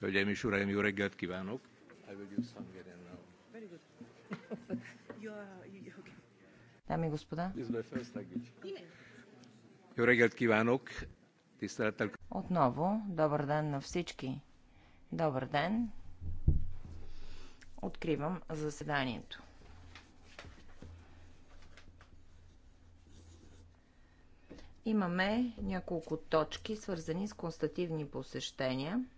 Hölgyeim és Uraim, jó reggelt kívánok! Jó reggelt kívánok! Tisztelettel... novo, dobar den na всички! Dobar den! Откривам заседанието. Имаме няколко точки, свързани с констативни посещения –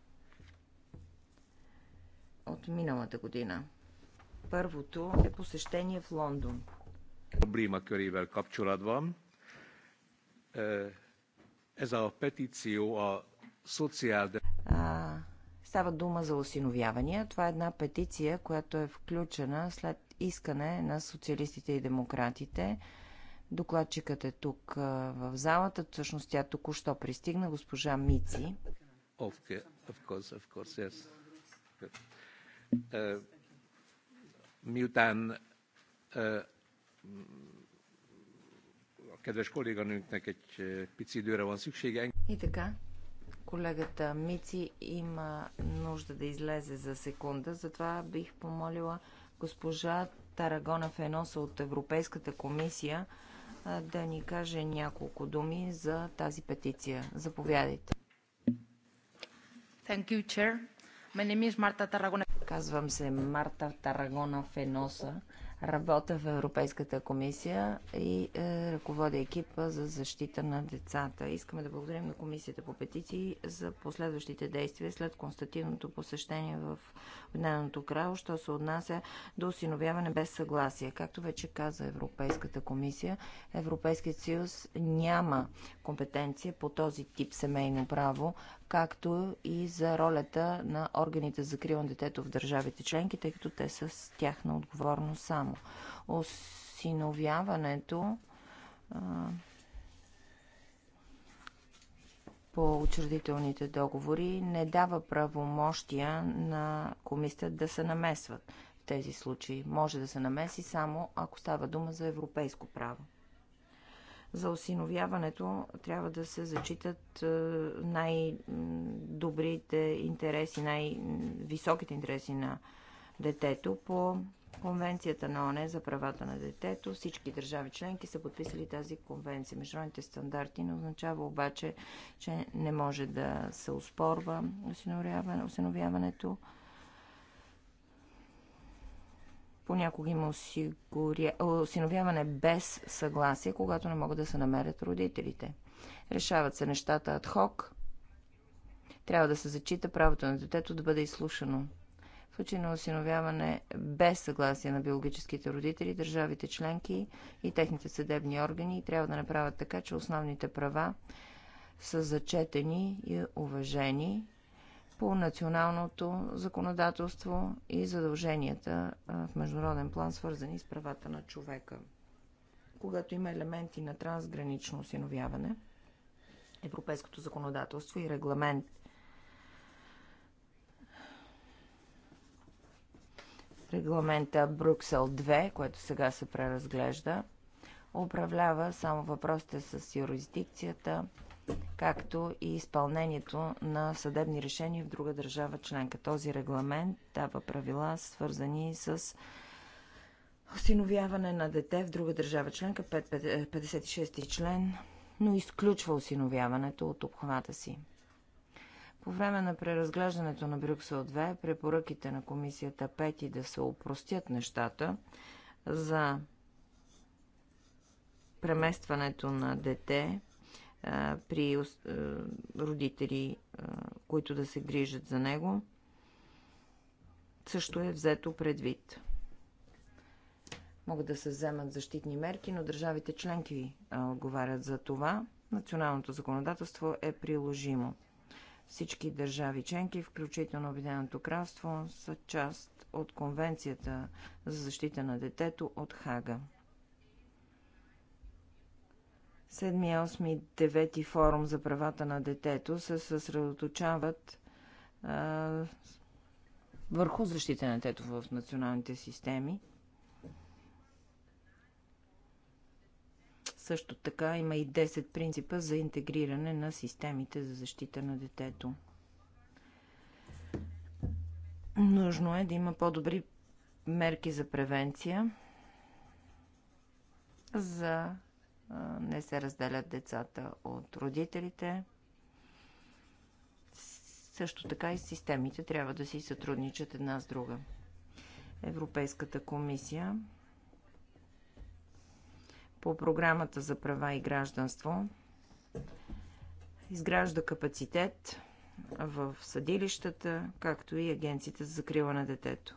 от миналата година. Първото е посещение в Лондон. Проблема körével kapcsolatban. Еза петицио а социал... Става дума за осиновявания. Това е една петиция, която е включена след искане на социалистите и демократите. Докладчикът е тук в залата. Всъщност тя току-що пристигна, госпожа Мици. Of course, of course, yes. Е, miután е, a kedves kolléganőnknek egy e, pici időre van szüksége. И така, колегата Мици има нужда да излезе за секунда, затова бих помолила госпожа Тарагона Феноса от Европейската комисия е, да ни каже няколко думи за тази петиция. Заповядайте. Thank you, Chair. My name is Marta Tarragona. Казвам се Марта Тарагона Феноса. Работя в Европейската комисия и е, ръководя екипа за защита на децата. Искаме да благодарим на комисията по петиции за последващите действия след констативното посещение в Обединеното крало, що се отнася до осиновяване без съгласие. Както вече каза Европейската комисия, Европейският съюз няма компетенция по този тип семейно право, както и за ролята на органите за закрила на детето в държавите членки, тъй като те са с тяхна отговорност само. Осиновяването а, по учредителните договори не дава правомощия на комисията да се намесват в тези случаи. Може да се намеси само ако става дума за европейско право за осиновяването трябва да се зачитат е, най-добрите интереси, най-високите интереси на детето по Конвенцията на ОНЕ за правата на детето. Всички държави членки са подписали тази конвенция. Международните стандарти не означава обаче, че не може да се успорва осиновяването Понякога има осигуря... осиновяване без съгласие, когато не могат да се намерят родителите. Решават се нещата адхок. Трябва да се зачита правото на детето да бъде изслушано. В случай на осиновяване без съгласие на биологическите родители, държавите членки и техните съдебни органи трябва да направят така, че основните права са зачетени и уважени по националното законодателство и задълженията в международен план, свързани с правата на човека. Когато има елементи на трансгранично осиновяване, европейското законодателство и регламент регламента Брюксел 2, което сега се преразглежда, управлява само въпросите с юрисдикцията, както и изпълнението на съдебни решения в друга държава членка. Този регламент дава правила, свързани с осиновяване на дете в друга държава членка, 56 е, член, но изключва осиновяването от обхвата си. По време на преразглеждането на Брюксел 2, препоръките на комисията 5 да се опростят нещата за преместването на дете при родители, които да се грижат за него, също е взето предвид. Могат да се вземат защитни мерки, но държавите членки отговарят за това. Националното законодателство е приложимо. Всички държави членки, включително Обединеното кралство, са част от Конвенцията за защита на детето от Хага. 7, 8 и 9 форум за правата на детето се съсредоточават а, върху защита на детето в националните системи. Също така има и 10 принципа за интегриране на системите за защита на детето. Нужно е да има по-добри мерки за превенция, за не се разделят децата от родителите. Също така и системите трябва да си сътрудничат една с друга. Европейската комисия по програмата за права и гражданство изгражда капацитет в съдилищата, както и агенцията за закрила на детето.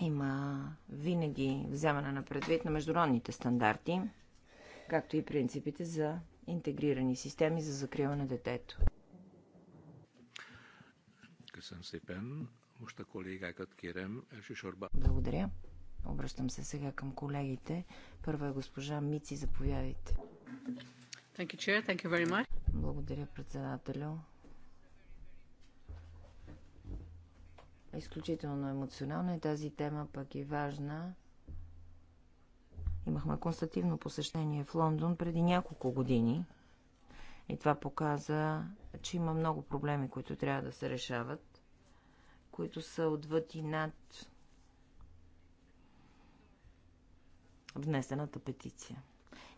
Има винаги вземане на предвид на международните стандарти, както и принципите за интегрирани системи за закриване на детето. Благодаря. Обръщам се сега към колегите. Първа е госпожа Мици, заповядайте. Благодаря, председателю. Е изключително емоционална и тази тема, пък е важна. Имахме констативно посещение в Лондон преди няколко години. И това показа, че има много проблеми, които трябва да се решават, които са отвъд и над внесената петиция.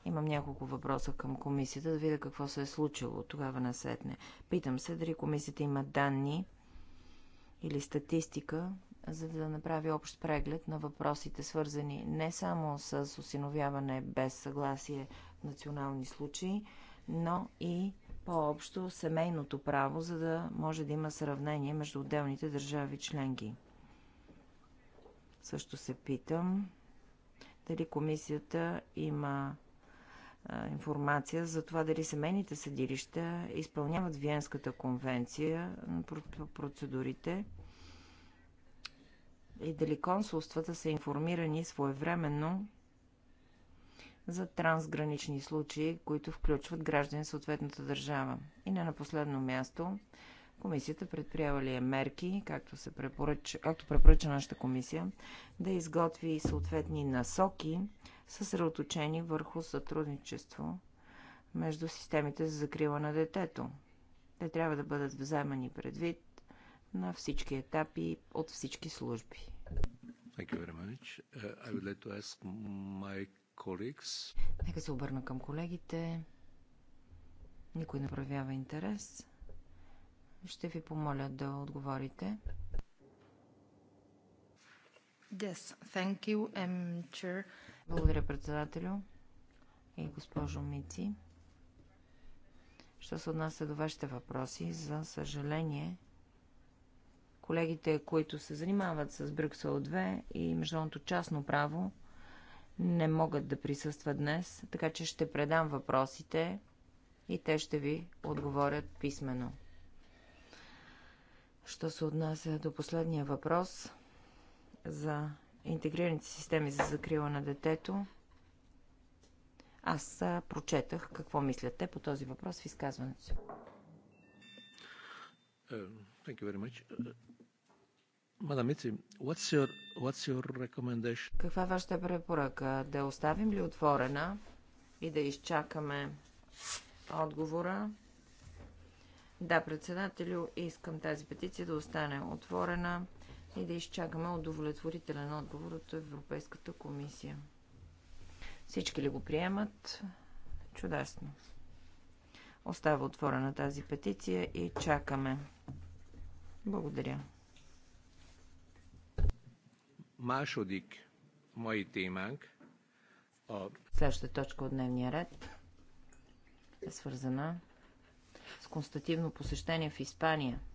Имам няколко въпроса към комисията да видя какво се е случило тогава насетне. Питам се дали комисията има данни или статистика, за да направи общ преглед на въпросите, свързани не само с осиновяване без съгласие в национални случаи, но и по-общо семейното право, за да може да има сравнение между отделните държави членки. Също се питам дали комисията има информация за това дали семейните съдилища изпълняват Виенската конвенция на процедурите и дали консулствата са информирани своевременно за трансгранични случаи, които включват граждани съответната държава. И не на последно място, комисията предприява ли е мерки, както, се препоръч... както препоръча нашата комисия, да изготви съответни насоки съсредоточени върху сътрудничество между системите за закрила на детето. Те трябва да бъдат вземани предвид на всички етапи от всички служби. Uh, Нека се обърна към колегите. Никой не проявява интерес. Ще ви помоля да отговорите. Yes, thank you, um, Chair. Благодаря, председателю и госпожо Мици. Що се отнася до вашите въпроси, за съжаление, колегите, които се занимават с Брюксел 2 и международното частно право, не могат да присъстват днес, така че ще предам въпросите и те ще ви отговорят писменно. Що се отнася до последния въпрос за интегрираните системи за закрила на детето, аз прочетах какво мислят те по този въпрос в изказването си. Каква е вашата препоръка? Да оставим ли отворена и да изчакаме отговора? Да, председателю, искам тази петиция да остане отворена и да изчакаме удовлетворителен отговор от Европейската комисия. Всички ли го приемат? Чудесно. Остава отворена тази петиция и чакаме. Благодаря. Машодик, мои иманг. Следващата точка от дневния ред е свързана с констативно посещение в Испания –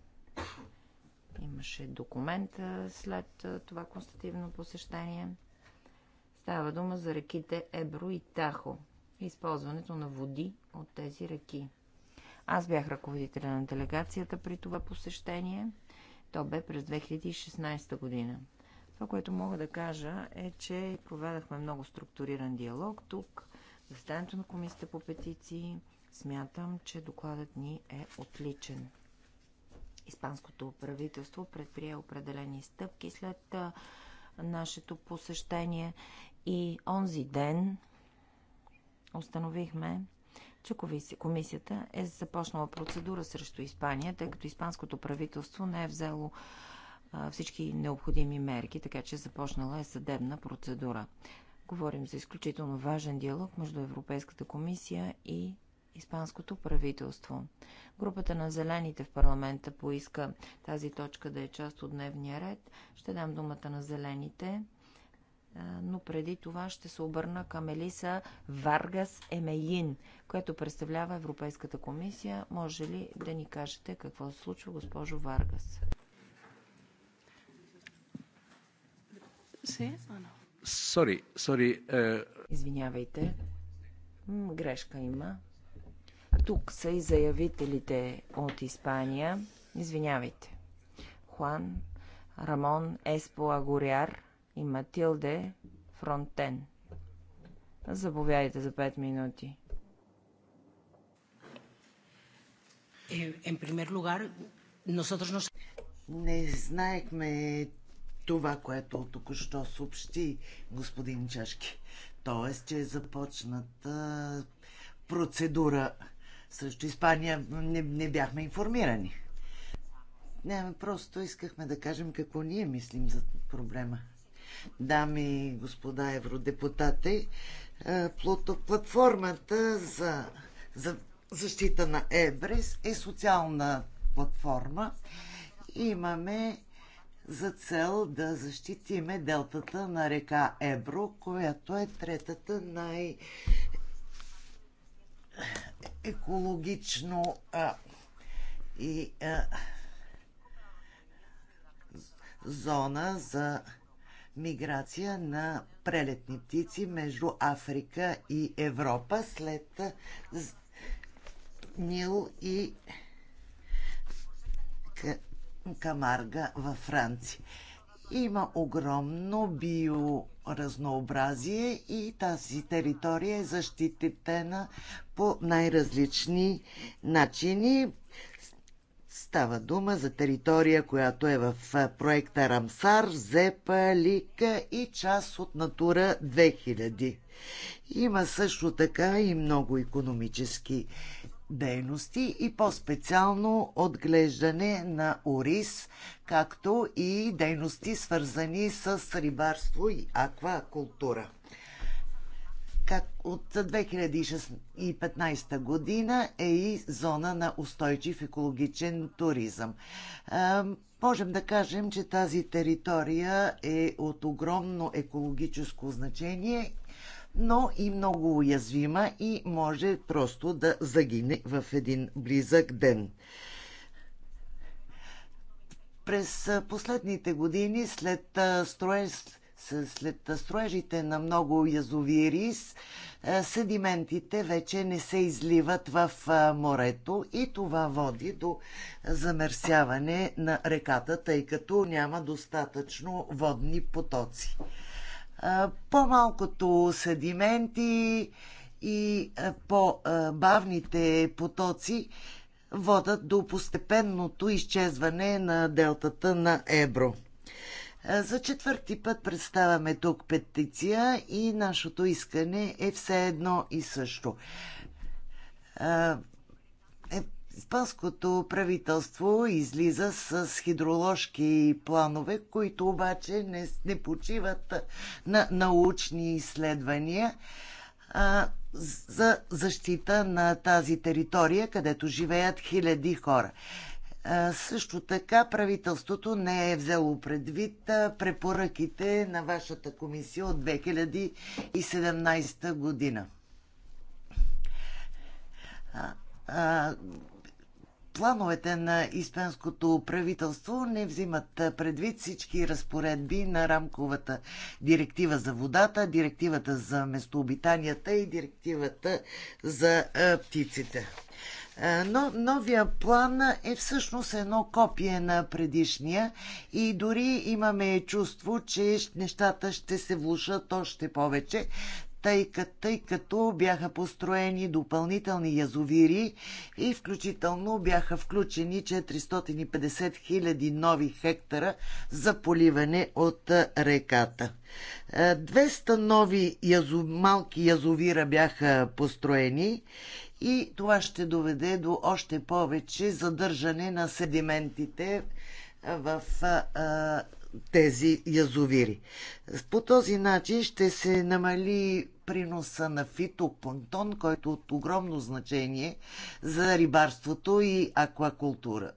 Имаше документ след това констативно посещение. Става дума за реките Ебро и Тахо използването на води от тези реки. Аз бях ръководителя на делегацията при това посещение. То бе през 2016 година. Това, което мога да кажа е, че проведахме много структуриран диалог тук, заседанието на комисията по петиции. Смятам, че докладът ни е отличен. Испанското правителство предприе определени стъпки след нашето посещение и онзи ден установихме, че комисията е започнала процедура срещу Испания, тъй като испанското правителство не е взело всички необходими мерки, така че започнала е съдебна процедура. Говорим за изключително важен диалог между Европейската комисия и испанското правителство. Групата на зелените в парламента поиска тази точка да е част от дневния ред. Ще дам думата на зелените, но преди това ще се обърна към Елиса Варгас Емеин, която представлява Европейската комисия. Може ли да ни кажете какво се случва, госпожо Варгас? Sorry, sorry, uh... Извинявайте. Грешка има. Тук са и заявителите от Испания. Извинявайте. Хуан, Рамон Еспо Агоряр и Матилде Фронтен. Заповядайте за 5 минути. En primer lugar, Не знаехме това, което току-що съобщи господин Чашки. Тоест, че е започната процедура също Испания не, не бяхме информирани. Не, просто искахме да кажем какво ние мислим за проблема. Дами и господа евродепутати, е, платформата за, за защита на Ебрис е социална платформа. Имаме за цел да защитиме делтата на река Ебро, която е третата най- екологично а, и а, зона за миграция на прелетни птици между Африка и Европа след Нил и Камарга във Франция. Има огромно био разнообразие и тази територия е защитена по най-различни начини. Става дума за територия, която е в проекта Рамсар, Зепа, Лика и част от Натура 2000. Има също така и много економически дейности и по-специално отглеждане на ориз, както и дейности свързани с рибарство и аквакултура. Как от 2015 година е и зона на устойчив екологичен туризъм. Можем да кажем, че тази територия е от огромно екологическо значение но и много уязвима и може просто да загине в един близък ден. През последните години след строеж, след строежите на много язовири, седиментите вече не се изливат в морето и това води до замърсяване на реката, тъй като няма достатъчно водни потоци по-малкото седименти и по-бавните потоци водат до постепенното изчезване на делтата на Ебро. За четвърти път представяме тук петиция и нашето искане е все едно и също. Испанското правителство излиза с хидроложки планове, които обаче не, не почиват на научни изследвания а, за защита на тази територия, където живеят хиляди хора. А, също така правителството не е взело предвид препоръките на вашата комисия от 2017 година. А, плановете на испанското правителство не взимат предвид всички разпоредби на рамковата директива за водата, директивата за местообитанията и директивата за птиците. Но новия план е всъщност едно копие на предишния и дори имаме чувство, че нещата ще се влушат още повече, тъй, тъй като бяха построени допълнителни язовири и включително бяха включени 450 хиляди нови хектара за поливане от реката. 200 нови язо, малки язовира бяха построени и това ще доведе до още повече задържане на седиментите в а, тези язовири. По този начин ще се намали приноса на фитопланктон, който е от огромно значение за рибарството и аквакултурата.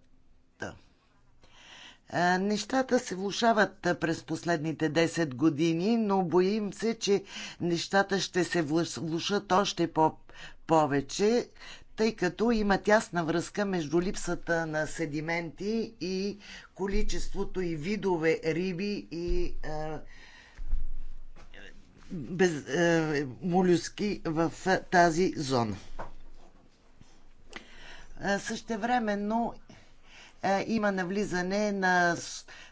Нещата се влушават през последните 10 години, но боим се, че нещата ще се влушат още по- повече, тъй като има тясна връзка между липсата на седименти и количеството и видове риби и а, е, без, а, е, молюски в тази зона. Е, същевременно е, има навлизане на,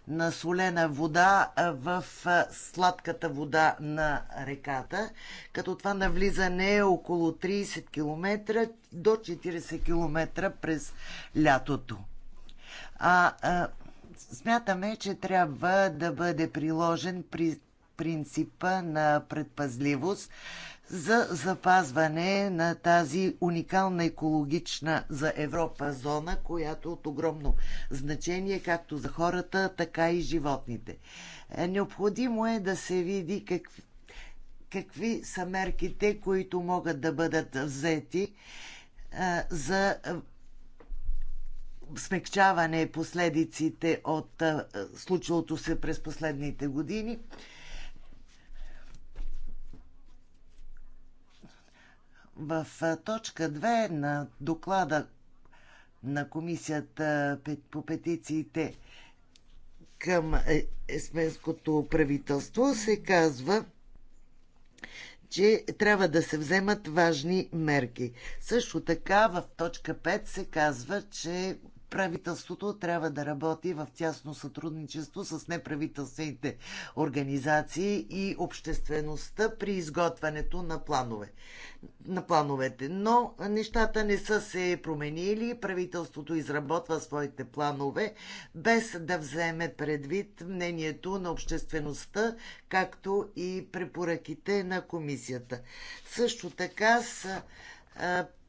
на солена вода е, в е, сладката вода на реката, като това навлизане е около 30 км до 40 км през лятото. А, а смятаме, че трябва да бъде приложен при принципа на предпазливост, за запазване на тази уникална екологична за Европа зона, която е от огромно значение както за хората, така и животните. Е, необходимо е да се види какви, какви са мерките, които могат да бъдат взети а, е, за смягчаване последиците от а, случилото се през последните години В точка 2 на доклада на комисията по петициите към е, есменското правителство се казва, че трябва да се вземат важни мерки. Също така в точка 5 се казва, че правителството трябва да работи в тясно сътрудничество с неправителствените организации и обществеността при изготвянето на, планове, на плановете. Но нещата не са се променили. Правителството изработва своите планове без да вземе предвид мнението на обществеността, както и препоръките на комисията. Също така са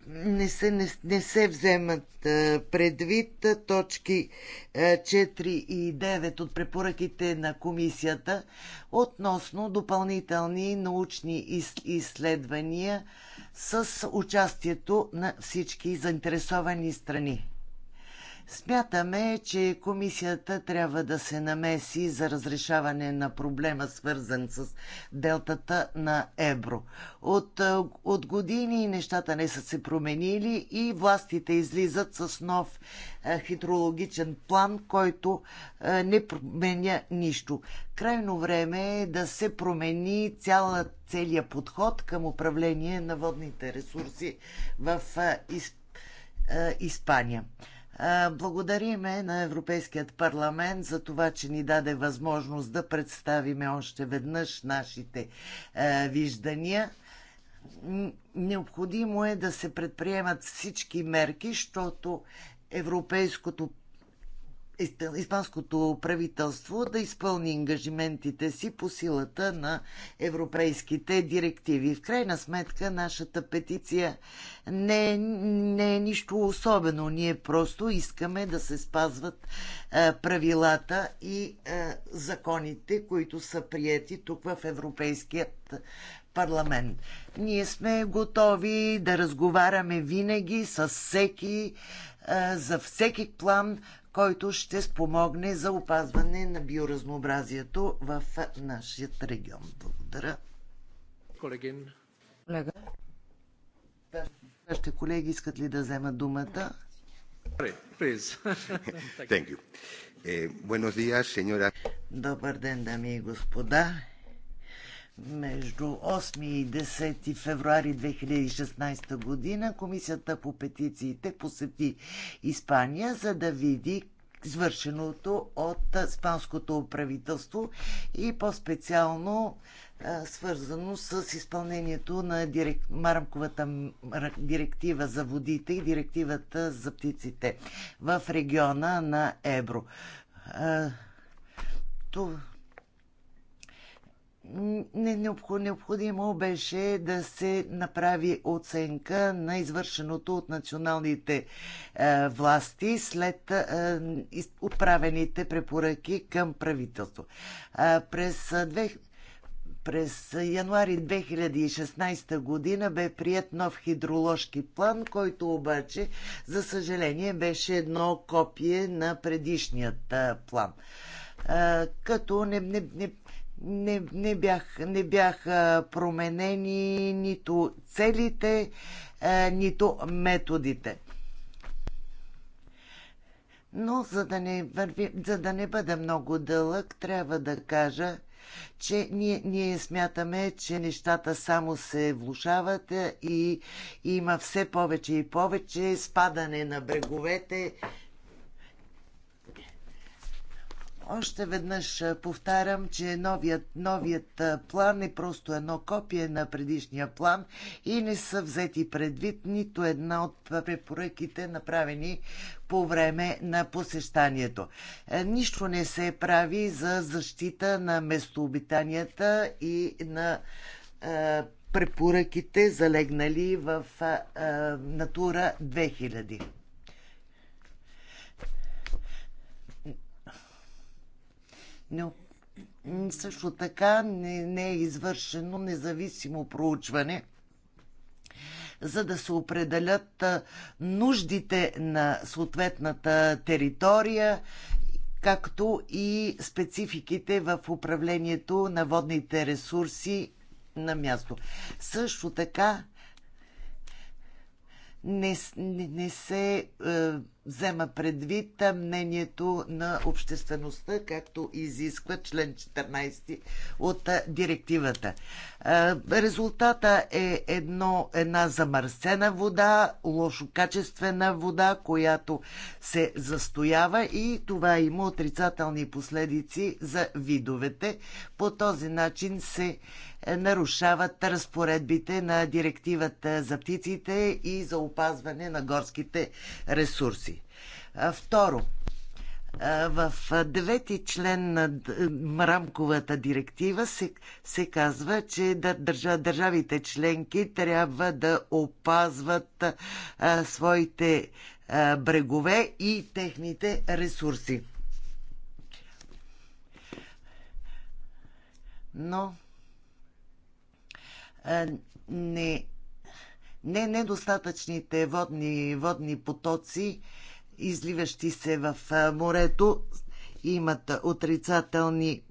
не се, не, не се вземат предвид точки 4 и 9 от препоръките на комисията относно допълнителни научни изследвания с участието на всички заинтересовани страни. Смятаме, че комисията трябва да се намеси за разрешаване на проблема, свързан с делтата на Ебро. От, е, от години нещата не са се променили и властите излизат с нов е, хидрологичен план, който е, не променя нищо. Крайно време е да се промени цяла, целият подход към управление на водните ресурси в Испания. Благодариме на Европейският парламент за това, че ни даде възможност да представиме още веднъж нашите е, виждания. Необходимо е да се предприемат всички мерки, защото европейското испанското правителство да изпълни ангажиментите си по силата на европейските директиви. В крайна сметка нашата петиция не, не е нищо особено. Ние просто искаме да се спазват е, правилата и е, законите, които са прияти тук в Европейският парламент. Ние сме готови да разговаряме винаги с всеки, е, за всеки план, който ще спомогне за опазване на биоразнообразието в нашия регион. Благодаря. Колегин. Колега. Нашите колеги искат ли да вземат думата? Eh, Добър ден, дами и господа между 8 и 10 февруари 2016 година Комисията по петициите посети Испания, за да види извършеното от испанското правителство и по-специално свързано с изпълнението на дирек... Марамковата директива за водите и директивата за птиците в региона на Ебро необходимо беше да се направи оценка на извършеното от националните е, власти след е, отправените препоръки към правителство. Е, през през януари 2016 година бе прият нов хидроложки план, който обаче, за съжаление, беше едно копие на предишният план. Като не, не, не, не, не, бях, не бяха променени нито целите, е, нито методите. Но за да не, върви, за да не бъда много дълъг, трябва да кажа, че ние, ние смятаме, че нещата само се влушават е, и има все повече и повече спадане на бреговете още веднъж повтарям, че новият, новият план е просто едно копие на предишния план и не са взети предвид нито една от препоръките, направени по време на посещанието. Е, нищо не се прави за защита на местообитанията и на е, препоръките, залегнали в е, Натура 2000. Не, също така не, не е извършено независимо проучване за да се определят нуждите на съответната територия, както и спецификите в управлението на водните ресурси на място. Също така не, не, не се е, взема предвид мнението на обществеността, както изисква член 14 от директивата. Е, резултата е едно, една замърсена вода, лошокачествена вода, която се застоява и това има отрицателни последици за видовете. По този начин се нарушават разпоредбите на директивата за птиците и за опазване на горските ресурси. Второ, в девети член на рамковата директива се, се казва, че държа, държавите членки трябва да опазват а, своите а, брегове и техните ресурси. Но не, не недостатъчните водни, водни потоци, изливащи се в морето, имат отрицателни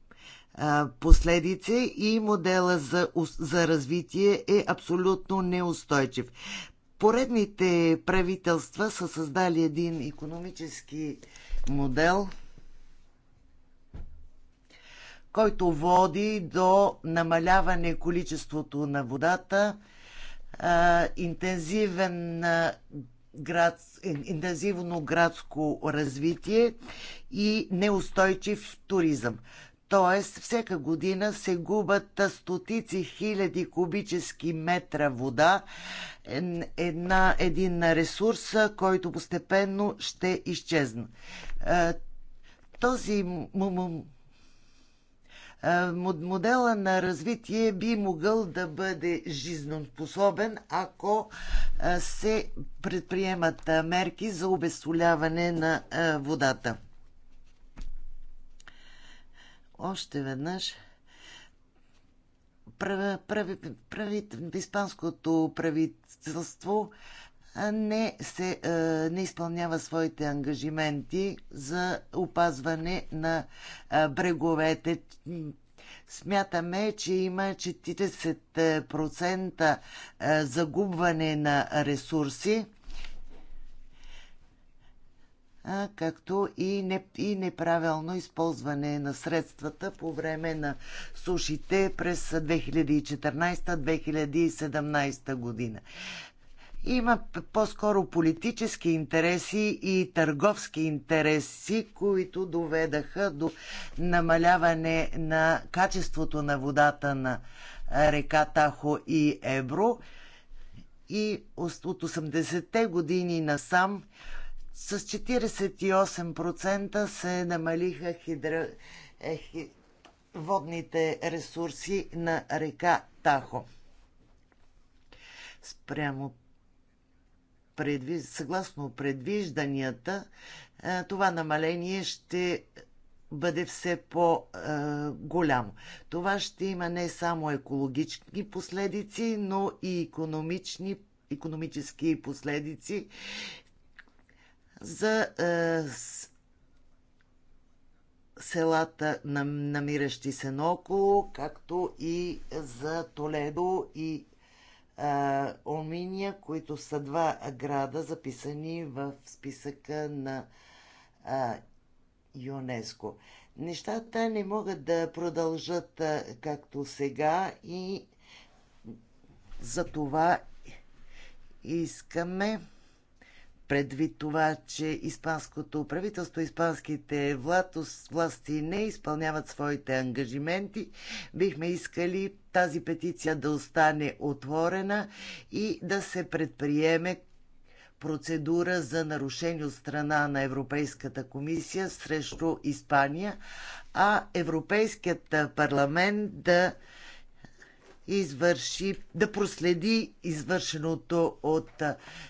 последици и модела за, за развитие е абсолютно неустойчив. Поредните правителства са създали един економически модел – който води до намаляване количеството на водата, интензивен град, интензивно градско развитие и неустойчив туризъм. Тоест, всяка година се губят стотици хиляди кубически метра вода, една, един ресурс, който постепенно ще изчезне. Този модела на развитие би могъл да бъде жизненоспособен, ако се предприемат мерки за обесоляване на водата. Още веднъж прави, прави, прави, испанското правителство не, се, не изпълнява своите ангажименти за опазване на бреговете. Смятаме, че има 40% загубване на ресурси, както и, не, и неправилно използване на средствата по време на сушите през 2014-2017 година. Има по-скоро политически интереси и търговски интереси, които доведаха до намаляване на качеството на водата на река Тахо и Ебро. И от 80-те години насам с 48% се намалиха хидра... Е, водните ресурси на река Тахо. Спрямо предвиж, съгласно предвижданията, е, това намаление ще бъде все по-голямо. Това ще има не само екологични последици, но и економични, економически последици за е, селата, намиращи се наоколо, както и за Толедо и Оминия, които са два града, записани в списъка на а, ЮНЕСКО. Нещата не могат да продължат а, както сега и за това искаме предвид това, че испанското правителство, испанските власти не изпълняват своите ангажименти, бихме искали тази петиция да остане отворена и да се предприеме процедура за нарушение от страна на Европейската комисия срещу Испания, а Европейският парламент да извърши, да проследи извършеното от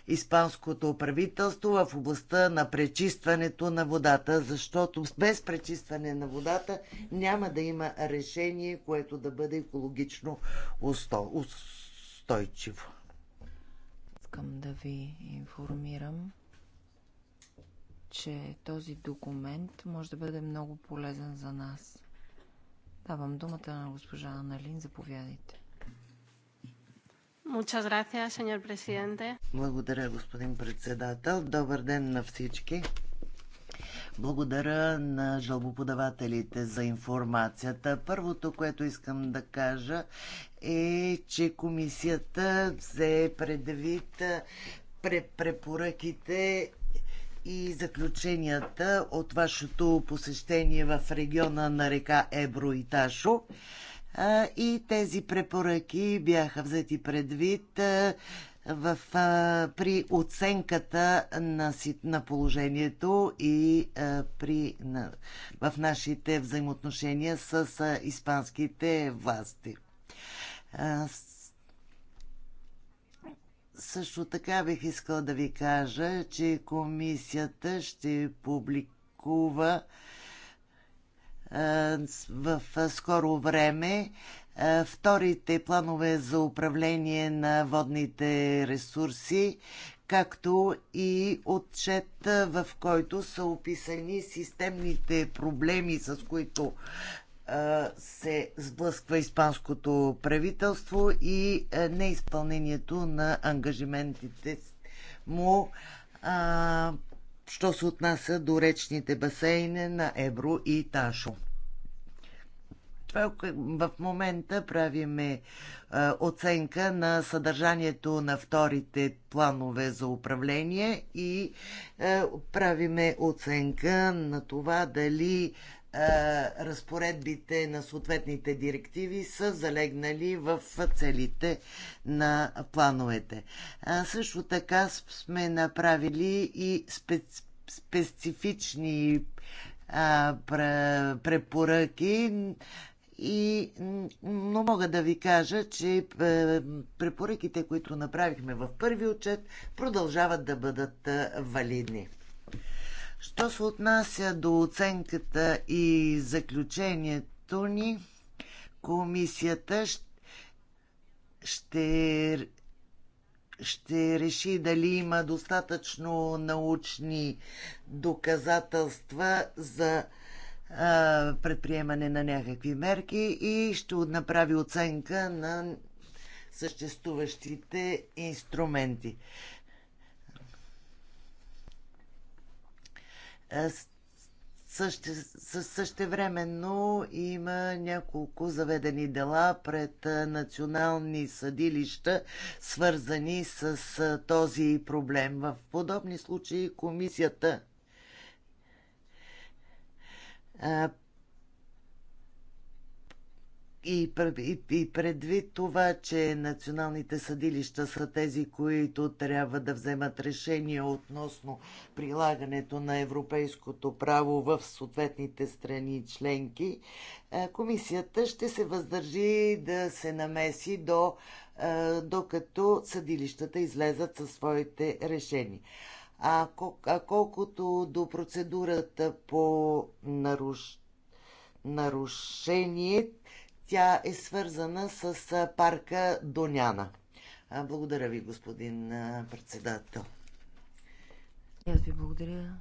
испанското правителство в областта на пречистването на водата, защото без пречистване на водата няма да има решение, което да бъде екологично устойчиво. Искам да ви информирам, че този документ може да бъде много полезен за нас. Давам думата на госпожа Аналин. Заповядайте. Gracias, Благодаря, господин председател. Добър ден на всички. Благодаря на жалбоподавателите за информацията. Първото, което искам да кажа е, че комисията взе предвид препоръките и заключенията от вашето посещение в региона на река Ебро и Ташо и тези препоръки бяха взети предвид в, а, при оценката на, на положението и а, при, на, в нашите взаимоотношения с а, испанските власти. също така бих искала да ви кажа, че комисията ще публикува а, в скоро време вторите планове за управление на водните ресурси, както и отчет, в който са описани системните проблеми, с които се сблъсква испанското правителство и неизпълнението на ангажиментите му що се отнася до речните басейни на Евро и Ташо. Това е в момента правиме е, оценка на съдържанието на вторите планове за управление и е, правиме оценка на това дали е, разпоредбите на съответните директиви са залегнали в целите на плановете. А, е, също така сме направили и спец... специфични а, е, препоръки и, но мога да ви кажа, че препоръките, които направихме в първи отчет, продължават да бъдат валидни. Що се отнася до оценката и заключението ни, комисията ще, ще реши дали има достатъчно научни доказателства за а, предприемане на някакви мерки и ще направи оценка на съществуващите инструменти. Е, съще, същевременно има няколко заведени дела пред е, национални съдилища, свързани с е, този проблем. В подобни случаи комисията и, и предвид това, че националните съдилища са тези, които трябва да вземат решение относно прилагането на европейското право в съответните страни членки, е, комисията ще се въздържи да се намеси до, е, докато съдилищата излезат със своите решения. А, колкото до процедурата по наруш... нарушение, тя е свързана с парка Доняна. Благодаря ви, господин председател. И аз ви благодаря,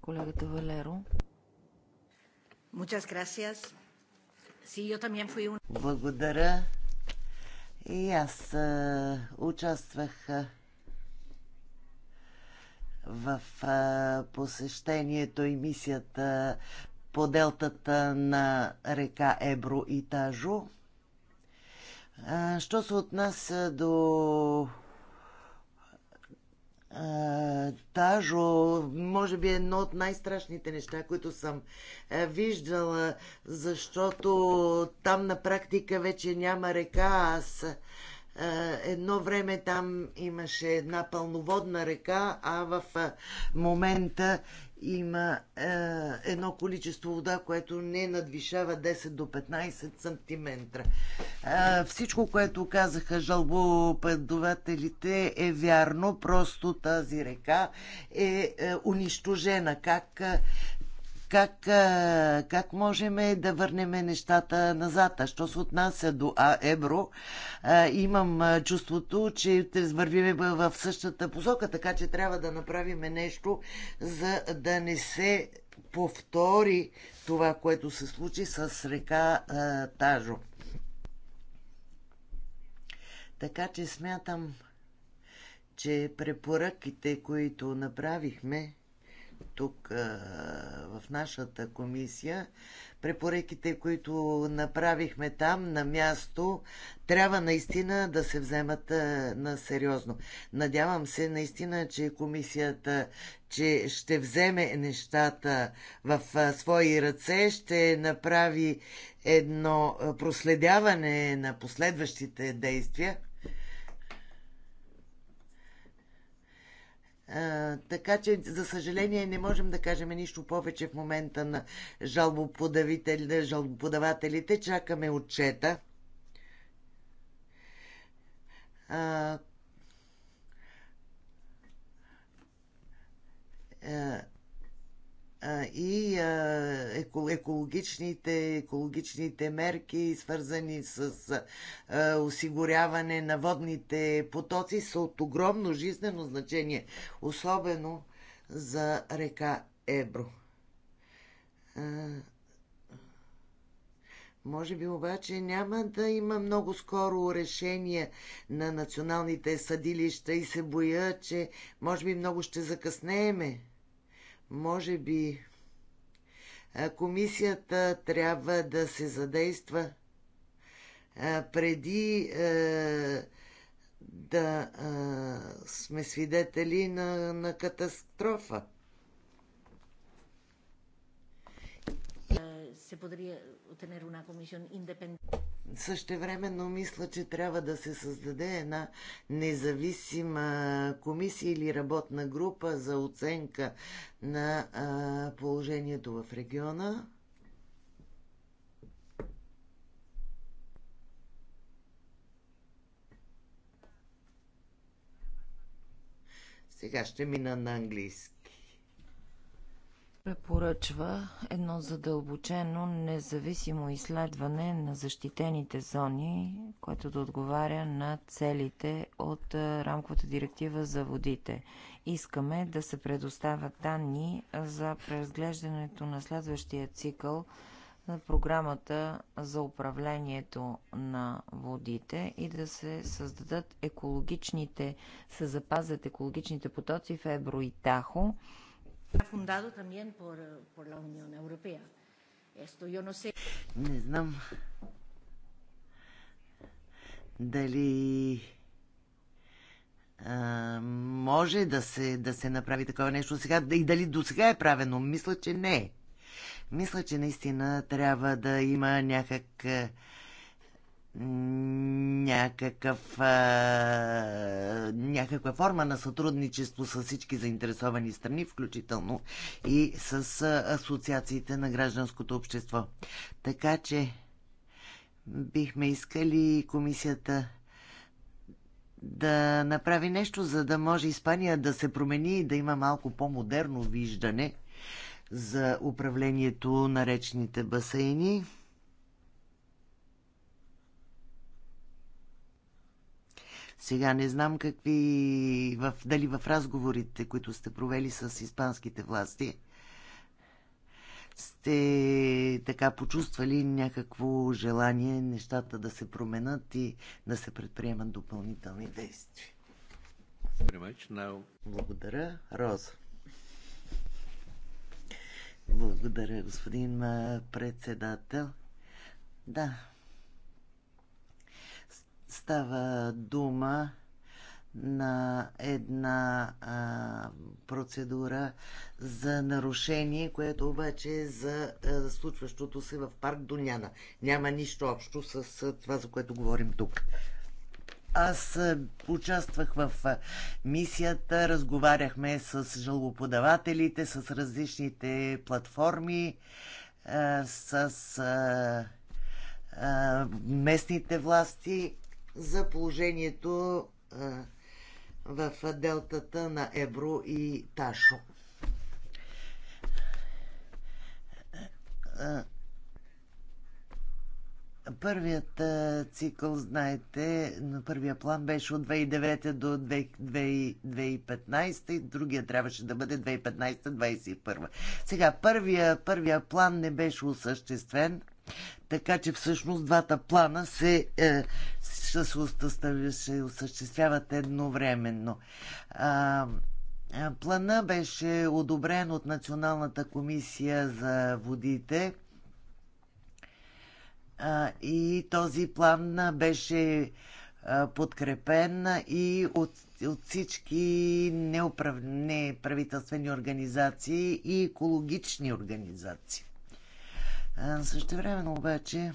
колегата Валеро. Muchas gracias. Sí, yo también fui un... Благодаря. И аз а, участвах а, в а, посещението и мисията по делтата на река Ебро и Тажо. Що се отнася до Тажо, може би е едно от най-страшните неща, които съм виждала, защото там на практика вече няма река. Аз едно време там имаше една пълноводна река, а в момента има е, едно количество вода, което не надвишава 10 до 15 см. Е, всичко, което казаха жалбопредавателите е вярно, просто тази река е, е унищожена. Как е, как, как можем да върнем нещата назад. А що се отнася до а, а, имам чувството, че вървим в същата посока, така че трябва да направим нещо, за да не се повтори това, което се случи с река а, Тажо. Така че смятам, че препоръките, които направихме, тук в нашата комисия, препоръките, които направихме там на място, трябва наистина да се вземат на сериозно. Надявам се наистина, че комисията че ще вземе нещата в свои ръце, ще направи едно проследяване на последващите действия така че, за съжаление, не можем да кажем нищо повече в момента на жалбоподавателите. Чакаме отчета. А, а, е, и екологичните, екологичните мерки, свързани с осигуряване на водните потоци, са от огромно жизнено значение, особено за река Ебро. Може би обаче няма да има много скоро решение на националните съдилища и се боя, че може би много ще закъснееме може би комисията трябва да се задейства преди да сме свидетели на, на катастрофа. Се подрия tener una comisión independiente. Същевременно мисля, че трябва да се създаде една независима комисия или работна група за оценка на а, положението в региона. Сега ще мина на английски препоръчва едно задълбочено, независимо изследване на защитените зони, което да отговаря на целите от рамковата директива за водите. Искаме да се предоставят данни за преразглеждането на следващия цикъл на програмата за управлението на водите и да се създадат екологичните, се запазят екологичните потоци в Ебро и Тахо, Está Fundado también por, por la Unión Europea. Esto yo no sé. Не знам дали а, може да се, да се направи такова нещо сега и дали до сега е правено. Мисля, че не Мисля, че наистина трябва да има някак някакъв, а, някаква форма на сътрудничество с всички заинтересовани страни, включително и с асоциациите на гражданското общество. Така че бихме искали комисията да направи нещо, за да може Испания да се промени и да има малко по-модерно виждане за управлението на речните басейни. Сега не знам какви, в, дали в разговорите, които сте провели с испанските власти, сте така почувствали някакво желание нещата да се променят и да се предприемат допълнителни действия. Благодаря, Роза. Благодаря, господин председател. Да, Става дума на една а, процедура за нарушение, което обаче е за а, случващото се в парк Доняна. Няма нищо общо с а, това, за което говорим тук. Аз а, участвах в а, мисията, разговаряхме с жалбоподавателите, с различните платформи, а, с местните власти за положението в делтата на Евро и Ташо. Първият цикъл, знаете, на първия план беше от 2009 до 2015 и другия трябваше да бъде 2015-2021. Сега, първия, първия план не беше осъществен, така че всъщност двата плана се, е, се осъществяват едновременно. А, плана беше одобрен от Националната комисия за водите а, и този план беше подкрепен и от, от всички неуправ... неправителствени организации и екологични организации. Същевременно обаче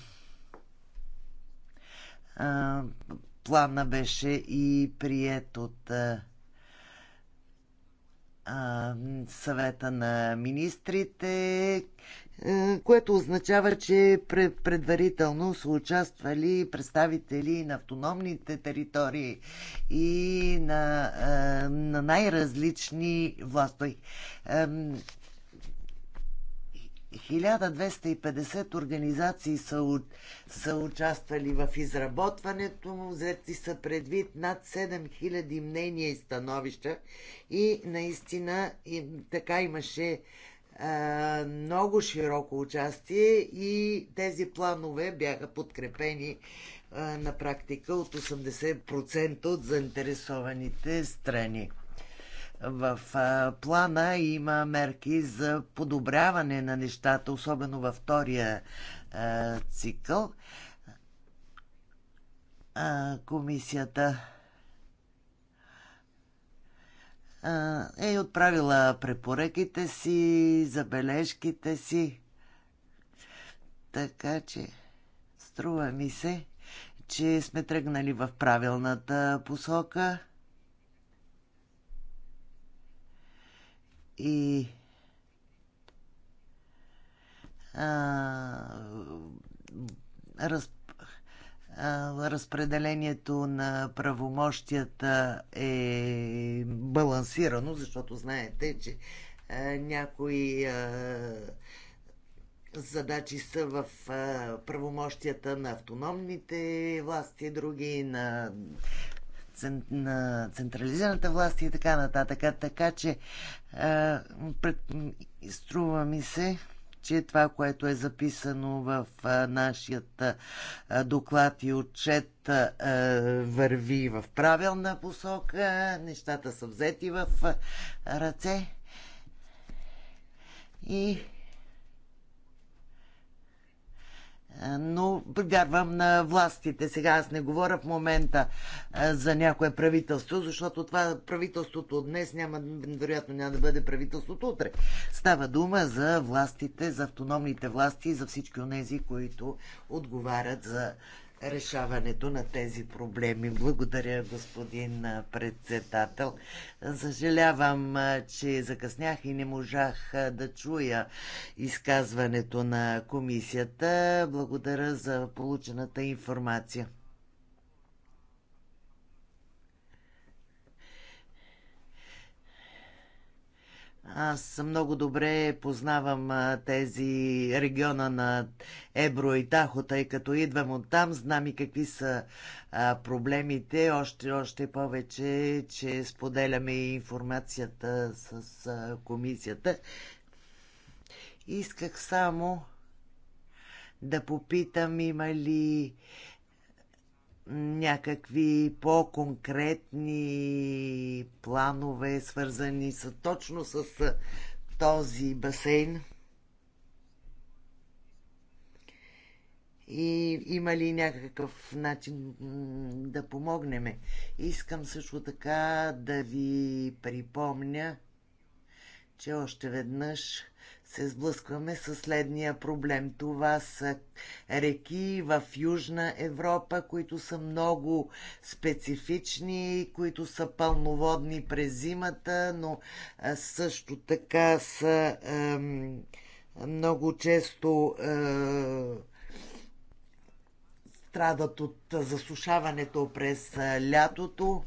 плана беше и прият от а, съвета на министрите, което означава, че предварително са участвали представители на автономните територии и на, на най-различни власти. 1250 организации са, у, са участвали в изработването му, взети са предвид над 7000 мнения и становища и наистина и, така имаше а, много широко участие и тези планове бяха подкрепени а, на практика от 80% от заинтересованите страни. В плана има мерки за подобряване на нещата, особено във втория цикъл. комисията е отправила препоръките си, забележките си. Така че, струва ми се, че сме тръгнали в правилната посока. и а, раз, а, разпределението на правомощията е балансирано, защото знаете, че а, някои а, задачи са в правомощията на автономните власти, други на на централизираната власт и така нататък. Така че а, пред, струва ми се, че това, което е записано в а, нашият а, доклад и отчет а, върви в правилна посока, нещата са взети в а, ръце и но вярвам на властите. Сега аз не говоря в момента за някое правителство, защото това правителството днес няма, вероятно няма да бъде правителството утре. Става дума за властите, за автономните власти и за всички от тези, които отговарят за решаването на тези проблеми. Благодаря, господин председател. Съжалявам, че закъснях и не можах да чуя изказването на комисията. Благодаря за получената информация. Аз много добре познавам тези региона на Ебро и Тахо, тъй като идвам от там, знам и какви са проблемите, още, още повече, че споделяме информацията с комисията. Исках само да попитам има ли някакви по-конкретни планове, свързани с, точно с този басейн? И има ли някакъв начин да помогнеме? Искам също така да ви припомня, че още веднъж се сблъскваме с следния проблем. Това са реки в Южна Европа, които са много специфични, които са пълноводни през зимата, но също така са ем, много често е, страдат от засушаването през лятото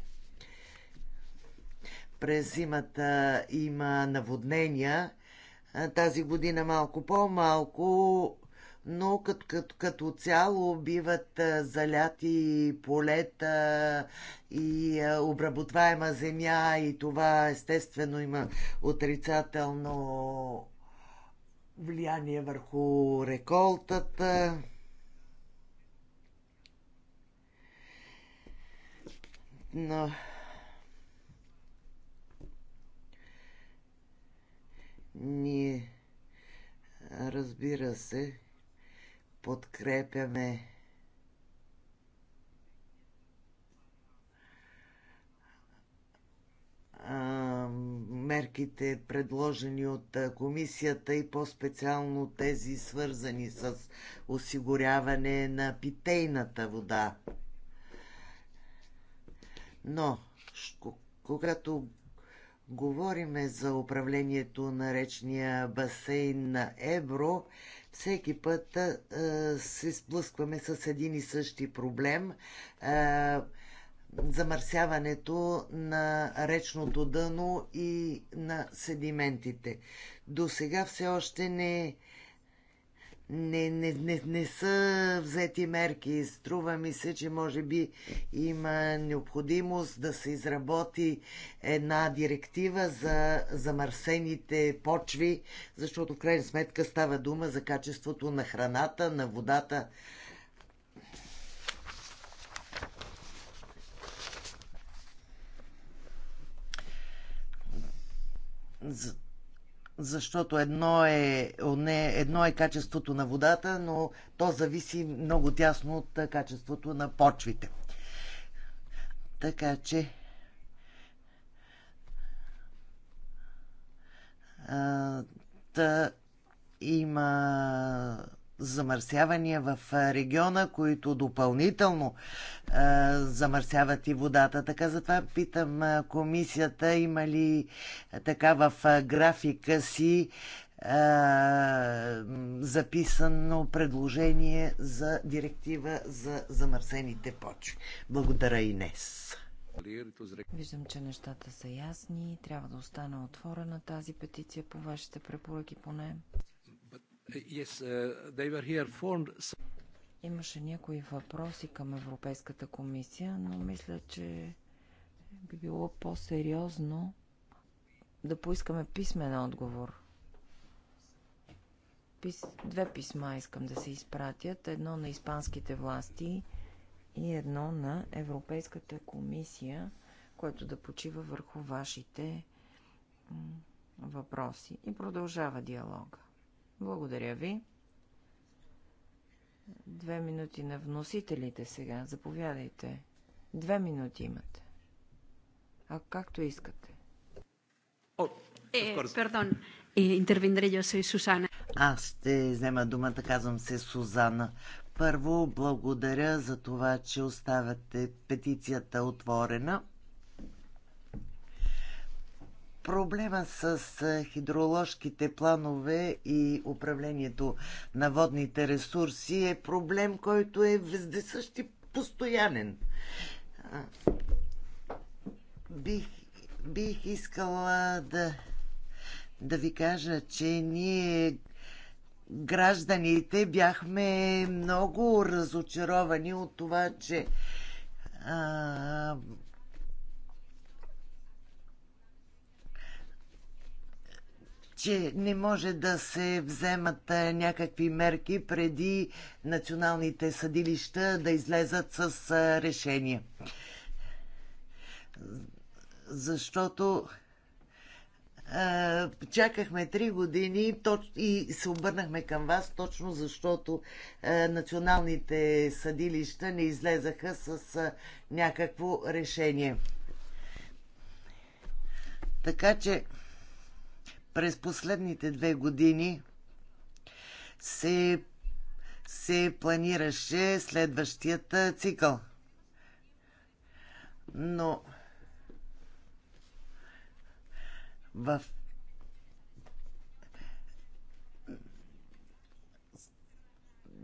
през зимата има наводнения тази година малко по-малко, но като, като, като цяло биват заляти полета и обработваема земя и това естествено има отрицателно влияние върху реколтата. Но Ние, разбира се, подкрепяме мерките, предложени от комисията и по-специално тези, свързани с осигуряване на питейната вода. Но, когато говориме за управлението на речния басейн на Евро, всеки път а, се сблъскваме с един и същи проблем. А, замърсяването на речното дъно и на седиментите. До сега все още не не, не, не, не са взети мерки. Струва ми се, че може би има необходимост да се изработи една директива за замърсените почви, защото в крайна сметка става дума за качеството на храната, на водата. За защото едно е, не, едно е качеството на водата, но то зависи много тясно от качеството на почвите. Така че а, та, има замърсявания в региона, които допълнително а, замърсяват и водата. Така затова питам комисията има ли така в графика си а, записано предложение за директива за замърсените почви. Благодаря, и днес. Виждам, че нещата са ясни. Трябва да остана отворена тази петиция по вашите препоръки поне. Yes, uh, they were here formed... Имаше някои въпроси към Европейската комисия, но мисля, че би било по-сериозно да поискаме писмен отговор. Пис... Две писма искам да се изпратят. Едно на испанските власти и едно на Европейската комисия, което да почива върху вашите въпроси. И продължава диалога. Благодаря ви. Две минути на вносителите сега. Заповядайте. Две минути имате. А както искате. е, интервендре, я се Аз ще взема думата, казвам се Сузана. Първо, благодаря за това, че оставяте петицията отворена. Проблема с хидроложките планове и управлението на водните ресурси е проблем, който е вездесъщ и постоянен. Бих, бих искала да, да ви кажа, че ние гражданите бяхме много разочаровани от това, че а, че не може да се вземат е, някакви мерки преди националните съдилища да излезат с е, решение. Защото е, чакахме три години и се обърнахме към вас точно защото националните съдилища не излезаха с някакво решение. Така че през последните две години се, се планираше следващият цикъл. Но в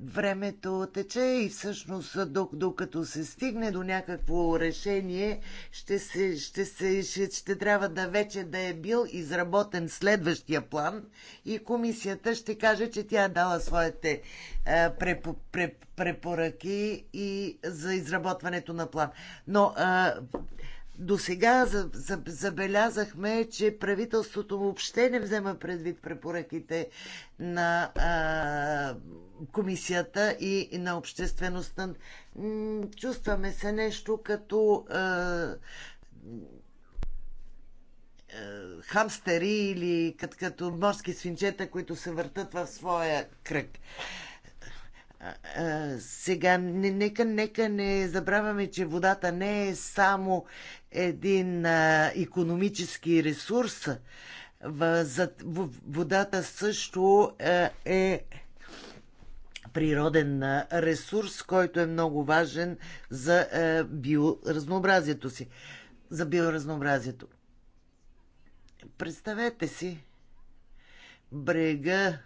времето тече и всъщност докато се стигне до някакво решение, ще, се, ще, се, ще, ще трябва да вече да е бил изработен следващия план и комисията ще каже, че тя е дала своите е, преп, преп, препоръки и за изработването на план. Но е, до сега забелязахме, че правителството въобще не взема предвид препоръките на а, комисията и на обществеността. Чувстваме се нещо като а, а, хамстери или като, като морски свинчета, които се въртат в своя кръг. А, сега, нека, нека не забравяме, че водата не е само един а, економически ресурс. водата също е, е природен ресурс, който е много важен за е, биоразнообразието си. За биоразнообразието. Представете си брега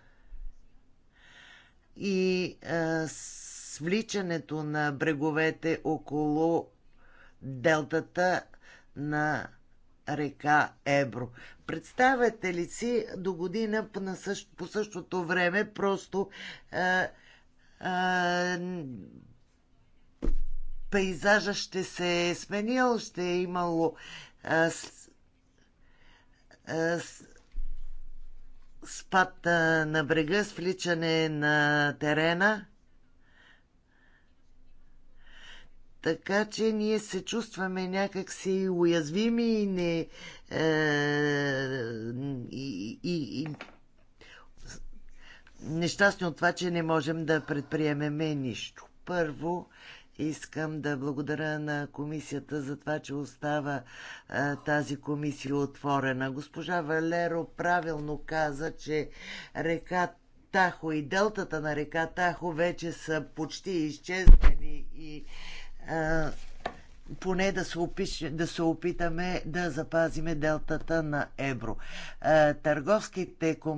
и а, свличането на бреговете около делтата на река Ебро. Представете ли си до година на също, по същото време просто пейзажа ще се е сменил, ще е имало а, с, а, с, спад на брега, свличане на терена. Така че ние се чувстваме някакси уязвими и не. Е, и, и, и, нещастни от това, че не можем да предприемеме нищо. Първо, Искам да благодаря на комисията за това, че остава а, тази комисия отворена. Госпожа Валеро правилно каза, че река Тахо и делтата на река Тахо вече са почти изчезнали и а, поне да се, опиш, да се опитаме да запазиме делтата на евро. Е, търговските, е,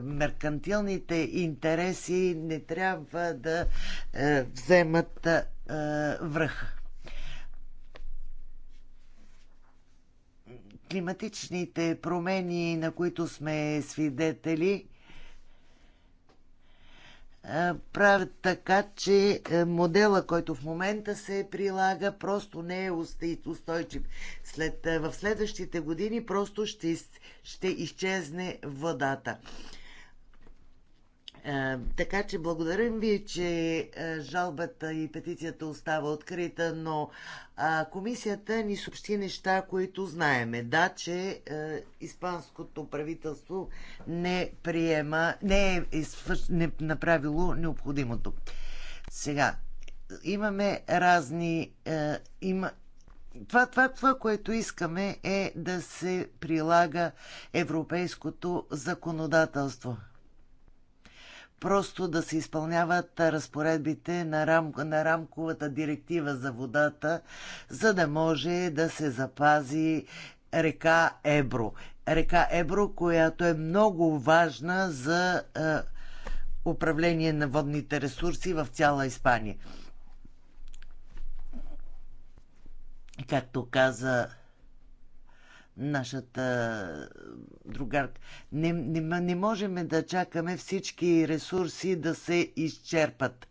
меркантилните интереси не трябва да е, вземат връха. Климатичните промени, на които сме свидетели – правят така, че модела, който в момента се прилага, просто не е устойчив. След, в следващите години просто ще, ще изчезне водата. Е, така че благодарим ви, че е, жалбата и петицията остава открита, но комисията ни съобщи неща, които знаеме. Да, че е, испанското правителство не приема, не е не направило необходимото. Сега, имаме разни. Има, това, това, това, което искаме е да се прилага европейското законодателство – просто да се изпълняват разпоредбите на, рам, на рамковата директива за водата, за да може да се запази река Ебро. Река Ебро, която е много важна за е, управление на водните ресурси в цяла Испания. Както каза нашата другарка. Не, не, не можем да чакаме всички ресурси да се изчерпат.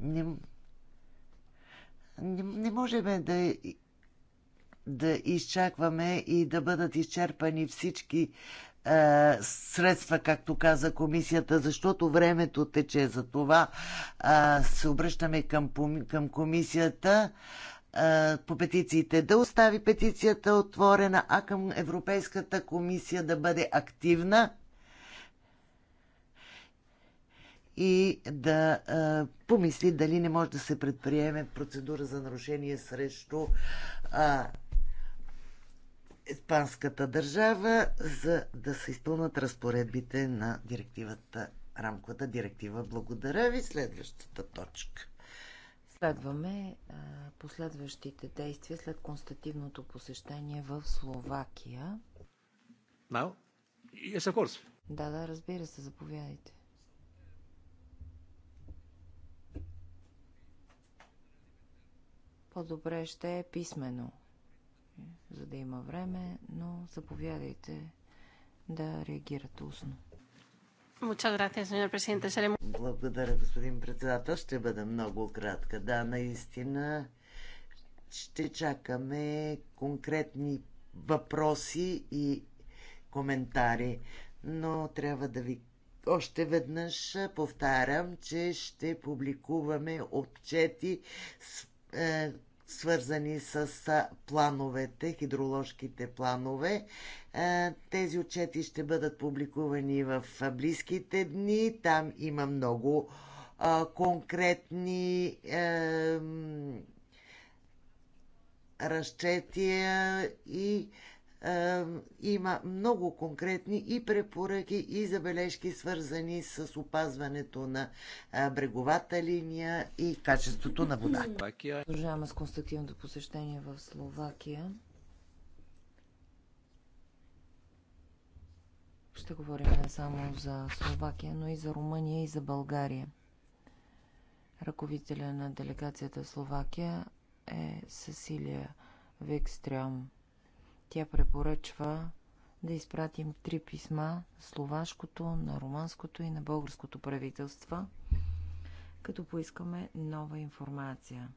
Не, не, не можем да, да изчакваме и да бъдат изчерпани всички е, средства, както каза комисията, защото времето тече. За това а, е, се обръщаме към, към комисията е, по петициите да остави петицията отворена, а към Европейската комисия да бъде активна и да а, помисли дали не може да се предприеме процедура за нарушение срещу а, испанската държава, за да се изпълнат разпоредбите на директивата, рамковата директива. Благодаря ви. Следващата точка. Следваме а, последващите действия след констативното посещение в Словакия. Now? Yes, of course. Да, да, разбира се, заповядайте. По-добре ще е писмено, за да има време, но заповядайте да реагирате устно. Благодаря, господин председател. Ще бъда много кратка. Да, наистина ще чакаме конкретни въпроси и коментари, но трябва да ви още веднъж повтарям, че ще публикуваме отчети с е, свързани с плановете, хидроложките планове. Е, тези отчети ще бъдат публикувани в близките дни. Там има много конкретни разчетия и е, има много конкретни и препоръки и забележки, свързани с опазването на е, бреговата линия и качеството на вода. Продължаваме с констативното посещение в Словакия. Ще говорим не само за Словакия, но и за Румъния и за България. Ръковителя на делегацията в Словакия е Сесилия Векстрем тя препоръчва да изпратим три писма на словашкото, на румънското и на българското правителства, като поискаме нова информация.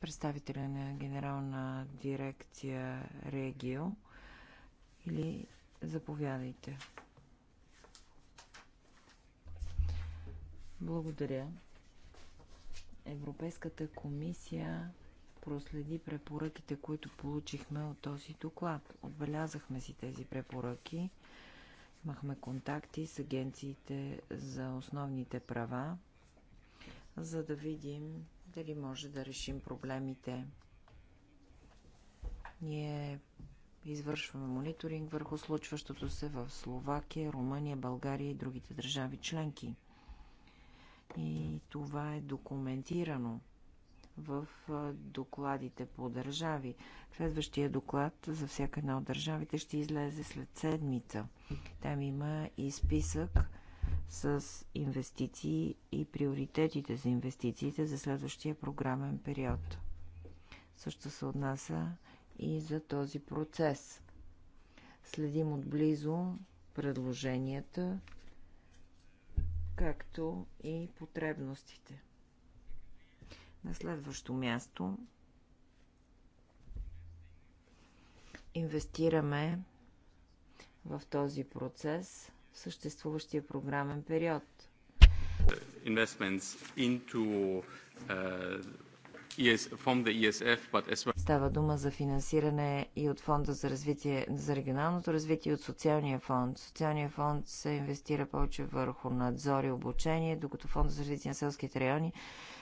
Представителя на генерална дирекция Регио или заповядайте. Благодаря. Европейската комисия проследи препоръките, които получихме от този доклад. Отбелязахме си тези препоръки. Имахме контакти с агенциите за основните права, за да видим дали може да решим проблемите. Ние извършваме мониторинг върху случващото се в Словакия, Румъния, България и другите държави членки и това е документирано в докладите по държави. Следващия доклад за всяка една от държавите ще излезе след седмица. Там има и списък с инвестиции и приоритетите за инвестициите за следващия програмен период. Също се отнася и за този процес. Следим отблизо предложенията както и потребностите. На следващо място инвестираме в този процес в съществуващия програмен период. Investments into uh, E Става дума за финансиране и от фонда за, развитие, за регионалното развитие и от социалния фонд. Социалния фонд се инвестира повече върху надзор и обучение, докато фонда за развитие на селските райони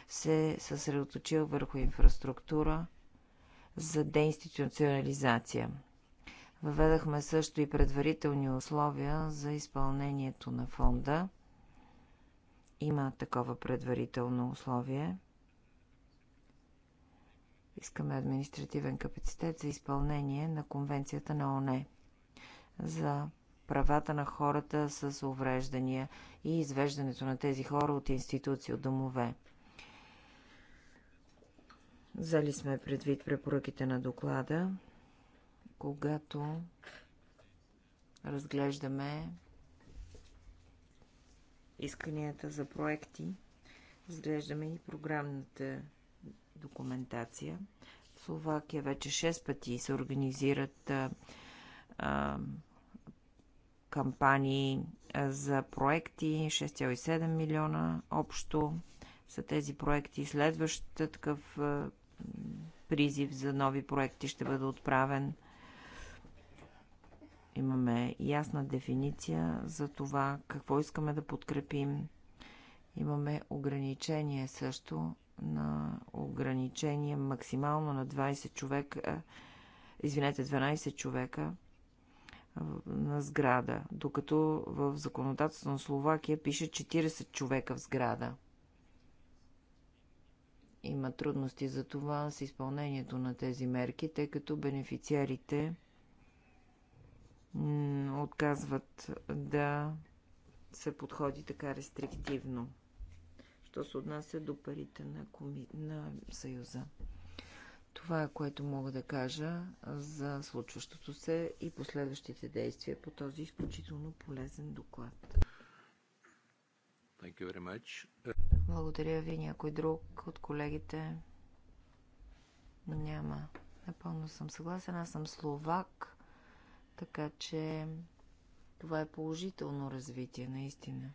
се съсредоточил върху инфраструктура за деинституционализация. Въведахме също и предварителни условия за изпълнението на фонда. Има такова предварително условие – Искаме административен капацитет за изпълнение на Конвенцията на ОНЕ за правата на хората с увреждания и извеждането на тези хора от институции, от домове. Взели сме предвид препоръките на доклада, когато разглеждаме исканията за проекти, разглеждаме и програмната документация. В Словакия вече 6 пъти се организират а, а, кампании за проекти, 6,7 милиона общо са тези проекти. Следващ такъв а, призив за нови проекти ще бъде отправен. Имаме ясна дефиниция за това какво искаме да подкрепим. Имаме ограничение също на ограничение максимално на 20 човека, извинете, 12 човека на сграда, докато в законодателството на Словакия пише 40 човека в сграда. Има трудности за това с изпълнението на тези мерки, тъй като бенефициарите отказват да се подходи така рестриктивно що се отнася до парите на, коми... на Съюза. Това е което мога да кажа за случващото се и последващите действия по този изключително полезен доклад. Благодаря ви. Някой друг от колегите? Няма. Напълно съм съгласен. Аз съм словак, така че това е положително развитие, наистина.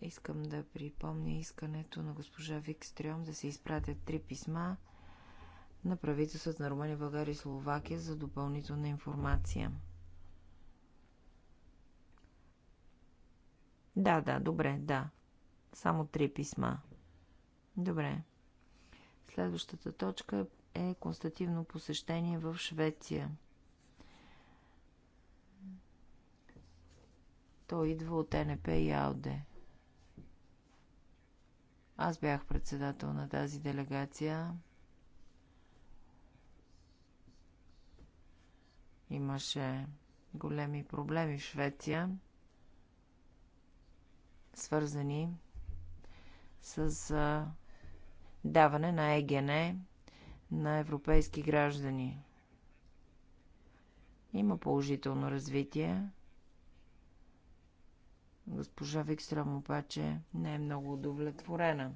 Искам да припомня искането на госпожа Викстрем да се изпратят три писма на правителството на Румъния, България и Словакия за допълнителна информация. Да, да, добре, да. Само три писма. Добре. Следващата точка е констативно посещение в Швеция. Той идва от НП и АОД. Аз бях председател на тази делегация. Имаше големи проблеми в Швеция, свързани с даване на ЕГН на европейски граждани. Има положително развитие. Госпожа Викстрам обаче не е много удовлетворена.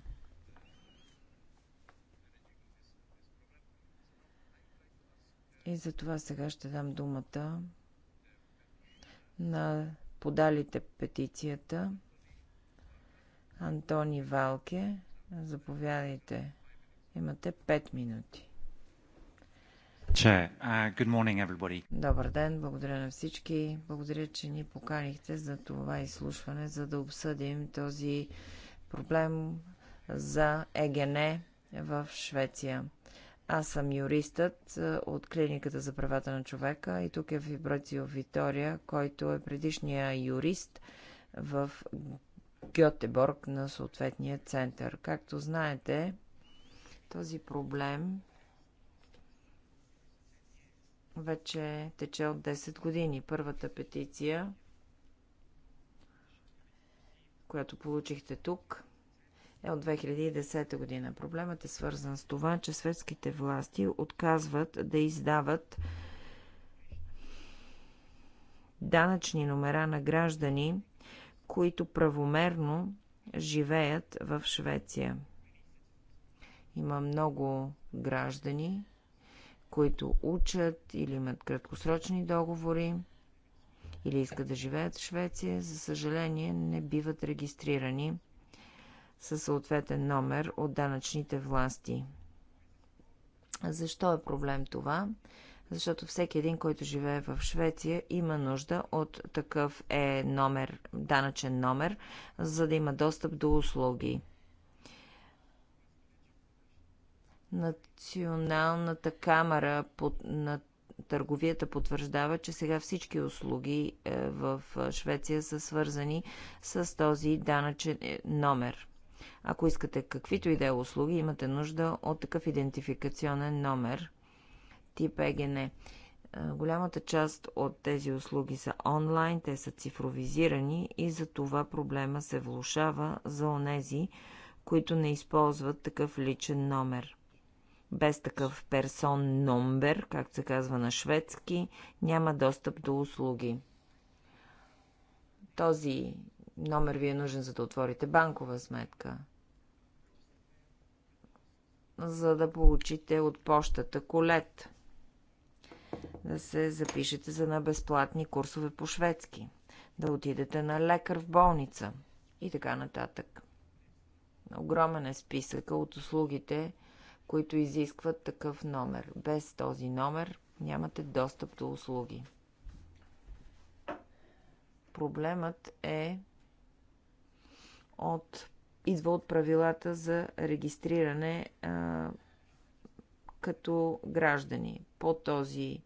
И за това сега ще дам думата на подалите петицията Антони Валке. Заповядайте. Имате 5 минути. Uh, Добър ден, благодаря на всички. Благодаря, че ни поканихте за това изслушване, за да обсъдим този проблем за ЕГН в Швеция. Аз съм юристът е, от Клиниката за правата на човека и тук е Вибрацио Витория, който е предишния юрист в Гьотеборг на съответния център. Както знаете, този проблем вече тече от 10 години. Първата петиция, която получихте тук, е от 2010 година. Проблемът е свързан с това, че светските власти отказват да издават данъчни номера на граждани, които правомерно живеят в Швеция. Има много граждани, които учат или имат краткосрочни договори или искат да живеят в Швеция, за съжаление не биват регистрирани със съответен номер от данъчните власти. Защо е проблем това? Защото всеки един, който живее в Швеция, има нужда от такъв е номер, данъчен номер, за да има достъп до услуги. Националната камера под, на търговията потвърждава, че сега всички услуги е, в е, Швеция са свързани с този данъчен е, номер. Ако искате каквито и да е услуги, имате нужда от такъв идентификационен номер тип ЕГН. Голямата част от тези услуги са онлайн, те са цифровизирани и за това проблема се влушава за онези, които не използват такъв личен номер без такъв персон номер, както се казва на шведски, няма достъп до услуги. Този номер ви е нужен, за да отворите банкова сметка. За да получите от почтата колет. Да се запишете за на безплатни курсове по шведски. Да отидете на лекар в болница. И така нататък. Огромен е списъка от услугите, които изискват такъв номер. Без този номер нямате достъп до услуги. Проблемът е от, идва от правилата за регистриране а, като граждани. По този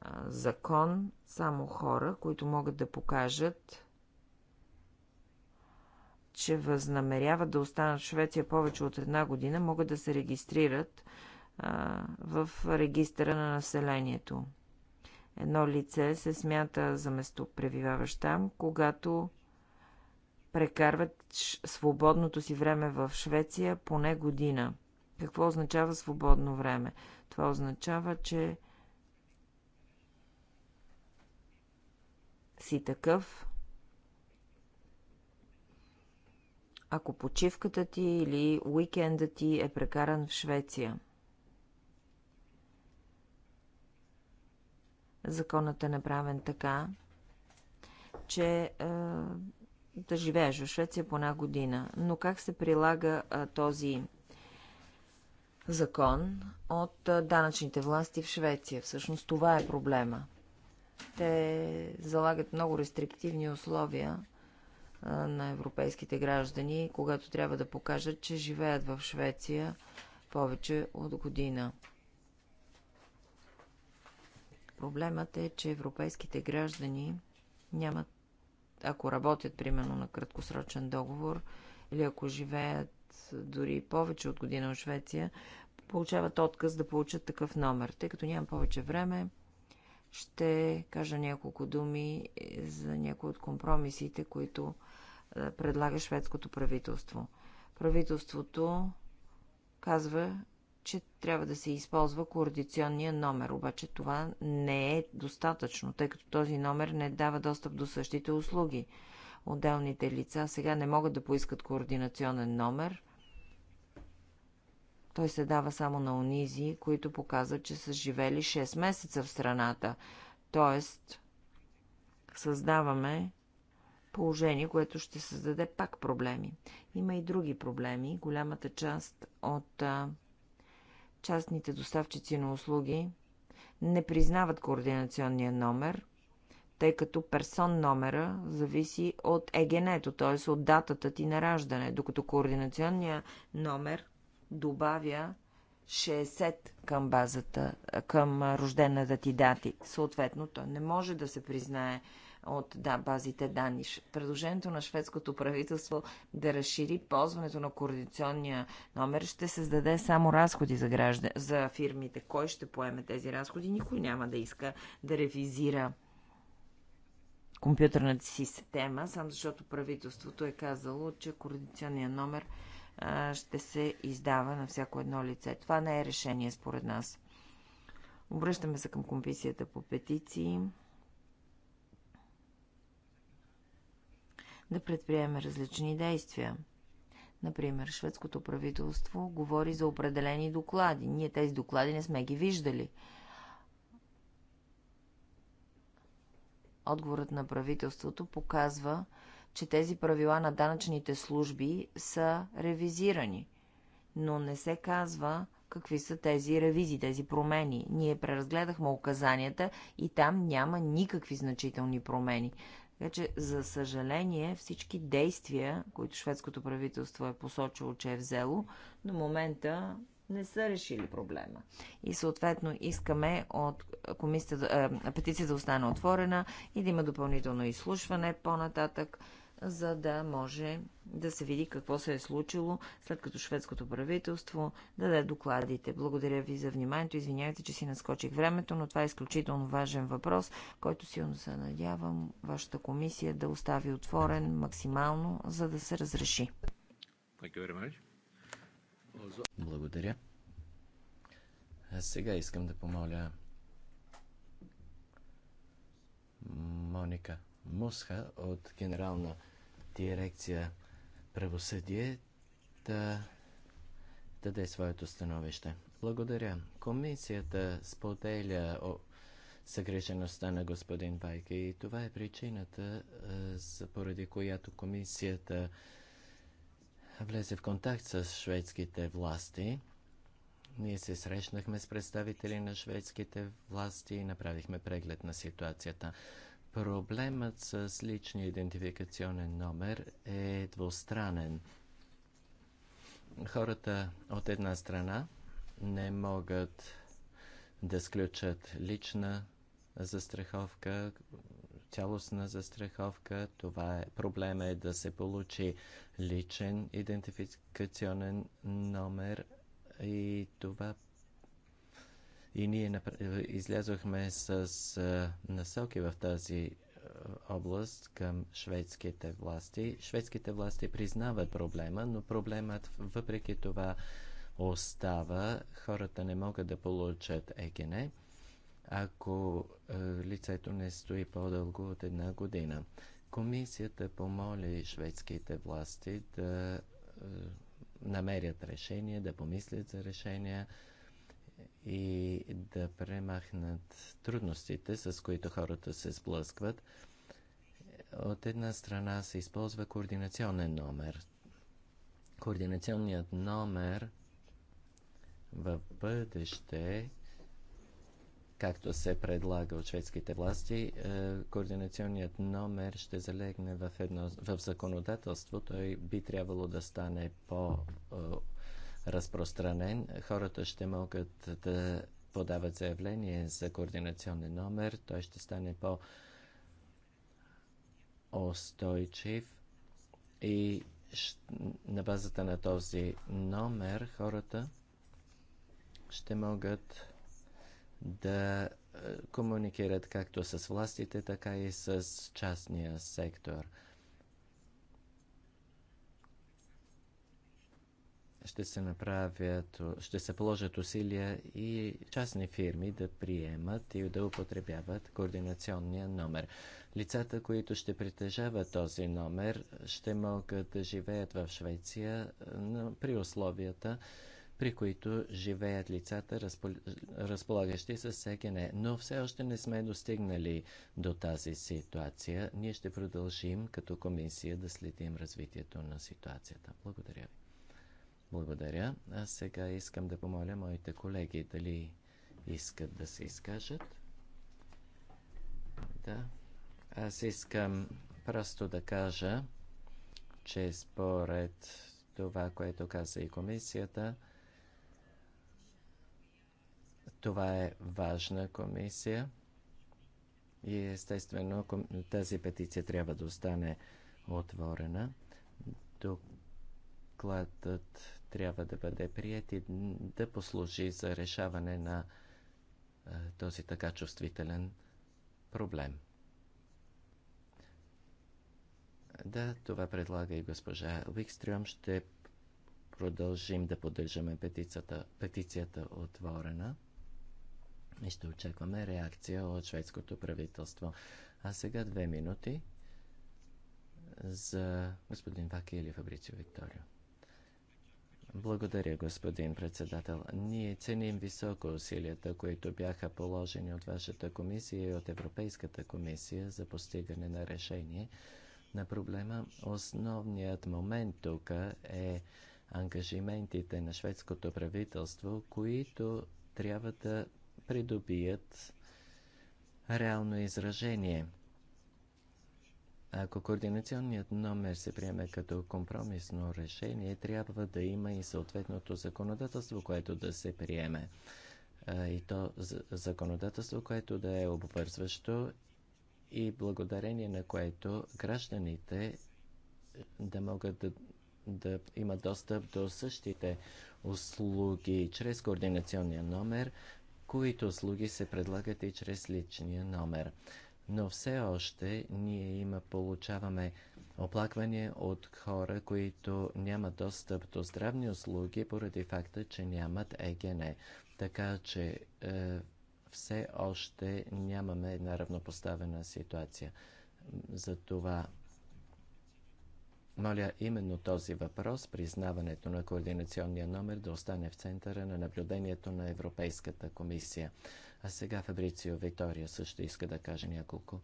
а, закон само хора, които могат да покажат че възнамеряват да останат в Швеция повече от една година, могат да се регистрират а, в регистъра на населението. Едно лице се смята за местопребиваващ там, когато прекарват свободното си време в Швеция поне година. Какво означава свободно време? Това означава, че си такъв, ако почивката ти или уикенда ти е прекаран в Швеция. Законът е направен така, че е, да живееш в Швеция по една година. Но как се прилага е, този закон от е, данъчните власти в Швеция? Всъщност това е проблема. Те залагат много рестриктивни условия на европейските граждани, когато трябва да покажат, че живеят в Швеция повече от година. Проблемът е, че европейските граждани нямат, ако работят примерно на краткосрочен договор или ако живеят дори повече от година в Швеция, получават отказ да получат такъв номер. Тъй като няма повече време, ще кажа няколко думи е, за някои от компромисите, които е, предлага шведското правителство. Правителството казва, че трябва да се използва координационния номер, обаче това не е достатъчно, тъй като този номер не дава достъп до същите услуги. Отделните лица сега не могат да поискат координационен номер – той се дава само на унизи, които показват, че са живели 6 месеца в страната. Тоест, създаваме положение, което ще създаде пак проблеми. Има и други проблеми. Голямата част от а, частните доставчици на услуги не признават координационния номер, тъй като персон номера зависи от егенето, т.е. от датата ти на раждане, докато координационния номер добавя 60 към базата, към рождената ти дати. Съответно, то не може да се признае от да, базите данни. Предложението на шведското правителство да разшири ползването на координационния номер ще създаде само разходи за, граждан, за фирмите. Кой ще поеме тези разходи? Никой няма да иска да ревизира компютърната си система, само защото правителството е казало, че координационния номер – ще се издава на всяко едно лице. Това не е решение според нас. Обръщаме се към комисията по петиции. Да предприеме различни действия. Например, шведското правителство говори за определени доклади. Ние тези доклади не сме ги виждали. Отговорът на правителството показва, че тези правила на данъчните служби са ревизирани, но не се казва какви са тези ревизии, тези промени. Ние преразгледахме указанията и там няма никакви значителни промени. Така че, за съжаление, всички действия, които шведското правителство е посочило, че е взело, до момента не са решили проблема. И съответно искаме от комисията, е, петицията да остане отворена и да има допълнително изслушване по-нататък, за да може да се види какво се е случило, след като шведското правителство даде докладите. Благодаря ви за вниманието. Извинявайте, че си наскочих времето, но това е изключително важен въпрос, който силно се надявам вашата комисия да остави отворен максимално, за да се разреши. Благодаря. А сега искам да помоля Моника Мусха от Генерална дирекция правосъдие да даде своето становище. Благодаря. Комисията споделя о съгрешеността на господин Байки и това е причината, е, поради която комисията влезе в контакт с шведските власти. Ние се срещнахме с представители на шведските власти и направихме преглед на ситуацията. Проблемът с личния идентификационен номер е двустранен. Хората от една страна не могат да сключат лична застраховка, цялостна застраховка. Това е проблема е да се получи личен идентификационен номер и това и ние излязохме с насоки в тази област към шведските власти. Шведските власти признават проблема, но проблемът въпреки това остава. Хората не могат да получат ЕГН, ако лицето не стои по-дълго от една година. Комисията помоли шведските власти да намерят решение, да помислят за решения и да премахнат трудностите, с които хората се сблъскват. От една страна се използва координационен номер. Координационният номер в бъдеще, както се предлага от шведските власти, е, координационният номер ще залегне в, едно, в законодателство. Той би трябвало да стане по е, разпространен. Хората ще могат да подават заявление за координационен номер. Той ще стане по- устойчив и на базата на този номер хората ще могат да е, комуникират както с властите, така и с частния сектор. ще се направят, ще се положат усилия и частни фирми да приемат и да употребяват координационния номер. Лицата, които ще притежават този номер, ще могат да живеят в Швеция при условията, при които живеят лицата, разпол... разполагащи с СГН. Но все още не сме достигнали до тази ситуация. Ние ще продължим като комисия да следим развитието на ситуацията. Благодаря ви. Благодаря. Аз сега искам да помоля моите колеги дали искат да се изкажат. Да. Аз искам просто да кажа, че според това, което каза и комисията, това е важна комисия и естествено тази петиция трябва да остане отворена. Докладът трябва да бъде прият и да послужи за решаване на е, този така чувствителен проблем. Да, това предлага и госпожа Викстрюм. Ще продължим да поддържаме петицията, петицията отворена и ще очакваме реакция от шведското правителство. А сега две минути за господин Ваки или Фабрицио Викторио. Благодаря, господин председател. Ние ценим високо усилията, които бяха положени от вашата комисия и от Европейската комисия за постигане на решение на проблема. Основният момент тук е ангажиментите на шведското правителство, които трябва да придобият реално изражение – ако координационният номер се приеме като компромисно решение, трябва да има и съответното законодателство, което да се приеме. И то законодателство, което да е обвързващо и благодарение на което гражданите да могат да, да имат достъп до същите услуги чрез координационния номер, които услуги се предлагат и чрез личния номер но все още ние има, получаваме оплаквания от хора, които нямат достъп до здравни услуги поради факта, че нямат ЕГН. Така че е, все още нямаме една равнопоставена ситуация. Затова моля именно този въпрос, признаването на координационния номер, да остане в центъра на наблюдението на Европейската комисия. А сега Фабрицио Виктория също иска да каже няколко,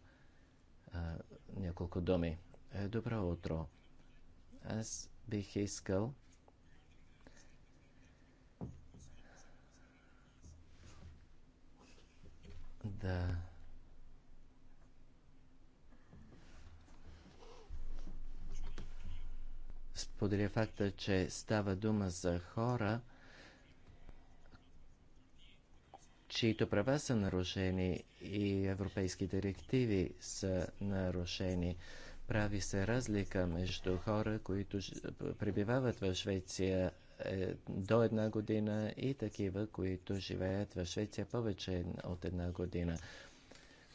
а, няколко думи. Е, добро утро. Аз бих искал да споделя факта, че става дума за хора, чието права са нарушени и европейски директиви са нарушени. Прави се разлика между хора, които пребивават в Швеция е, до една година и такива, които живеят в Швеция повече от една година.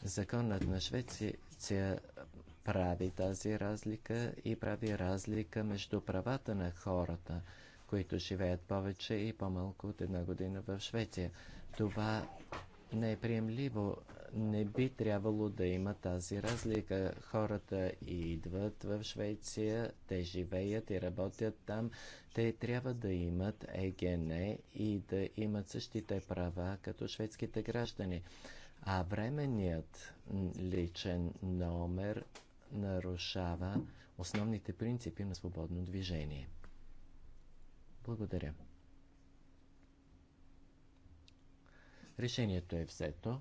Законът на Швеция прави тази разлика и прави разлика между правата на хората, които живеят повече и по-малко от една година в Швеция. Това не е приемливо. Не би трябвало да има тази разлика. Хората идват в Швеция, те живеят и работят там. Те трябва да имат ЕГН и да имат същите права като шведските граждани. А временният личен номер нарушава основните принципи на свободно движение. Благодаря. Решението е взето.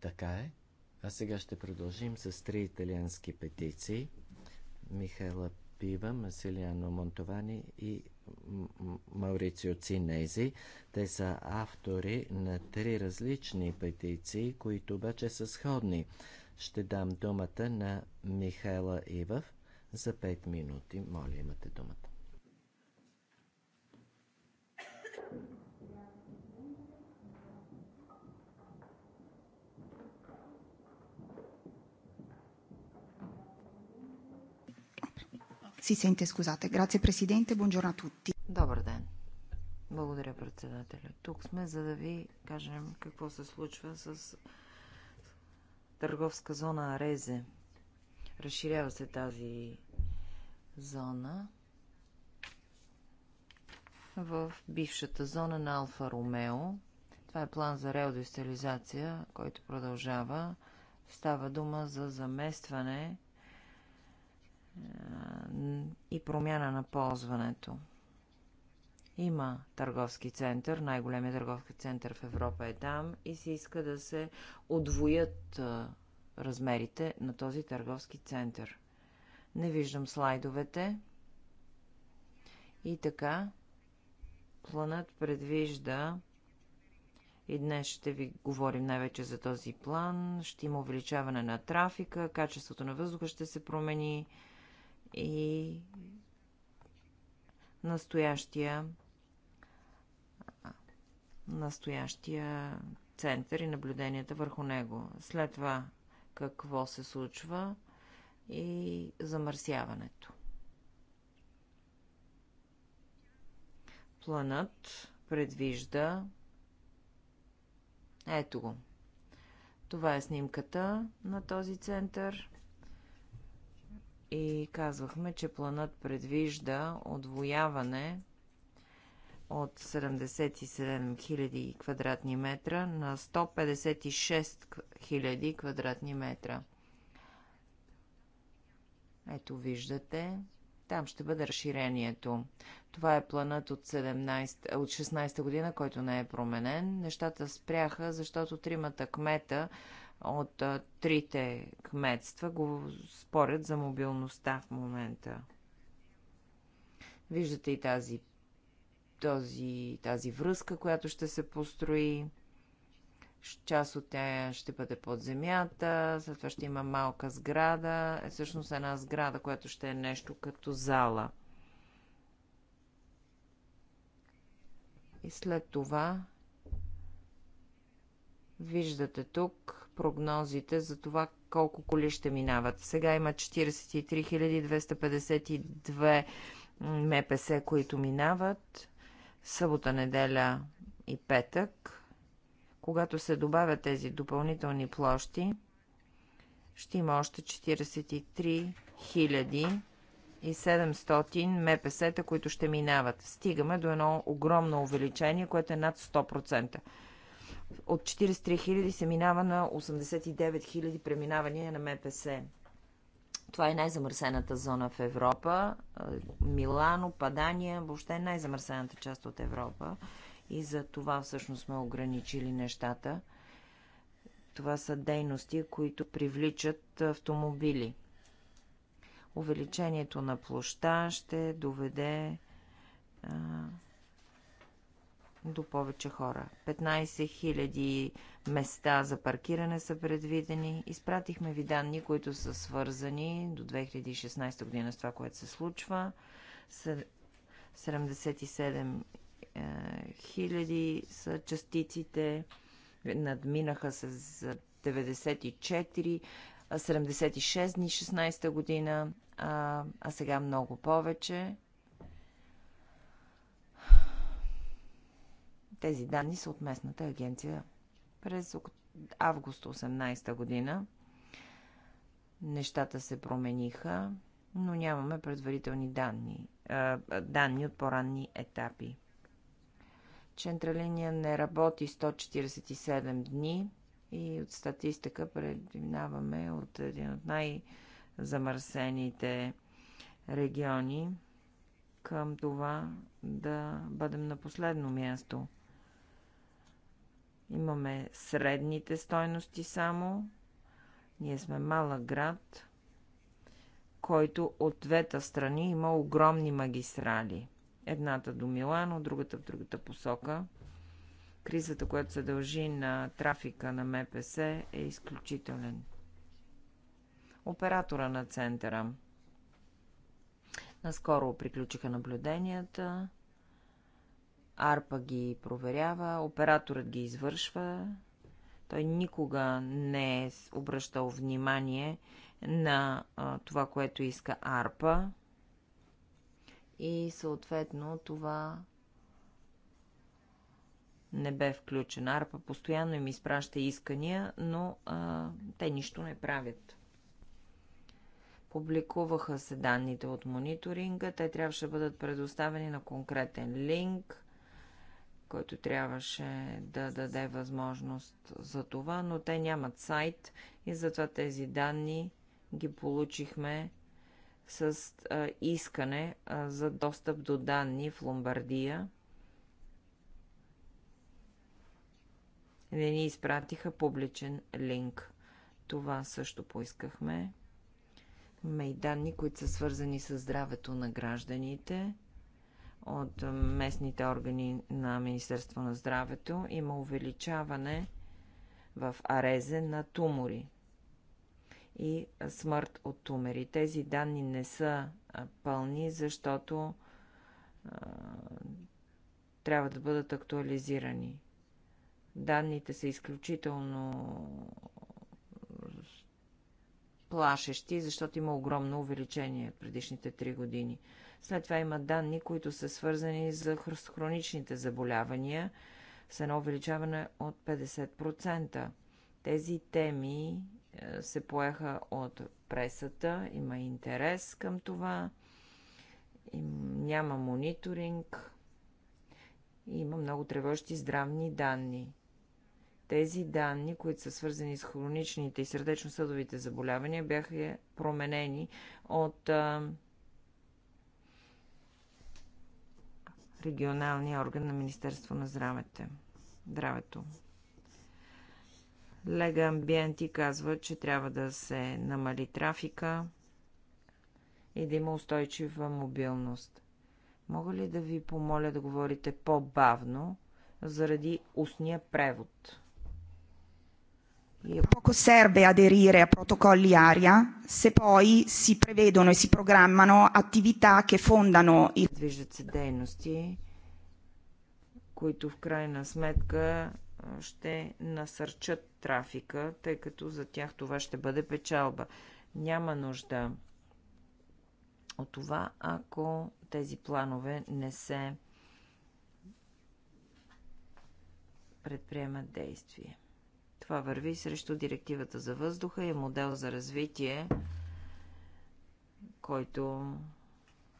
Така е. А сега ще продължим с три италиански петиции. Михайла Пива, Масилиано Монтовани и Маурицио Цинези. Те са автори на три различни петиции, които обаче са сходни. Ще дам думата на Михайла Ивав за 5 минути. Моля, имате думата. Si sente, scusate. Grazie президенте, buongiorno a tutti. Добър ден. Благодаря, председателя. Тук сме, за да ви кажем какво се случва с търговска зона Арезе. Разширява се тази зона в бившата зона на Алфа Ромео. Това е план за реодистализация, който продължава. Става дума за заместване и промяна на ползването. Има търговски център, най-големият търговски център в Европа е там и се иска да се отвоят размерите на този търговски център. Не виждам слайдовете. И така, планът предвижда и днес ще ви говорим най-вече за този план. Ще има увеличаване на трафика, качеството на въздуха ще се промени, и е настоящия настоящия център и наблюденията върху него. След това какво се случва и замърсяването. Планът предвижда ето го. Това е снимката на този център и казвахме, че планът предвижда отвояване от 77 000 квадратни метра на 156 000 квадратни метра. Ето виждате, там ще бъде разширението. Това е планът от, 17, от 16 година, който не е променен. Нещата спряха, защото тримата кмета от трите кметства го спорят за мобилността в момента. Виждате и тази, този, тази връзка, която ще се построи. Част от тя ще бъде под земята, след това ще има малка сграда, е всъщност една сграда, която ще е нещо като зала. И след това виждате тук прогнозите за това колко коли ще минават. Сега има 43 252 МПС, които минават. Събота, неделя и петък. Когато се добавят тези допълнителни площи, ще има още 43 700 МПС-та, които ще минават. Стигаме до едно огромно увеличение, което е над 100% от 43 000 се минава на 89 000 преминавания на МПС. Това е най-замърсената зона в Европа. Милано, Падания, въобще е най-замърсената част от Европа. И за това всъщност сме ограничили нещата. Това са дейности, които привличат автомобили. Увеличението на площа ще доведе до повече хора. 15 000 места за паркиране са предвидени. Изпратихме ви данни, които са свързани до 2016 година с това, което се случва. 77 000 е, са частиците. Надминаха се за 94, 76 дни 16 година, а, а сега много повече. Тези данни са от местната агенция през август 18 година. Нещата се промениха, но нямаме предварителни данни, данни от по-ранни етапи. Централиния не работи 147 дни и от статистика преминаваме от един от най-замърсените региони към това да бъдем на последно място – Имаме средните стойности само. Ние сме малък град, който от двете страни има огромни магистрали. Едната до Милано, другата в другата посока. Кризата, която се дължи на трафика на МПС, е изключителен. Оператора на центъра. Наскоро приключиха наблюденията. Арпа ги проверява, операторът ги извършва. Той никога не е обръщал внимание на а, това, което иска Арпа. И съответно това не бе включен. Арпа постоянно им изпраща искания, но а, те нищо не правят. Публикуваха се данните от мониторинга, те трябваше да бъдат предоставени на конкретен линк който трябваше да даде възможност за това, но те нямат сайт и затова тези данни ги получихме с а, искане а, за достъп до данни в Ломбардия. Не ни изпратиха публичен линк. Това също поискахме. Имаме и данни, които са свързани с здравето на гражданите – от местните органи на Министерство на здравето. Има увеличаване в арезе на тумори и смърт от тумери. Тези данни не са пълни, защото а, трябва да бъдат актуализирани. Данните са изключително плашещи, защото има огромно увеличение предишните три години. След това има данни, които са свързани за хроничните заболявания с едно увеличаване от 50%. Тези теми е, се поеха от пресата, има интерес към това, няма мониторинг, и има много тревожни здравни данни. Тези данни, които са свързани с хроничните и сърдечно-съдовите заболявания, бяха променени от е, регионалния орган на Министерство на здравето. здравето. Лега Амбиенти казва, че трябва да се намали трафика и да има устойчива мобилност. Мога ли да ви помоля да говорите по-бавно заради устния превод? poco serve aderire a protocolli ARIA se poi si prevedono e si programmano attività che fondano i се дейности, които в крайна сметка ще насърчат трафика, тъй като за тях това ще бъде печалба. Няма нужда от това, ако тези планове не се предприемат действие. Това върви срещу директивата за въздуха и модел за развитие, който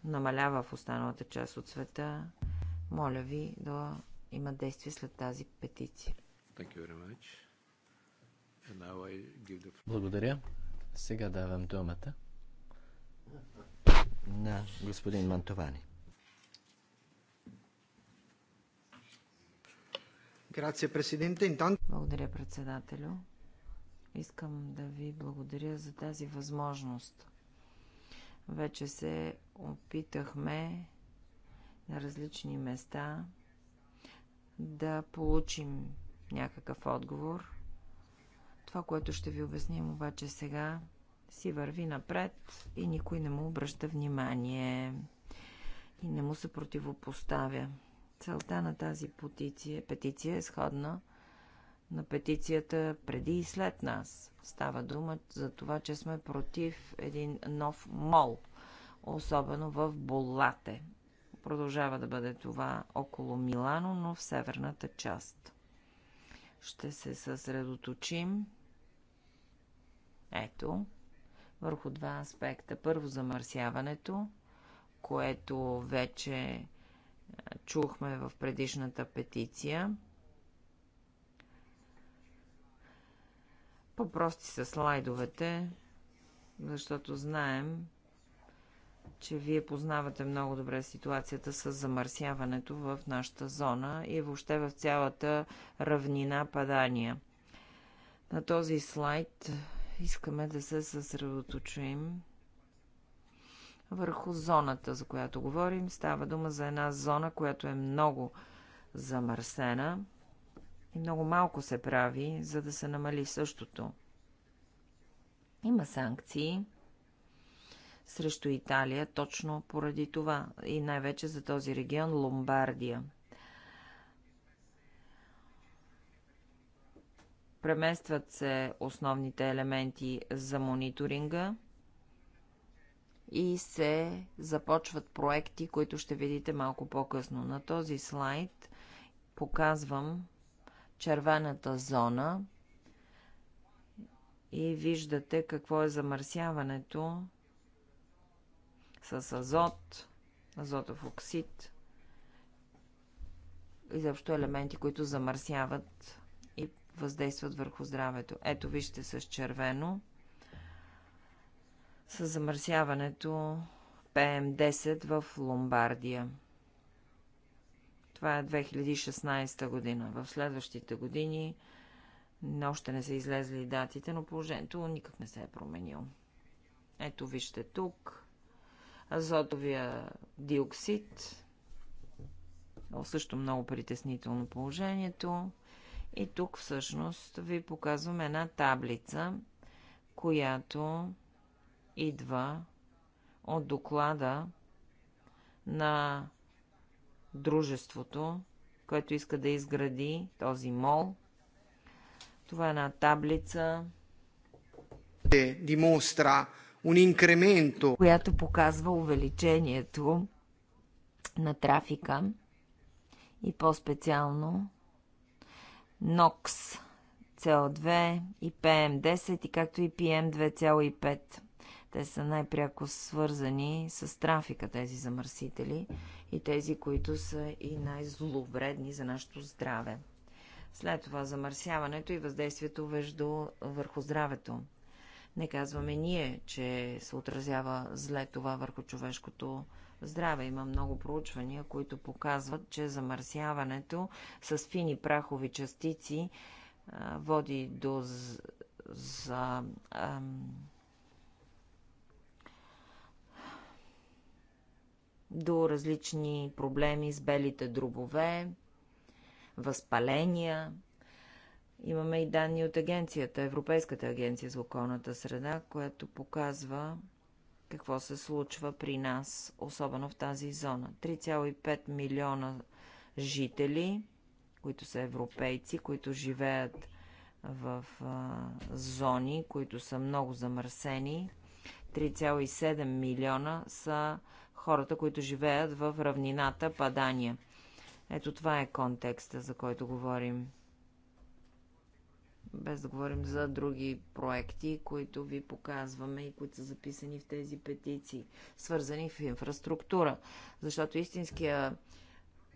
намалява в останалата част от света. Моля ви да има действие след тази петиция. The... Благодаря. Сега давам думата на господин Мантовани. Благодаря, председателю. Искам да ви благодаря за тази възможност. Вече се опитахме на различни места да получим някакъв отговор. Това, което ще ви обясним обаче сега, си върви напред и никой не му обръща внимание и не му се противопоставя. Целта на тази петиция, петиция е сходна на петицията преди и след нас. Става дума за това, че сме против един нов мол, особено в Болате. Продължава да бъде това около Милано, но в северната част. Ще се съсредоточим ето, върху два аспекта. Първо замърсяването, което вече чухме в предишната петиция. По-прости са слайдовете, защото знаем, че вие познавате много добре ситуацията с замърсяването в нашата зона и въобще в цялата равнина падания. На този слайд искаме да се съсредоточим върху зоната, за която говорим. Става дума за една зона, която е много замърсена и много малко се прави, за да се намали същото. Има санкции срещу Италия точно поради това и най-вече за този регион Ломбардия. Преместват се основните елементи за мониторинга – и се започват проекти, които ще видите малко по-късно. На този слайд показвам червената зона и виждате какво е замърсяването с азот, азотов оксид и заобщо елементи, които замърсяват и въздействат върху здравето. Ето вижте с червено с замърсяването ПМ-10 в Ломбардия. Това е 2016 година. В следващите години още не са излезли датите, но положението никак не се е променило. Ето вижте тук азотовия диоксид. Също много притеснително положението. И тук всъщност ви показвам една таблица, която идва от доклада на дружеството, което иска да изгради този мол. Това е една таблица, е, която показва увеличението на трафика и по-специално NOx, CO2 и PM10 и както и PM2,5. Те са най-пряко свързани с трафика, тези замърсители и тези, които са и най-зловредни за нашето здраве. След това замърсяването и въздействието вежду върху здравето. Не казваме ние, че се отразява зле това върху човешкото здраве. Има много проучвания, които показват, че замърсяването с фини прахови частици а, води до за, а, до различни проблеми с белите дробове, възпаления. Имаме и данни от агенцията, Европейската агенция за околната среда, която показва какво се случва при нас, особено в тази зона. 3,5 милиона жители, които са европейци, които живеят в а, зони, които са много замърсени. 3,7 милиона са хората, които живеят в равнината Падания. Ето това е контекста, за който говорим. Без да говорим за други проекти, които ви показваме и които са записани в тези петиции, свързани в инфраструктура. Защото истинския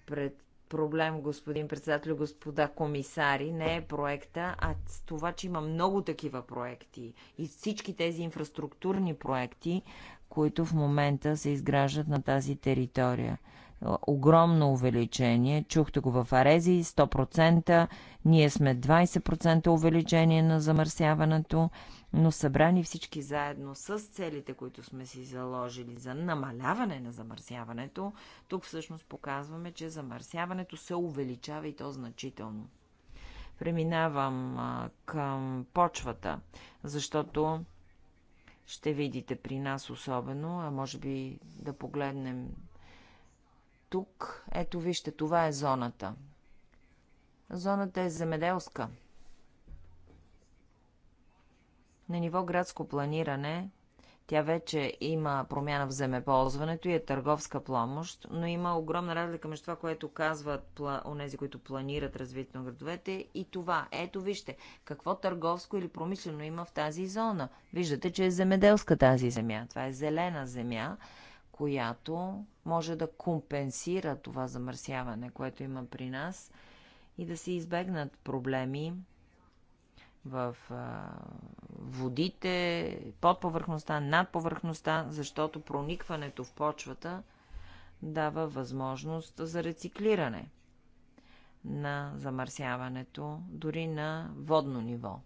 пред проблем, господин председател, господа комисари, не е проекта, а това, че има много такива проекти и всички тези инфраструктурни проекти, които в момента се изграждат на тази територия. Огромно увеличение. Чухте го в Арези 100%. Ние сме 20% увеличение на замърсяването, но събрани всички заедно с целите, които сме си заложили за намаляване на замърсяването, тук всъщност показваме, че замърсяването се увеличава и то значително преминавам към почвата, защото ще видите при нас особено, а може би да погледнем тук. Ето вижте, това е зоната. Зоната е земеделска. На ниво градско планиране – тя вече има промяна в земеползването и е търговска помощ, но има огромна разлика между това, което казват пла... онези, които планират развитие на градовете и това. Ето вижте, какво търговско или промишлено има в тази зона. Виждате, че е земеделска тази земя. Това е зелена земя, която може да компенсира това замърсяване, което има при нас и да се избегнат проблеми в а, водите, под повърхността, над повърхността, защото проникването в почвата дава възможност за рециклиране на замърсяването, дори на водно ниво.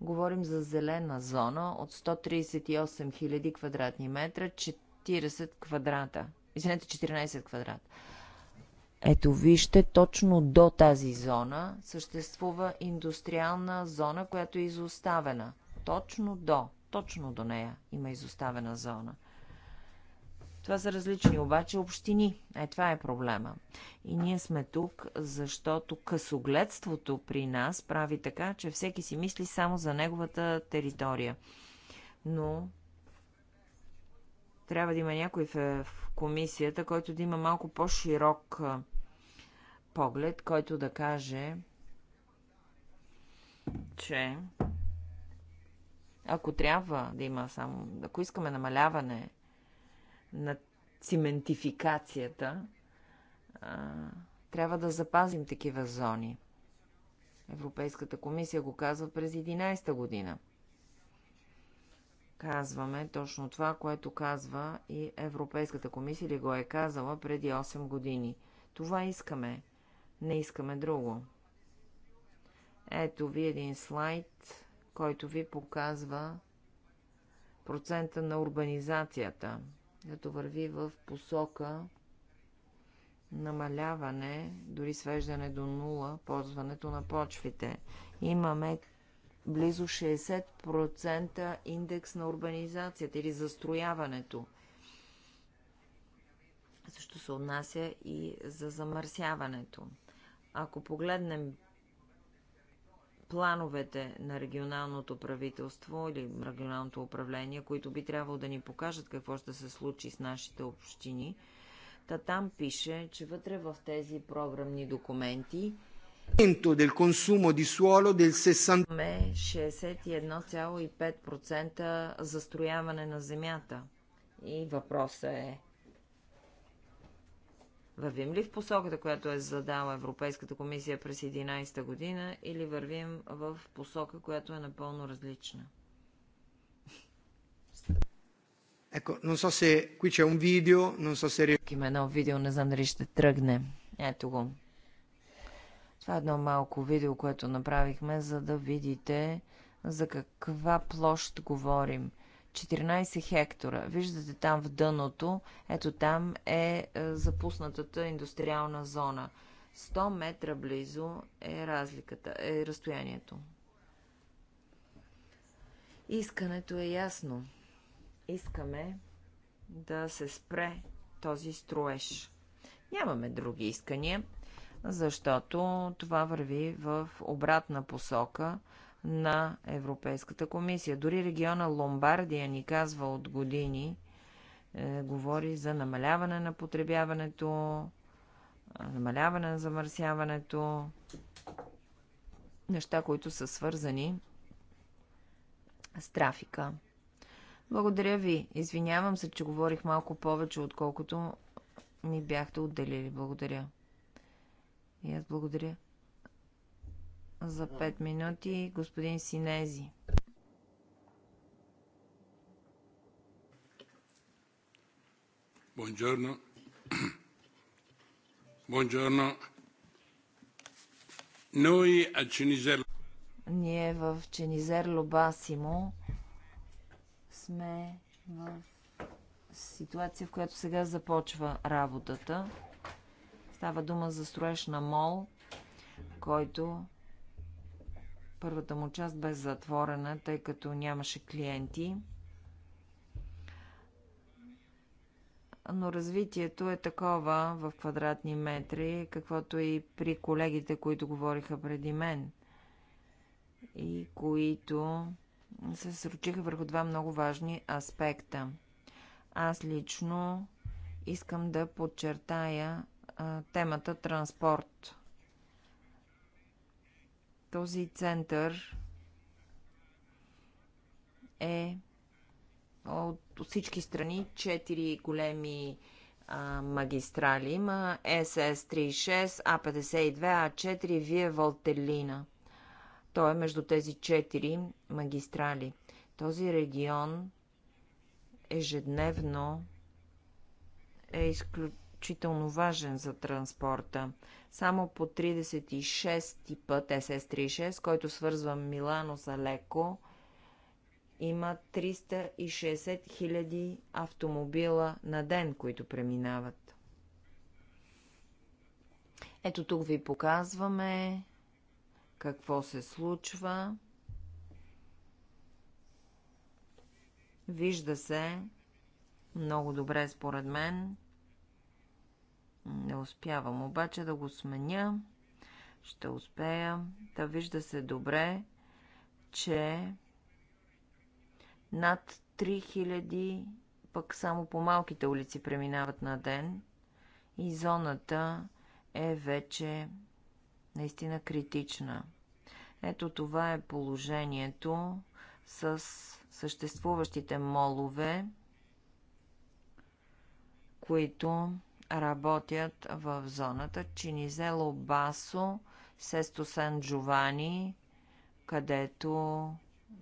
Говорим за зелена зона от 138 000 квадратни метра, 40 квадрата. Извинете, 14 квадрата. Ето вижте, точно до тази зона съществува индустриална зона, която е изоставена. Точно до, точно до нея има изоставена зона. Това са различни обаче общини. Е, това е проблема. И ние сме тук, защото късогледството при нас прави така, че всеки си мисли само за неговата територия. Но трябва да има някой в комисията, който да има малко по-широк поглед, който да каже, че ако трябва да има само, ако искаме намаляване на циментификацията, а, трябва да запазим такива зони. Европейската комисия го казва през 11-та година – казваме точно това, което казва и Европейската комисия или го е казала преди 8 години. Това искаме. Не искаме друго. Ето ви един слайд, който ви показва процента на урбанизацията, като върви в посока намаляване, дори свеждане до нула, ползването на почвите. Имаме близо 60% индекс на урбанизацията или застрояването. Също се отнася и за замърсяването. Ако погледнем плановете на регионалното правителство или регионалното управление, които би трябвало да ни покажат какво ще се случи с нашите общини, та там пише, че вътре в тези програмни документи – del consumo di suolo del 61,5% застрояване на земята. И въпросът е Вървим ли в посоката, която е задала Европейската комисия през 11-та година, или вървим в посока, която е напълно различна? Еко, non so се qui c'è un video, non so Има едно видео, не знам дали ще тръгне. Ето го. Това е едно малко видео, което направихме, за да видите за каква площ говорим. 14 хектора. Виждате там в дъното, ето там е, е запуснатата индустриална зона. 100 метра близо е разликата, е разстоянието. Искането е ясно. Искаме да се спре този строеж. Нямаме други искания защото това върви в обратна посока на Европейската комисия. Дори региона Ломбардия ни казва от години, е, говори за намаляване на потребяването, намаляване на замърсяването, неща, които са свързани с трафика. Благодаря ви. Извинявам се, че говорих малко повече, отколкото ми бяхте отделили. Благодаря. И аз благодаря. За 5 минути господин Синези. Buongiorno. Buongiorno. Ной а Cinisello. Ние в Ченизерло Басимо сме в ситуация, в която сега започва работата. Става дума за строеж на мол, който първата му част бе затворена, тъй като нямаше клиенти. но развитието е такова в квадратни метри, каквото и при колегите, които говориха преди мен и които се срочиха върху два много важни аспекта. Аз лично искам да подчертая темата транспорт. Този център е от всички страни четири големи а, магистрали. Има СС-36, А-52, А-4, Вие Волтелина. Той е между тези четири магистрали. Този регион ежедневно е изключен изключително важен за транспорта. Само по 36 път СС-36, който свързва Милано с Алеко, има 360 000 автомобила на ден, които преминават. Ето тук ви показваме какво се случва. Вижда се много добре според мен не успявам обаче да го сменя. Ще успея. Та вижда се добре, че над 3000 пък само по малките улици преминават на ден и зоната е вече наистина критична. Ето това е положението с съществуващите молове, които работят в зоната Чинизело Басо, Сесто Сан Джовани, където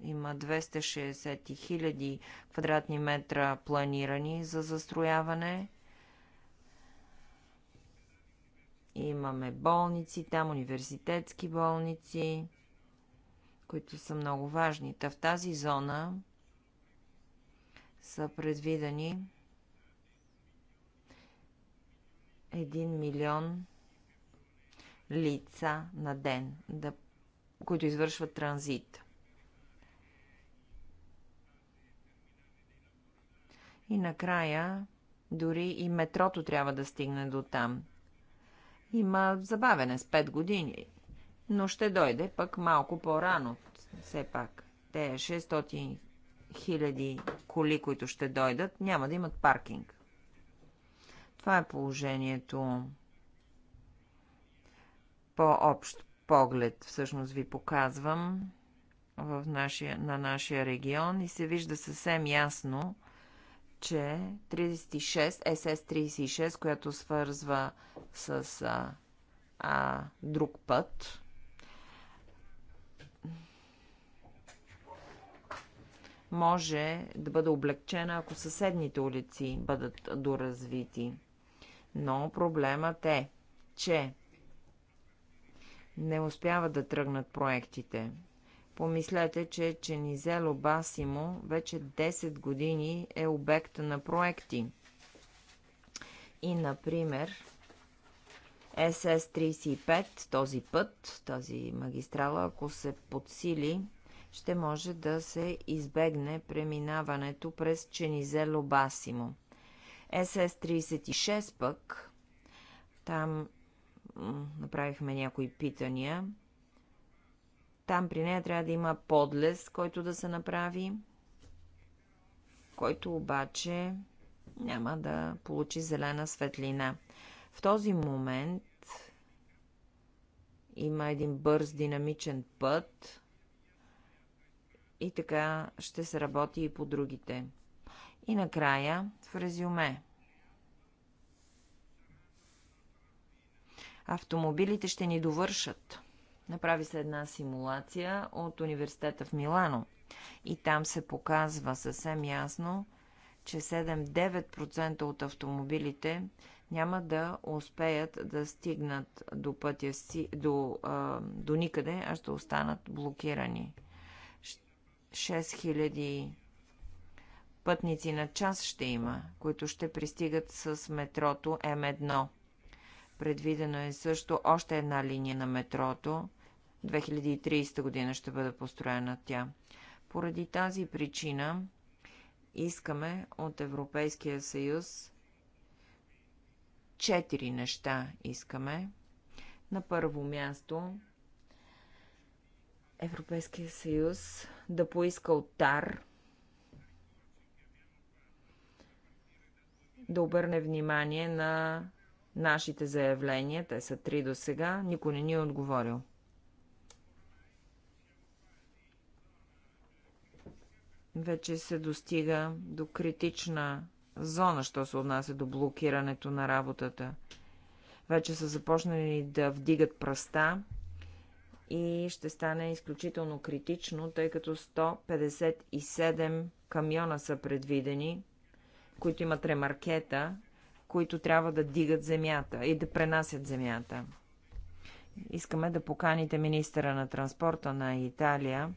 има 260 000 квадратни метра планирани за застрояване. Имаме болници, там университетски болници, които са много важни. Та в тази зона са предвидени 1 милион лица на ден, да, които извършват транзит. И накрая дори и метрото трябва да стигне до там. Има забавене с 5 години, но ще дойде пък малко по-рано, все пак. Те 600 хиляди коли, които ще дойдат, няма да имат паркинг. Това е положението. По-общ поглед всъщност ви показвам в нашия, на нашия регион и се вижда съвсем ясно, че 36, ss 36 която свързва с а, а, друг път, може да бъде облегчена, ако съседните улици бъдат доразвити. Но проблемът е, че не успяват да тръгнат проектите. Помислете, че Ченизело Басимо вече 10 години е обект на проекти. И, например, СС-35, този път, тази магистрала, ако се подсили, ще може да се избегне преминаването през Ченизело Басимо – СС-36 пък, там направихме някои питания. Там при нея трябва да има подлез, който да се направи, който обаче няма да получи зелена светлина. В този момент има един бърз динамичен път и така ще се работи и по другите. И накрая в резюме. Автомобилите ще ни довършат. Направи се една симулация от университета в Милано. И там се показва съвсем ясно, че 7-9% от автомобилите няма да успеят да стигнат до пътя си, до, до никъде, а ще останат блокирани. 6000 пътници на час ще има, които ще пристигат с метрото М1. Предвидено е също още една линия на метрото. 2030 година ще бъде построена тя. Поради тази причина искаме от Европейския съюз четири неща искаме. На първо място Европейския съюз да поиска от ТАР да обърне внимание на нашите заявления, те са три до сега, никой не ни е отговорил. Вече се достига до критична зона, що се отнася до блокирането на работата. Вече са започнали да вдигат пръста и ще стане изключително критично, тъй като 157 камиона са предвидени – които имат ремаркета, които трябва да дигат земята и да пренасят земята. Искаме да поканите министъра на транспорта на Италия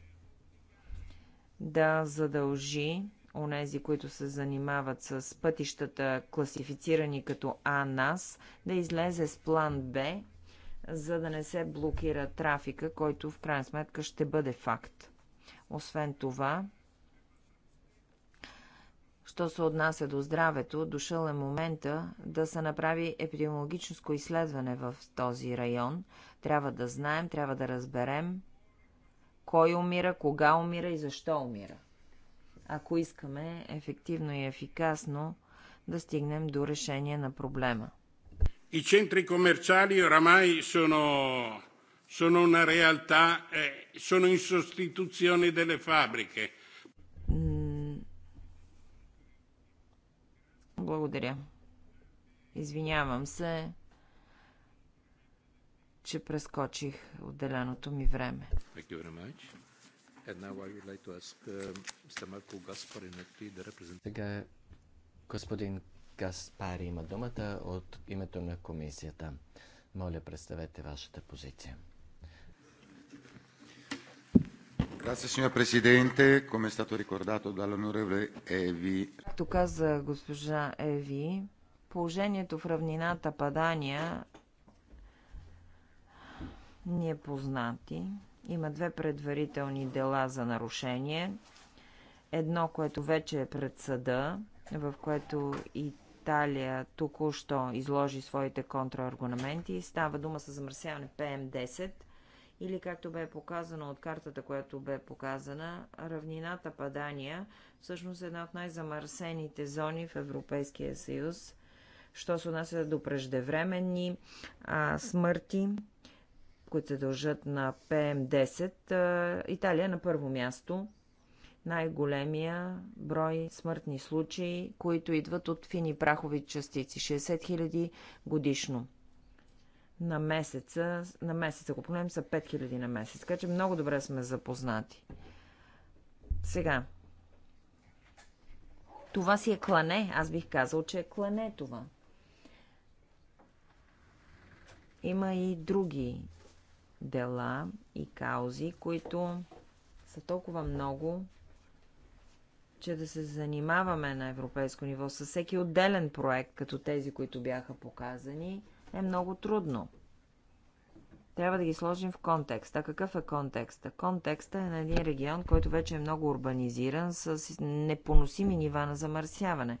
да задължи онези, които се занимават с пътищата, класифицирани като А нас, да излезе с план Б, за да не се блокира трафика, който в крайна сметка ще бъде факт. Освен това, Що се отнася до здравето, дошъл е момента да се направи епидемиологическо изследване в този район. Трябва да знаем, трябва да разберем кой умира, кога умира и защо умира. Ако искаме ефективно и ефикасно да стигнем до решение на проблема. I centri commerciali oramai sono, sono una realtà, eh, sono in sostituzione delle fabbriche Благодаря. Извинявам се, че прескочих отделеното ми време. Е, Сега господин Гаспари има думата от името на комисията. Моля, представете вашата позиция. Grazie, signor Presidente. Come è stato ricordato dall'onorevole Еви. Както каза госпожа Еви, положението в равнината Падания ни е познати. Има две предварителни дела за нарушение. Едно, което вече е пред съда, в което Италия току-що изложи своите контраргументи. Става дума с замърсяване ПМ-10 – или както бе показано от картата, която бе показана, равнината Падания всъщност е една от най-замърсените зони в Европейския съюз, що се отнася до преждевременни а, смърти, които се дължат на ПМ-10. Италия е на първо място най-големия брой смъртни случаи, които идват от фини прахови частици 60 000 годишно на месеца, на месец, ако понем, са 5000 на месец. Така че много добре сме запознати. Сега. Това си е клане. Аз бих казал, че е клане това. Има и други дела и каузи, които са толкова много, че да се занимаваме на европейско ниво с всеки отделен проект, като тези, които бяха показани, е много трудно. Трябва да ги сложим в контекст. А какъв е контекста? Контекста е на един регион, който вече е много урбанизиран, с непоносими нива на замърсяване.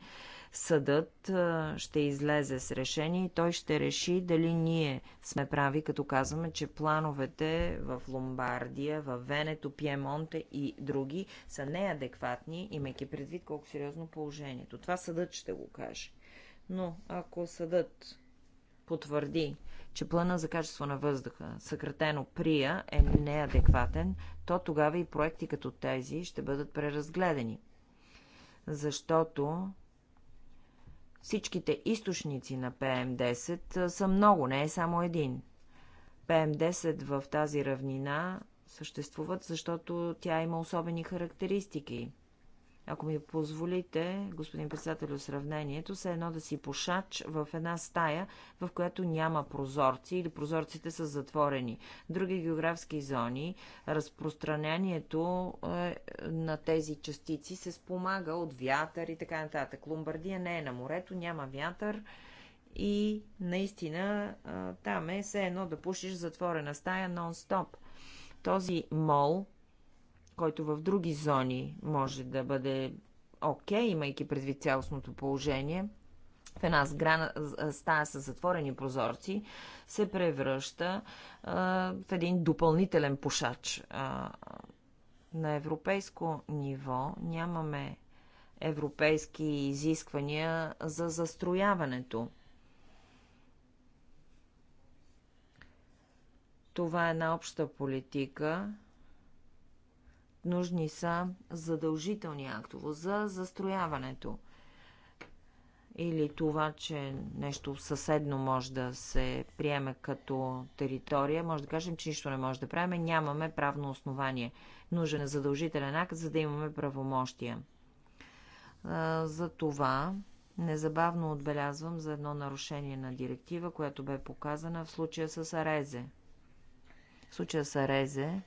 Съдът ще излезе с решение и той ще реши дали ние сме прави, като казваме, че плановете в Ломбардия, в Венето, Пьемонте и други са неадекватни, имайки предвид колко сериозно положението. Това съдът ще го каже. Но ако съдът потвърди, че плана за качество на въздуха, съкратено ПРИЯ, е неадекватен, то тогава и проекти като тези ще бъдат преразгледани. Защото всичките източници на ПМ-10 са много, не е само един. ПМ-10 в тази равнина съществуват, защото тя има особени характеристики. Ако ми позволите, господин председател, сравнението, се едно да си пошач в една стая, в която няма прозорци или прозорците са затворени. други географски зони разпространението е, на тези частици се спомага от вятър и така нататък. Ломбардия не е на морето, няма вятър и наистина е, там е все едно да пушиш затворена стая нон-стоп. Този мол който в други зони може да бъде окей, okay, имайки предвид цялостното положение, в една сграна, стая с затворени прозорци, се превръща а, в един допълнителен пушач. А, на европейско ниво нямаме европейски изисквания за застрояването. Това е една обща политика, нужни са задължителни актово за застрояването или това, че нещо съседно може да се приеме като територия, може да кажем, че нищо не може да правим, нямаме правно основание. Нужен е задължителен акт, за да имаме правомощия. За това незабавно отбелязвам за едно нарушение на директива, която бе показана в случая с Арезе. В случая с Арезе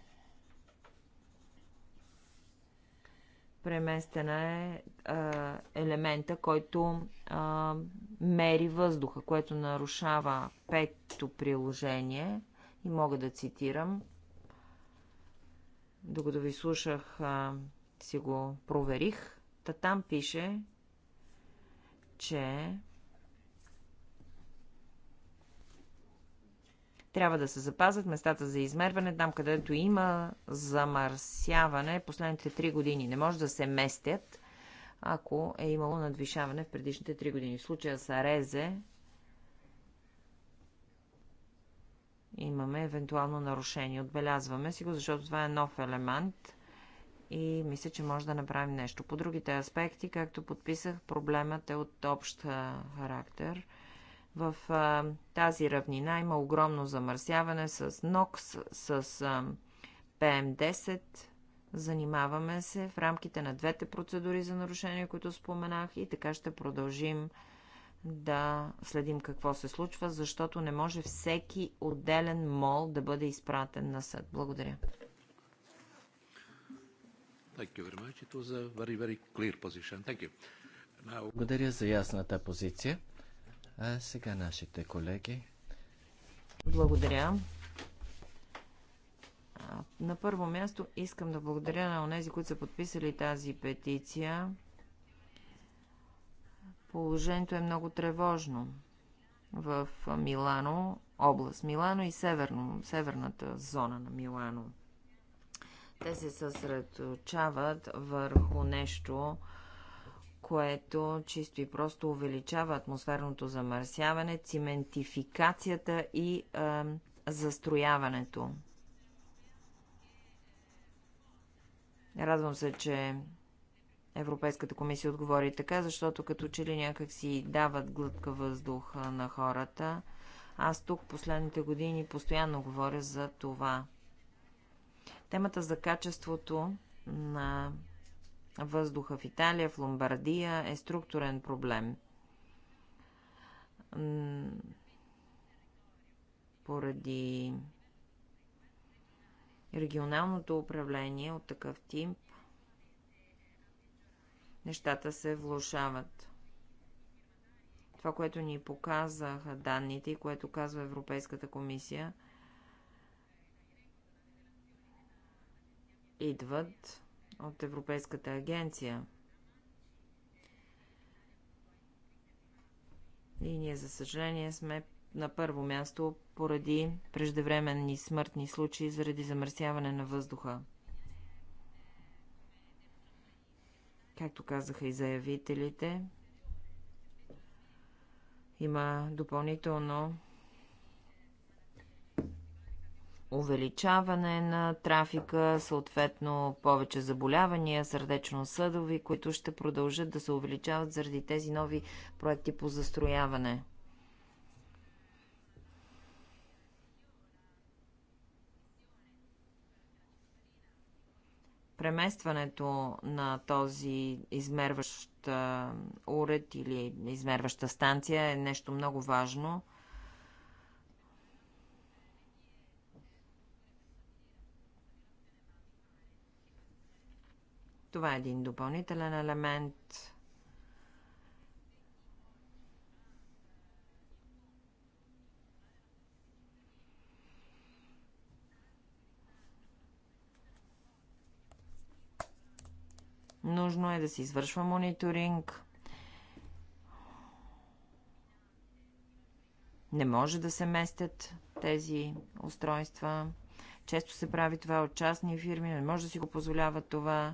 преместена е а, елемента, който а, мери въздуха, което нарушава пето приложение. И мога да цитирам. Докато ви слушах, а, си го проверих. Та там пише, че Трябва да се запазят местата за измерване там, където има замърсяване последните 3 години. Не може да се местят, ако е имало надвишаване в предишните 3 години. В случая с Арезе имаме евентуално нарушение. Отбелязваме си го, защото това е нов елемент и мисля, че може да направим нещо. По другите аспекти, както подписах, проблемът е от общ характер. В а, тази равнина има огромно замърсяване с НОКС, с а, ПМ10. Занимаваме се в рамките на двете процедури за нарушение, които споменах и така ще продължим да следим какво се случва, защото не може всеки отделен мол да бъде изпратен на съд. Благодаря. Благодаря за ясната позиция. А сега нашите колеги. Благодаря. На първо място искам да благодаря на онези, които са подписали тази петиция. Положението е много тревожно в Милано, област Милано и северно, северната зона на Милано. Те се съсредоточават върху нещо, което чисто и просто увеличава атмосферното замърсяване, циментификацията и а, застрояването. Радвам се, че Европейската комисия отговори така, защото като че ли някак си дават глътка въздух на хората. Аз тук последните години постоянно говоря за това. Темата за качеството на въздуха в Италия, в Ломбардия е структурен проблем. Поради регионалното управление от такъв тип, нещата се влушават. Това, което ни показаха данните и което казва Европейската комисия, идват от Европейската агенция. И ние, за съжаление, сме на първо място поради преждевременни смъртни случаи заради замърсяване на въздуха. Както казаха и заявителите, има допълнително увеличаване на трафика, съответно повече заболявания, сърдечно-съдови, които ще продължат да се увеличават заради тези нови проекти по застрояване. преместването на този измерващ уред или измерваща станция е нещо много важно – Това е един допълнителен елемент. Нужно е да се извършва мониторинг. Не може да се местят тези устройства. Често се прави това от частни фирми, не може да си го позволява това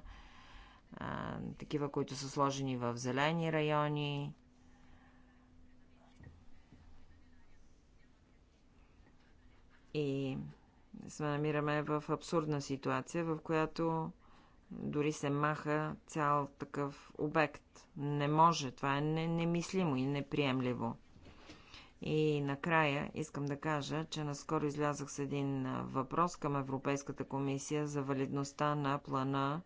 такива, които са сложени в зелени райони. И се намираме в абсурдна ситуация, в която дори се маха цял такъв обект. Не може, това е немислимо и неприемливо. И накрая искам да кажа, че наскоро излязах с един въпрос към Европейската комисия за валидността на плана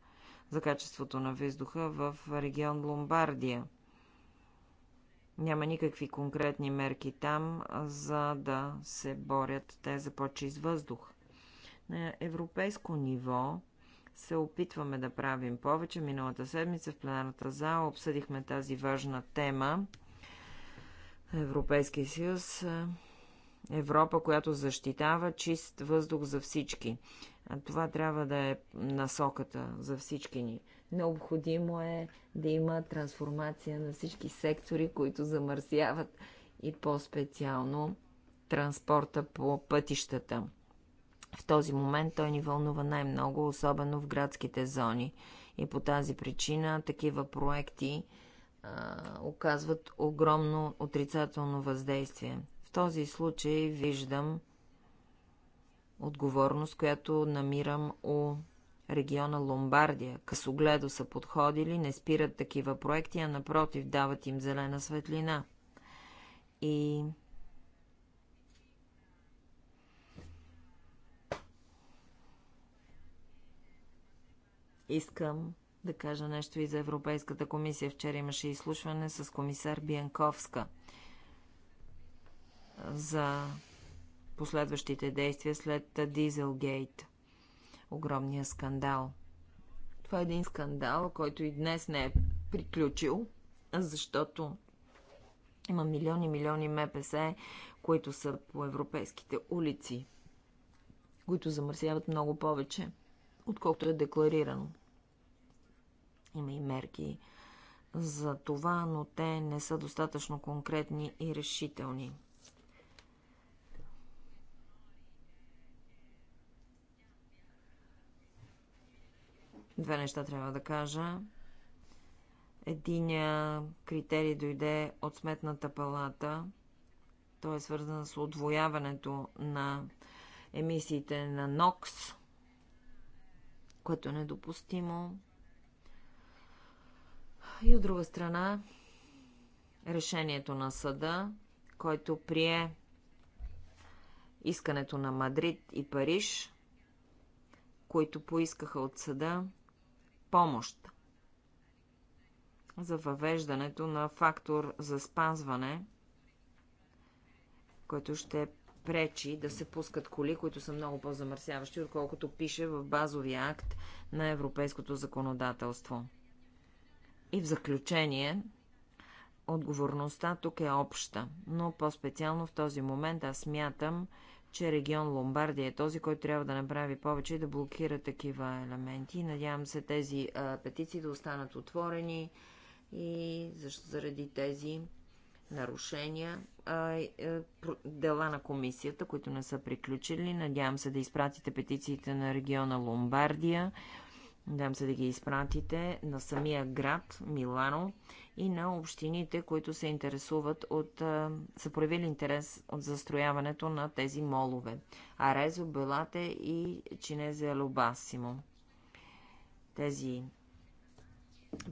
за качеството на въздуха в регион Ломбардия. Няма никакви конкретни мерки там, за да се борят те за по-чист въздух. На европейско ниво се опитваме да правим повече. Миналата седмица в пленарната зала обсъдихме тази важна тема. Европейския съюз Европа, която защитава чист въздух за всички. това трябва да е насоката за всички ни. Необходимо е да има трансформация на всички сектори, които замърсяват и по-специално транспорта по пътищата. В този момент той ни вълнува най-много, особено в градските зони. И по тази причина такива проекти а, оказват огромно отрицателно въздействие този случай виждам отговорност, която намирам у региона Ломбардия. Късогледо са подходили, не спират такива проекти, а напротив дават им зелена светлина. И искам да кажа нещо и за Европейската комисия. Вчера имаше изслушване с комисар Биенковска – за последващите действия след Дизелгейт. Огромния скандал. Това е един скандал, който и днес не е приключил, защото има милиони, милиони МПС, които са по европейските улици, които замърсяват много повече, отколкото е декларирано. Има и мерки за това, но те не са достатъчно конкретни и решителни. Две неща трябва да кажа. Единия критерий дойде от сметната палата. Той е свързан с отвояването на емисиите на НОКС, което е недопустимо. И от друга страна, решението на съда, който прие искането на Мадрид и Париж, които поискаха от съда помощ за въвеждането на фактор за спазване, който ще пречи да се пускат коли, които са много по-замърсяващи, отколкото пише в базовия акт на европейското законодателство. И в заключение, отговорността тук е обща, но по-специално в този момент аз мятам, че регион Ломбардия е този, който трябва да направи повече и да блокира такива елементи. Надявам се тези а, петиции да останат отворени и защо, заради тези нарушения, а, а, дела на комисията, които не са приключили. Надявам се да изпратите петициите на региона Ломбардия. Надявам се да ги изпратите на самия град Милано и на общините, които се интересуват от, са проявили интерес от застрояването на тези молове. Арезо, Белате и Чинезе Лобасимо. Тези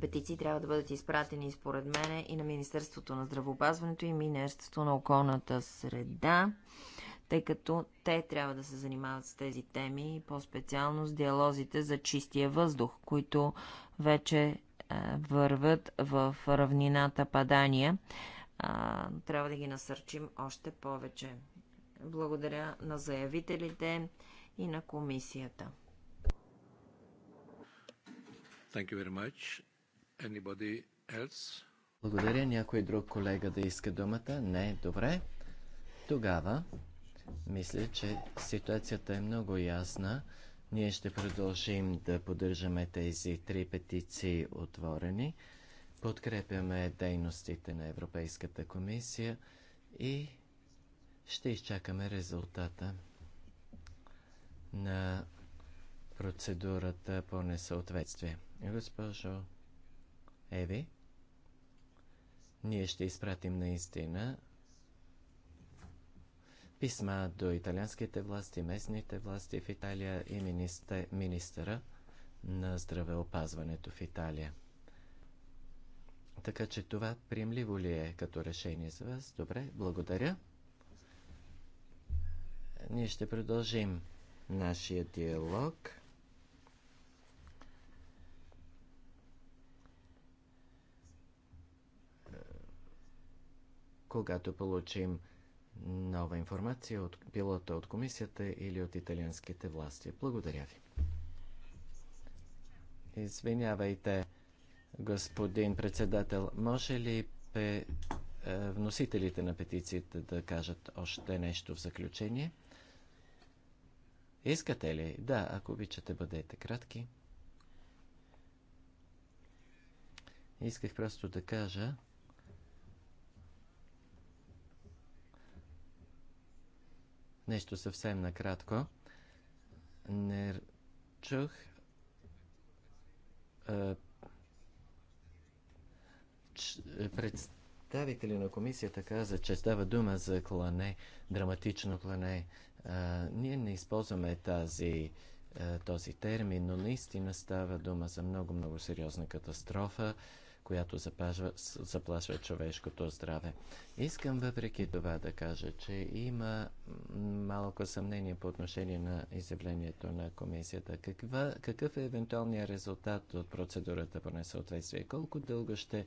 петиции трябва да бъдат изпратени според мене и на Министерството на здравеопазването и Министерството на околната среда, тъй като те трябва да се занимават с тези теми, по-специално с диалозите за чистия въздух, които вече върват в равнината падания. Трябва да ги насърчим още повече. Благодаря на заявителите и на комисията. Благодаря. Някой друг колега да иска думата? Не, добре. Тогава мисля, че ситуацията е много ясна. Ние ще продължим да поддържаме тези три петиции отворени. Подкрепяме дейностите на Европейската комисия и ще изчакаме резултата на процедурата по несъответствие. Госпожо Еви, ние ще изпратим наистина писма до италианските власти, местните власти в Италия и министър, министъра на здравеопазването в Италия. Така че това приемливо ли е като решение за вас? Добре, благодаря. Ние ще продължим нашия диалог. Когато получим нова информация от пилота от комисията или от италианските власти. Благодаря ви. Извинявайте, господин председател, може ли пе, е, вносителите на петициите да кажат още нещо в заключение? Искате ли? Да, ако обичате, бъдете кратки. Исках просто да кажа, Нещо съвсем накратко. Не чух представители на комисията каза, че става дума за клане, драматично клане. ние не използваме тази този термин, но наистина става дума за много-много сериозна катастрофа която заплашва, заплашва човешкото здраве. Искам въпреки това да кажа, че има малко съмнение по отношение на изявлението на комисията. Каква, какъв е евентуалният резултат от процедурата по несъответствие? Колко дълго ще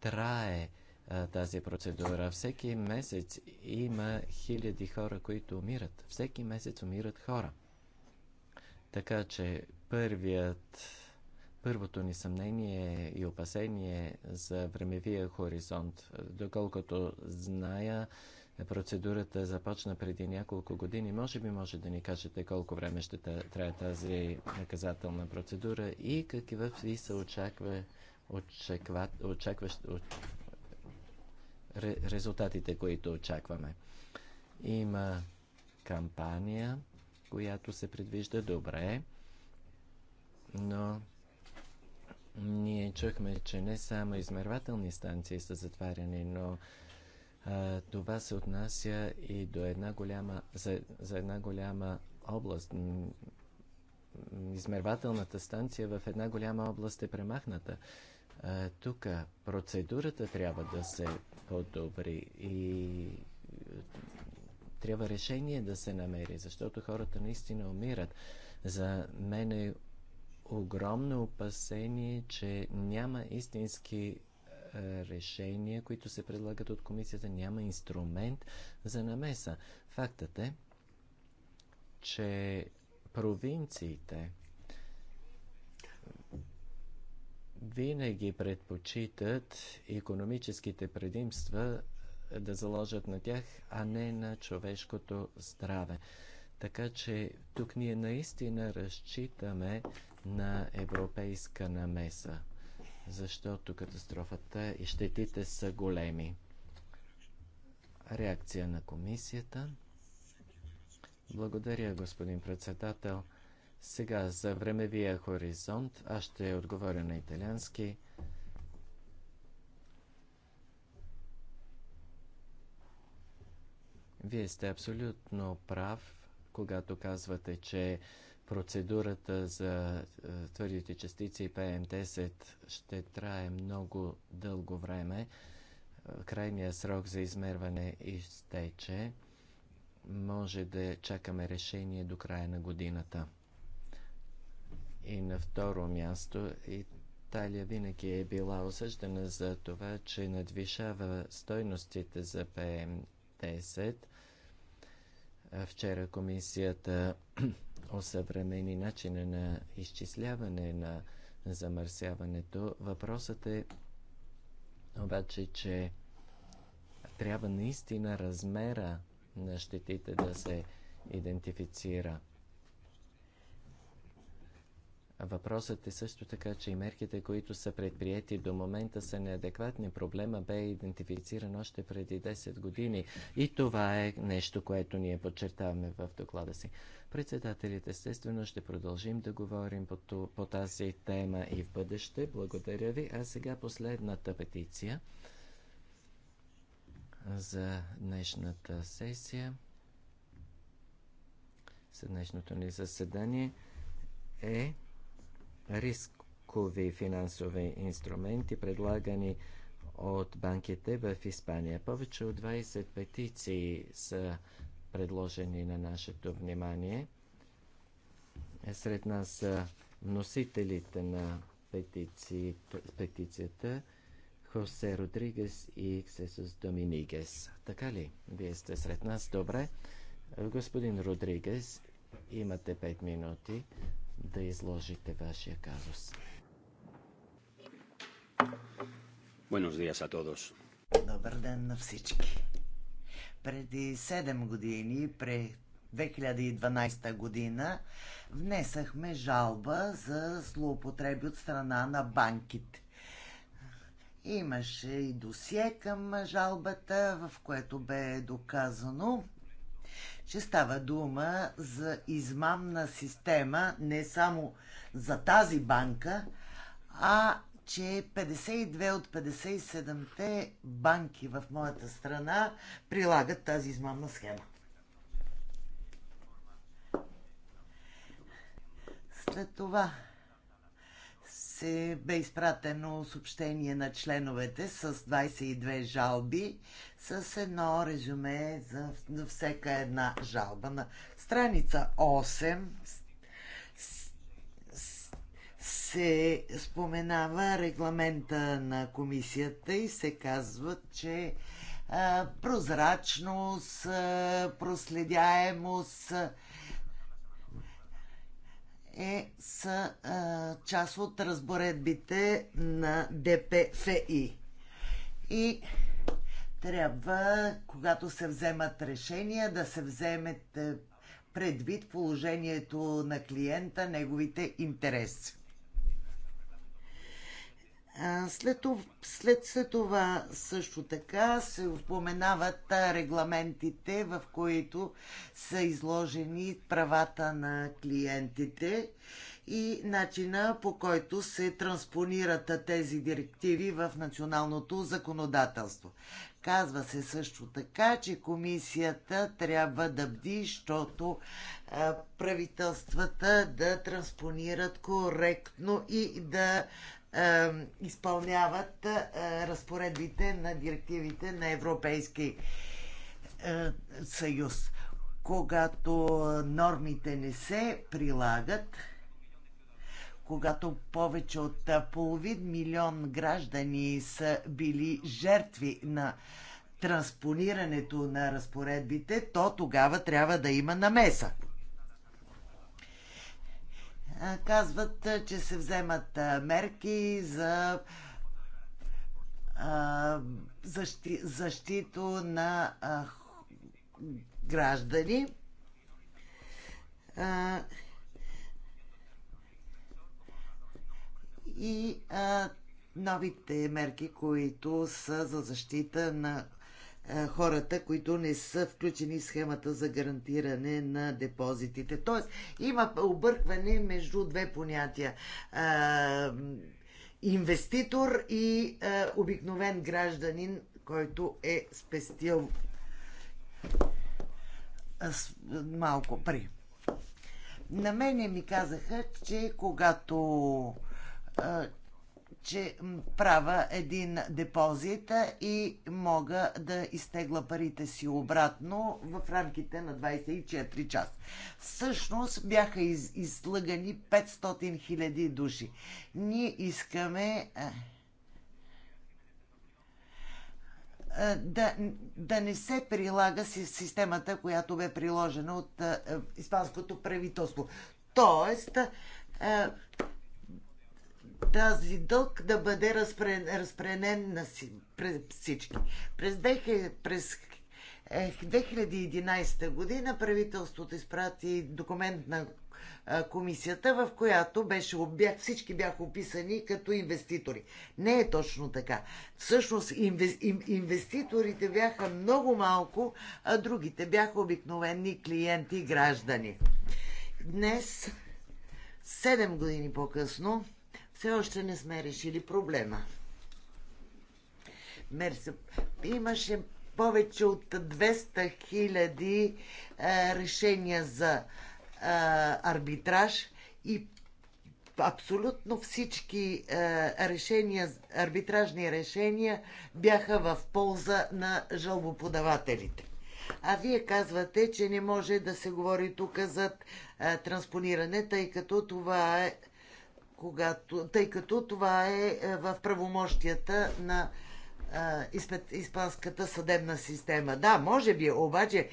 трае а, тази процедура? Всеки месец има хиляди хора, които умират. Всеки месец умират хора. Така че първият Първото ни съмнение и опасение за времевия хоризонт. Доколкото зная, процедурата започна преди няколко години. Може би може да ни кажете колко време ще трябва тази наказателна процедура и какви се очаква, очаква, очаква от, резултатите, които очакваме. Има кампания, която се предвижда добре, но ние чухме, че не само измервателни станции са затваряни, но а, това се отнася и до една голяма, за, за една голяма област. Измервателната станция в една голяма област е премахната. тук процедурата трябва да се подобри и е, трябва решение да се намери, защото хората наистина умират. За мен е огромно опасение, че няма истински е, решения, които се предлагат от комисията, няма инструмент за намеса. Фактът е, че провинциите винаги предпочитат економическите предимства е, да заложат на тях, а не на човешкото здраве. Така че тук ние наистина разчитаме на европейска намеса, защото катастрофата и щетите са големи. Реакция на комисията. Благодаря, господин председател. Сега за времевия хоризонт аз ще отговоря на италиански. Вие сте абсолютно прав, когато казвате, че процедурата за е, твърдите частици ПМ10 ще трае много дълго време. Е, крайният срок за измерване изтече. Може да чакаме решение до края на годината. И на второ място Италия винаги е била осъждана за това, че надвишава стойностите за ПМ10. Е, вчера комисията осъвремени начина на изчисляване на замърсяването. Въпросът е обаче, че трябва наистина размера на щетите да се идентифицира. Въпросът е също така, че и мерките, които са предприяти до момента са неадекватни. Проблема бе идентифициран още преди 10 години и това е нещо, което ние подчертаваме в доклада си. Председателите, естествено, ще продължим да говорим по, по тази тема и в бъдеще. Благодаря ви. А сега последната петиция за днешната сесия, за днешното ни заседание е рискови финансови инструменти, предлагани от банките в Испания. Повече от 20 петиции са предложени на нашето внимание. Сред нас са носителите на петиции, петицията Хосе Родригес и Ксесус Доминигес. Така ли? Вие сте сред нас. Добре. Господин Родригес, имате 5 минути да изложите вашия казус. Buenos días a todos. Добър ден на всички. Преди 7 години, през 2012 година, внесахме жалба за злоупотреби от страна на банките. Имаше и досие към жалбата, в което бе доказано, че става дума за измамна система не само за тази банка, а че 52 от 57-те банки в моята страна прилагат тази измамна схема. След това се бе изпратено съобщение на членовете с 22 жалби, с едно резюме за, за всяка една жалба. На страница 8 се споменава регламента на комисията и се казва, че а, прозрачност, а, проследяемост, а, е, са а, част от разборедбите на ДПФИ. И трябва, когато се вземат решения, да се вземете предвид положението на клиента, неговите интереси. След, след, след това също така се упоменават регламентите, в които са изложени правата на клиентите и начина по който се транспонират тези директиви в националното законодателство. Казва се също така, че комисията трябва да бди, защото правителствата да транспонират коректно и да е, изпълняват е, разпоредбите на директивите на Европейски е, съюз. Когато нормите не се прилагат, когато повече от половин милион граждани са били жертви на транспонирането на разпоредбите, то тогава трябва да има намеса казват, че се вземат мерки за защи, защита на граждани. И новите мерки, които са за защита на е, хората, които не са включени в схемата за гарантиране на депозитите. Тоест, има объркване между две понятия. Е, инвеститор и е, обикновен гражданин, който е спестил малко пари. На мене ми казаха, че когато че правя един депозит и мога да изтегла парите си обратно в рамките на 24 часа. Всъщност бяха из, излъгани 500 хиляди души. Ние искаме да, да не се прилага си системата, която бе приложена от е, испанското правителство. Тоест, тази дълг да бъде разпрен, разпренен на си, през всички. През, дехе, през 2011 е, година правителството изпрати документ на комисията, в която беше, бях, всички бяха описани като инвеститори. Не е точно така. Всъщност инвеститорите бяха много малко, а другите бяха обикновени клиенти и граждани. Днес, 7 години по-късно, все още не сме решили проблема. Мерси. Имаше повече от 200 хиляди е, решения за е, арбитраж и абсолютно всички е, решения, арбитражни решения бяха в полза на жалбоподавателите. А вие казвате, че не може да се говори тук за а, е, транспониране, тъй като това е когато, тъй като това е, е в правомощията на испанската съдебна система. Да, може би, обаче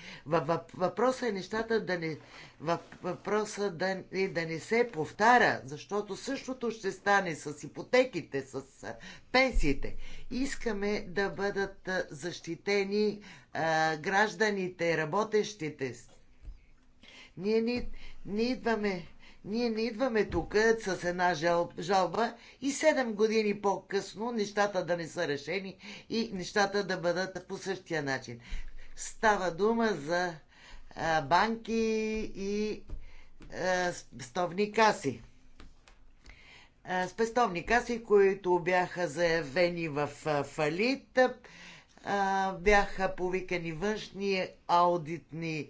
въпросът е нещата да не, въпроса да, и да не се повтаря, защото същото ще стане с ипотеките, с пенсиите. Искаме да бъдат защитени а, гражданите, работещите. Ние ни, ни идваме ние не идваме тук с една жалба и 7 години по-късно нещата да не са решени и нещата да бъдат по същия начин. Става дума за банки и спестовни каси. Спестовни каси, които бяха заявени в фалит, бяха повикани външни аудитни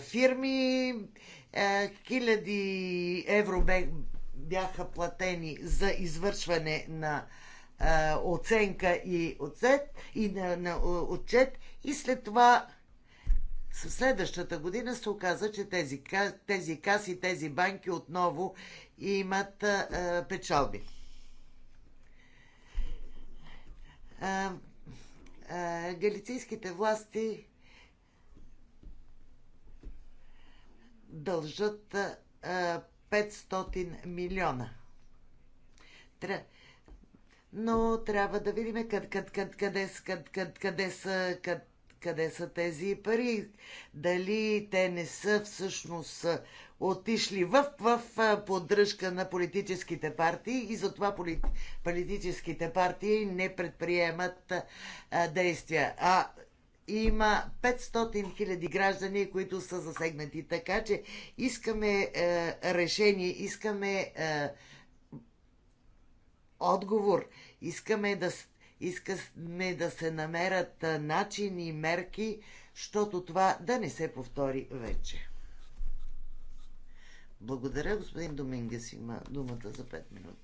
фирми, е, хиляди евро бяха платени за извършване на е, оценка и отчет и на, на отчет и след това следващата година се оказа, че тези, тези каси, тези банки отново имат а, е, печалби. А, а, галицийските власти дължат 500 милиона. Но трябва да видим къд, къд, къд, къде, къд, къд, къде, са, къд, къде са тези пари. Дали те не са всъщност отишли в, в поддръжка на политическите партии и затова полит, политическите партии не предприемат а, действия. А има 500 000 граждани, които са засегнати. Така че искаме е, решение, искаме е, отговор, искаме да, искаме да се намерят е, начини и мерки, защото това да не се повтори вече. Благодаря, господин Домингес има думата за 5 минути.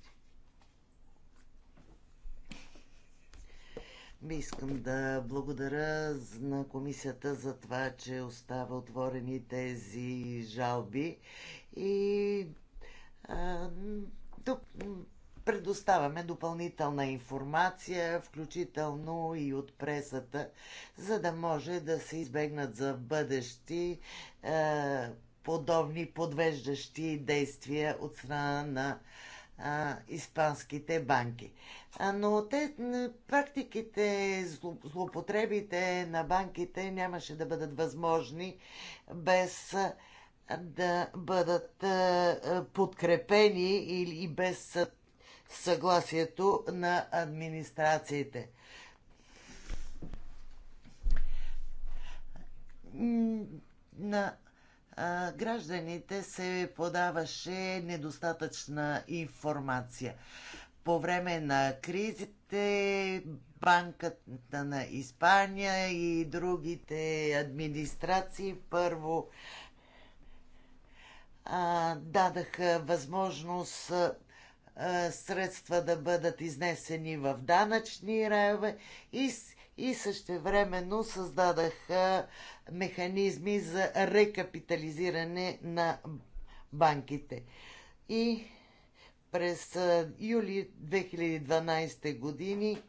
Искам да благодаря на комисията за това, че остава отворени тези жалби и а, до, предоставяме допълнителна информация, включително и от пресата, за да може да се избегнат за бъдещи а, подобни подвеждащи действия от страна на а, испанските банки. А, но те, практиките, злопотребите на банките нямаше да бъдат възможни без да бъдат подкрепени или без съгласието на администрациите. На гражданите се подаваше недостатъчна информация. По време на кризите Банката на Испания и другите администрации първо а, дадаха възможност а, средства да бъдат изнесени в данъчни райове и, и същевременно създадаха механизми за рекапитализиране на банките. И през юли 2012 години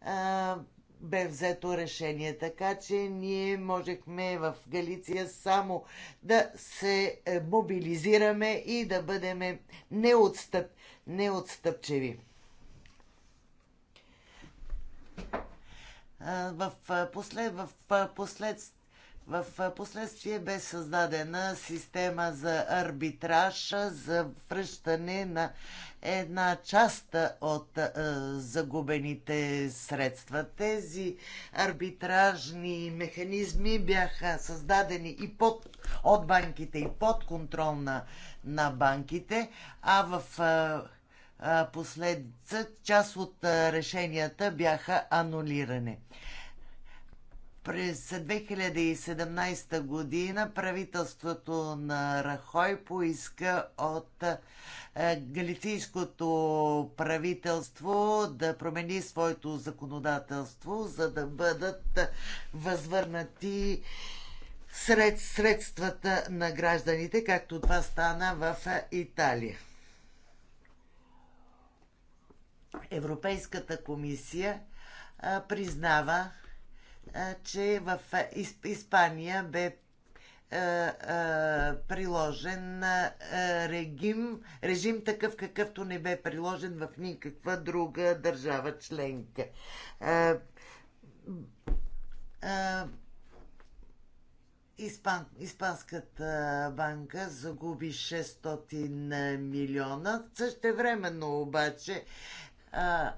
а, бе взето решение. Така че ние можехме в Галиция само да се е, мобилизираме и да бъдем неотстъп, неотстъпчеви в, послед, в, послед, в последствие бе създадена система за арбитраж, за връщане на една част от е, загубените средства. Тези арбитражни механизми бяха създадени и под, от банките, и под контрол на, на банките, а в. Е, последица, част от решенията бяха анулирани. През 2017 година правителството на Рахой поиска от галицийското правителство да промени своето законодателство, за да бъдат възвърнати сред средствата на гражданите, както това стана в Италия. Европейската комисия а, признава, а, че в Испания бе приложен регим, режим такъв какъвто не бе приложен в никаква друга държава членка. Испан, Испанската банка загуби 600 милиона. Същевременно обаче а,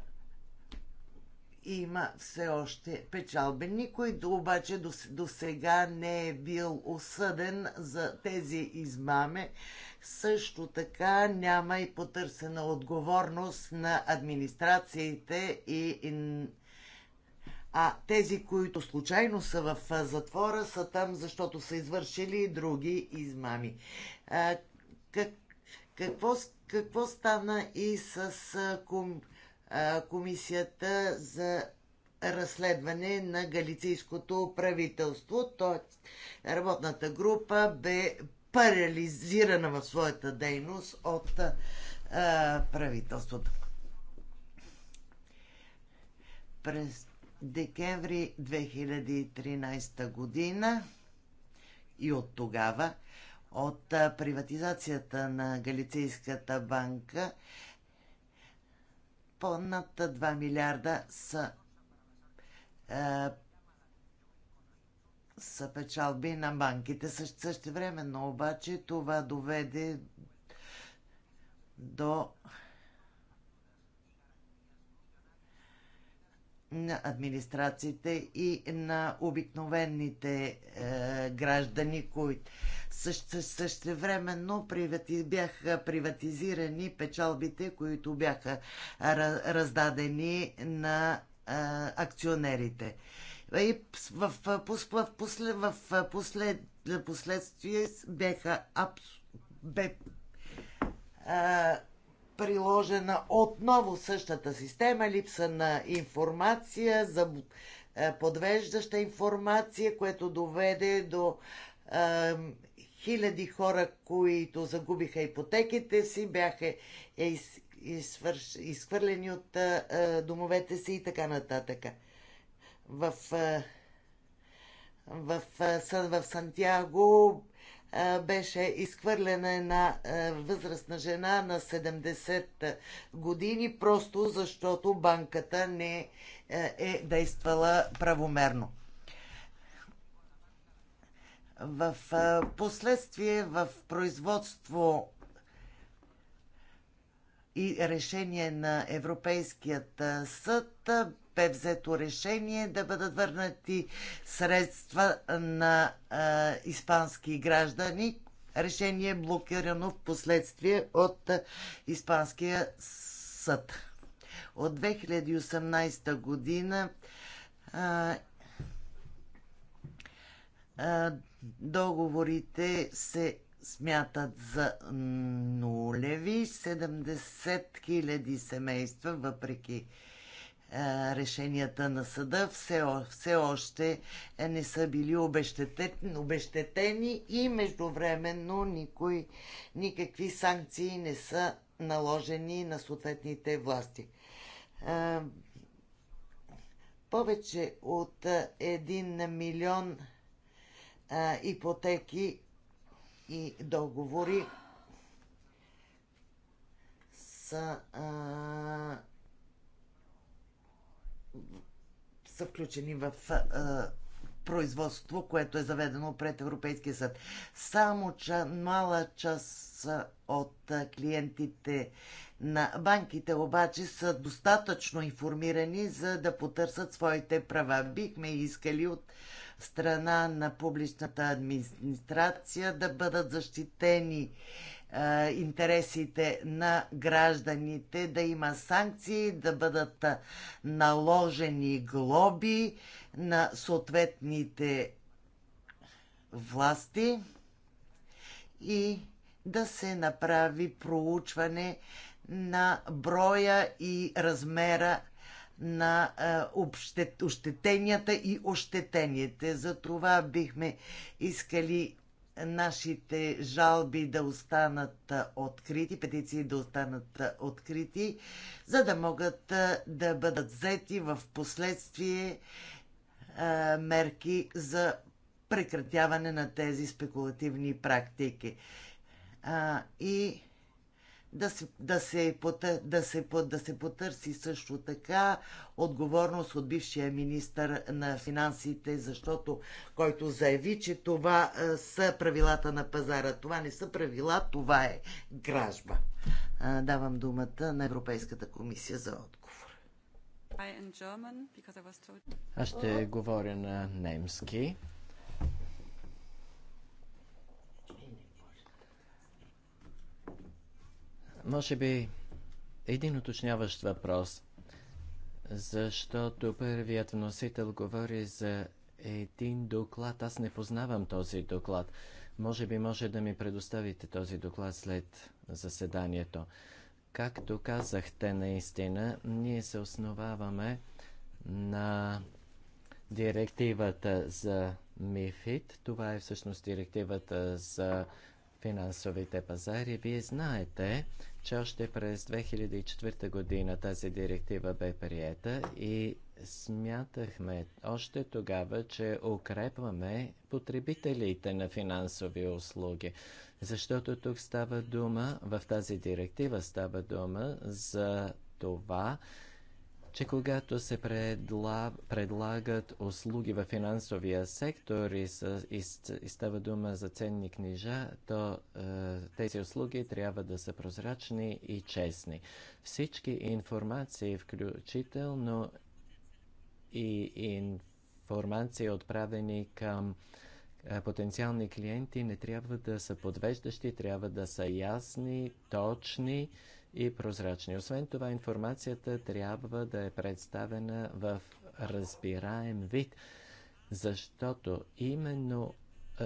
има все още печалби. Никой обаче до сега не е бил осъден за тези измами. Също така няма и потърсена отговорност на администрациите и а тези, които случайно са в затвора, са там, защото са извършили и други измами. А, как, какво, какво стана и с комисията за разследване на галицийското правителство. т.е. работната група бе парализирана в своята дейност от а, правителството. През декември 2013 година и от тогава от приватизацията на Галицийската банка по над 2 милиарда са е, са печалби на банките. Също, но обаче това доведе до на администрациите и на обикновените е, граждани, които също, същевременно привати, бяха приватизирани печалбите, които бяха раздадени на е, акционерите. И в, в, в, после, в послед, последствие бяха абс, бе, е, приложена отново същата система, липса на информация, за е, подвеждаща информация, което доведе до е, хиляди хора, които загубиха ипотеките си, бяха е, из, извърш, изхвърлени от е, е, домовете си и така нататък. В, е, в, е, в Сантьяго беше изхвърлена една възрастна жена на 70 години, просто защото банката не е действала правомерно. В последствие в производство и решение на Европейският съд бе взето решение да бъдат върнати средства на а, испански граждани. Решение е блокирано в последствие от а, Испанския съд. От 2018 година а, а, договорите се смятат за нулеви. 70 000 семейства, въпреки е, решенията на съда все, все още е, не са били обещетени и междувременно никой, никакви санкции не са наложени на съответните власти. Е, повече от 1 милион ипотеки и договори са са включени в а, производство, което е заведено пред Европейския съд. Само ча, мала част от клиентите на банките обаче са достатъчно информирани, за да потърсят своите права. Бихме искали от страна на публичната администрация да бъдат защитени интересите на гражданите, да има санкции, да бъдат наложени глоби на съответните власти и да се направи проучване на броя и размера на ощетенията и ощетените. За това бихме искали нашите жалби да останат открити, петиции да останат открити, за да могат да бъдат взети в последствие мерки за прекратяване на тези спекулативни практики. И да се, да, се, да, се, да се потърси също така отговорност от бившия министър на финансите, защото който заяви, че това са правилата на пазара. Това не са правила, това е гражба. давам думата на Европейската комисия за отговор. Аз ще говоря на немски, Може би един уточняващ въпрос, защото първият носител говори за един доклад. Аз не познавам този доклад. Може би може да ми предоставите този доклад след заседанието. Както казахте, наистина, ние се основаваме на директивата за МИФИД. Това е всъщност директивата за финансовите пазари. Вие знаете, че още през 2004 година тази директива бе приета и смятахме още тогава, че укрепваме потребителите на финансови услуги. Защото тук става дума, в тази директива става дума за това, че когато се предла... предлагат услуги в финансовия сектор и, с... и, и става дума за ценни книжа, то е, тези услуги трябва да са прозрачни и честни. Всички информации, включително и информации, отправени към е, потенциални клиенти не трябва да са подвеждащи, трябва да са ясни, точни и прозрачни. Освен това, информацията трябва да е представена в разбираем вид, защото именно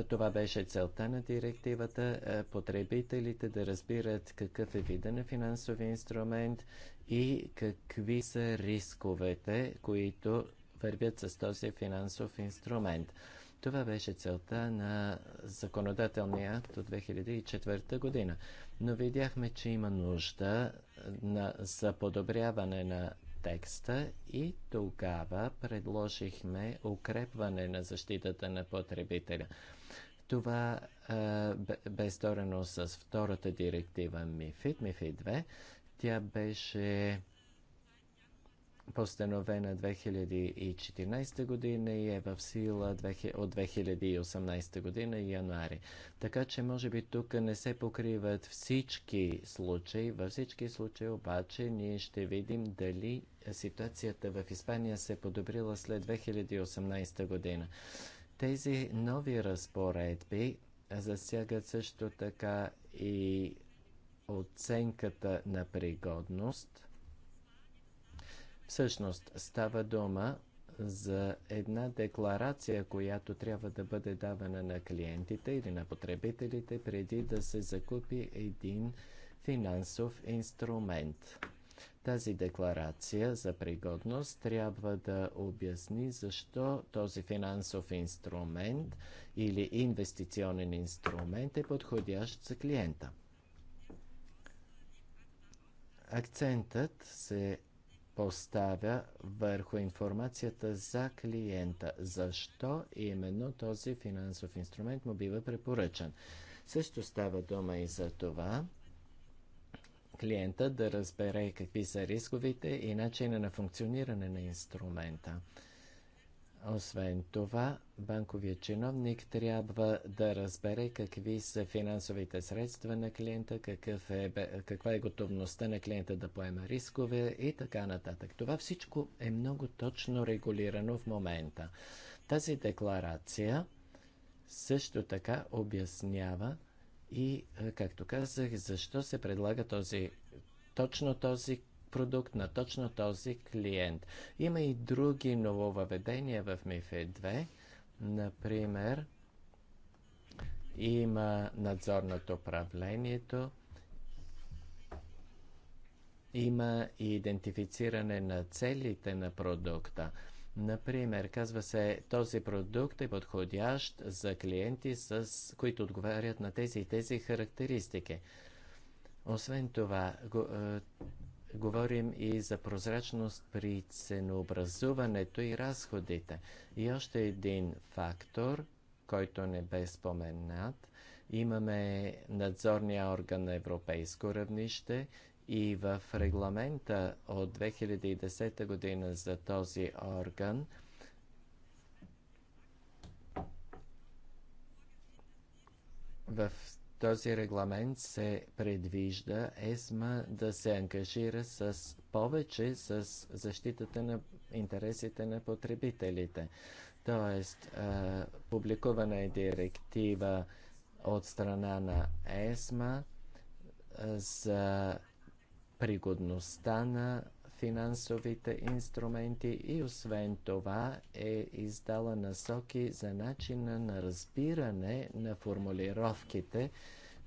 това беше целта на директивата потребителите да разбират какъв е вида на финансови инструмент и какви са рисковете, които вървят с този финансов инструмент. Това беше целта на законодателния акт от 2004 година. Но видяхме, че има нужда на, за подобряване на текста и тогава предложихме укрепване на защитата на потребителя. Това е, бе сторено с втората директива МИФИД, МИФИД 2. Тя беше постановена 2014 година и е в сила от 2018 година и януари. Така че може би тук не се покриват всички случаи. Във всички случаи обаче ние ще видим дали ситуацията в Испания се е подобрила след 2018 година. Тези нови разпоредби засягат също така и оценката на пригодност – Всъщност става дума за една декларация, която трябва да бъде давана на клиентите или на потребителите преди да се закупи един финансов инструмент. Тази декларация за пригодност трябва да обясни защо този финансов инструмент или инвестиционен инструмент е подходящ за клиента. Акцентът се поставя върху информацията за клиента. Защо именно този финансов инструмент му бива препоръчан? Също става дума и за това клиента да разбере какви са рисковете и начина на функциониране на инструмента. Освен това, банковият чиновник трябва да разбере какви са финансовите средства на клиента, какъв е, каква е готовността на клиента да поема рискове и така нататък. Това всичко е много точно регулирано в момента. Тази декларация също така обяснява и, както казах, защо се предлага този, точно този продукт на точно този клиент. Има и други нововъведения в MIFID 2, например има надзорното управлението, има и идентифициране на целите на продукта. Например, казва се, този продукт е подходящ за клиенти, с, които отговарят на тези и тези характеристики. Освен това, е, Говорим и за прозрачност при ценообразуването и разходите. И още един фактор, който не бе споменат. Имаме надзорния орган на европейско равнище и в регламента от 2010 година за този орган в този регламент се предвижда ЕСМА да се ангажира с повече с защитата на интересите на потребителите. Тоест, а, публикувана е директива от страна на ЕСМА за пригодността на финансовите инструменти и освен това е издала насоки за начина на разбиране на формулировките,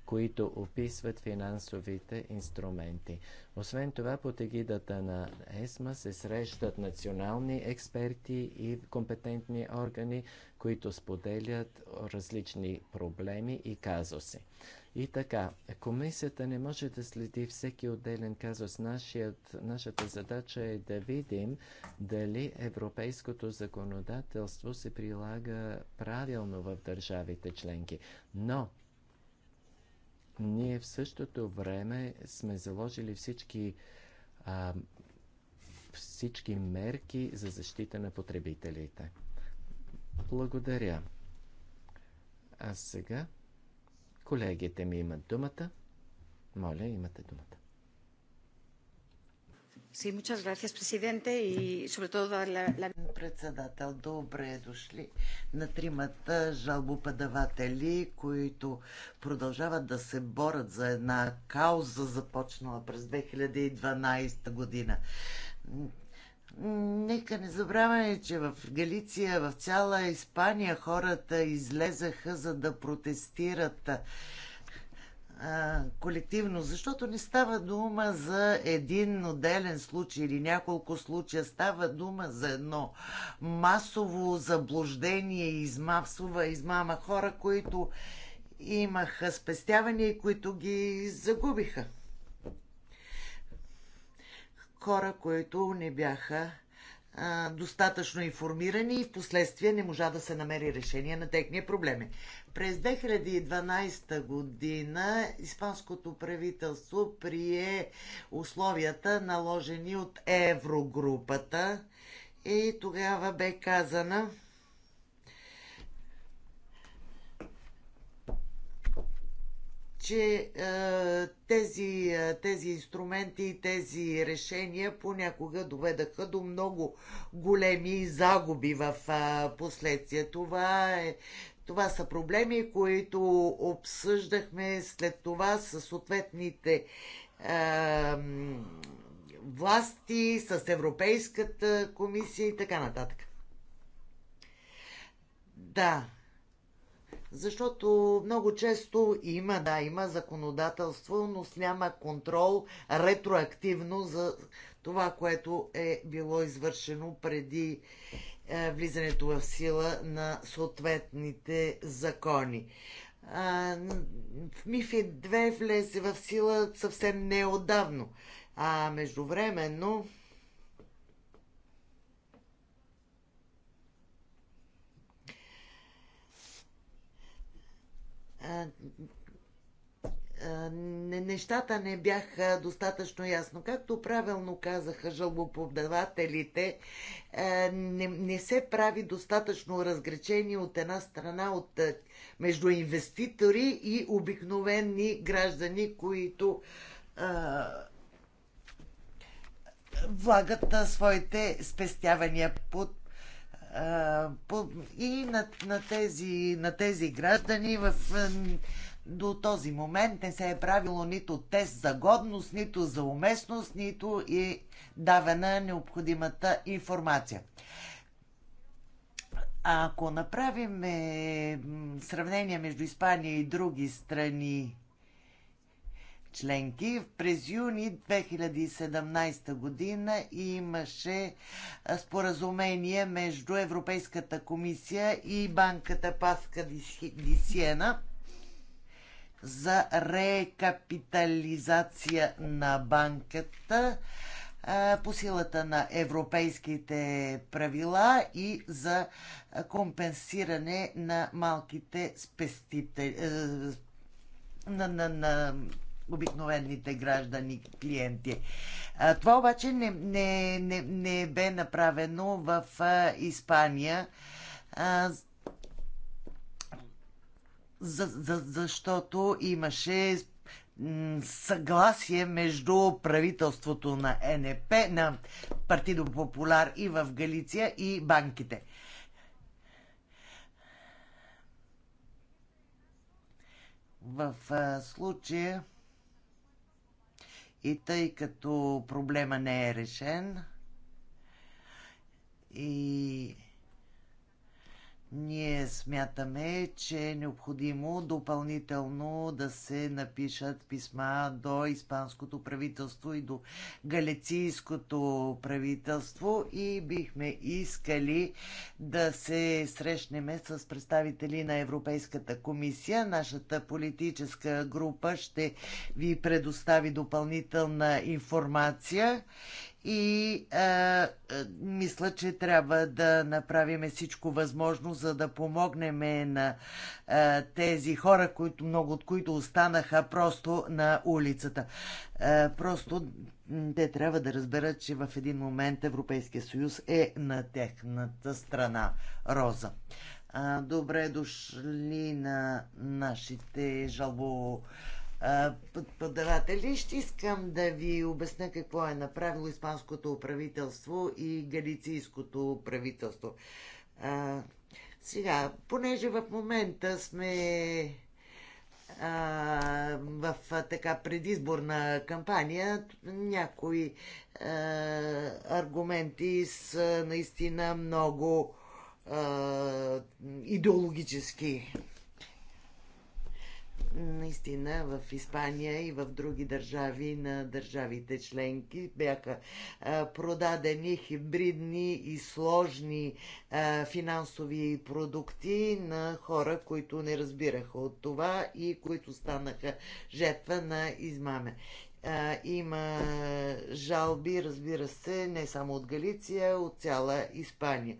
които описват финансовите инструменти. Освен това, под егидата на ЕСМА се срещат национални експерти и компетентни органи, които споделят различни проблеми и казуси. И така, комисията не може да следи всеки отделен казус. Нашият, нашата задача е да видим дали европейското законодателство се прилага правилно в държавите членки. Но ние в същото време сме заложили всички, а, всички мерки за защита на потребителите. Благодаря. А сега Колегите ми имат думата. Моля, имате думата. Sí, muchas gracias, presidente, y sobre todo la, la... Председател, добре дошли на тримата жалбоподаватели, които продължават да се борят за една кауза, започнала през 2012 година. Нека не забравяме, че в Галиция, в цяла Испания хората излезаха за да протестират а, колективно, защото не става дума за един отделен случай или няколко случая, става дума за едно масово заблуждение, измасова измама хора, които имаха спестявания и които ги загубиха хора, които не бяха а, достатъчно информирани и в последствие не можа да се намери решение на техния проблеми. През 2012 година испанското правителство прие условията наложени от Еврогрупата и тогава бе казана че е, тези, е, тези инструменти и тези решения понякога доведаха до много големи загуби в е, последствие. Това, е, това са проблеми, които обсъждахме след това с съответните е, власти, с Европейската комисия и така нататък. Да, защото много често има, да, има законодателство, но няма контрол ретроактивно за това, което е било извършено преди е, влизането в сила на съответните закони. Мифи 2 е влезе в сила съвсем неодавно, а междувременно нещата не бяха достатъчно ясно. Както правилно казаха жалбоподавателите, не, не се прави достатъчно разгречение от една страна от, между инвеститори и обикновени граждани, които а, влагат своите спестявания под и на, на, тези, на тези граждани в, до този момент не се е правило нито тест за годност, нито за уместност, нито и давана необходимата информация. Ако направим сравнение между Испания и други страни, членки. През юни 2017 година имаше споразумение между Европейската комисия и банката Паска Дисиена за рекапитализация на банката по силата на европейските правила и за компенсиране на малките спестители, на, на, на обикновените граждани, клиенти. А, това обаче не, не, не, не бе направено в а, Испания. А, за, за, защото имаше съгласие между правителството на НП, на Партидо Популяр и в Галиция и банките. В а, случая и тъй като проблема не е решен и ние смятаме, че е необходимо допълнително да се напишат писма до испанското правителство и до галецийското правителство и бихме искали да се срещнеме с представители на Европейската комисия. Нашата политическа група ще ви предостави допълнителна информация и а, а, мисля, че трябва да направим всичко възможно, за да помогнем на а, тези хора, които, много от които останаха просто на улицата. А, просто те трябва да разберат, че в един момент Европейския съюз е на техната страна. Роза. А, добре дошли на нашите жалбо подаватели. Ще искам да ви обясня какво е направило Испанското правителство и Галицийското правителство. А, сега, понеже в момента сме а, в така предизборна кампания, някои а, аргументи са наистина много а, идеологически наистина в Испания и в други държави на държавите членки бяха продадени хибридни и сложни финансови продукти на хора, които не разбираха от това и които станаха жертва на измаме. Има жалби, разбира се, не само от Галиция, от цяла Испания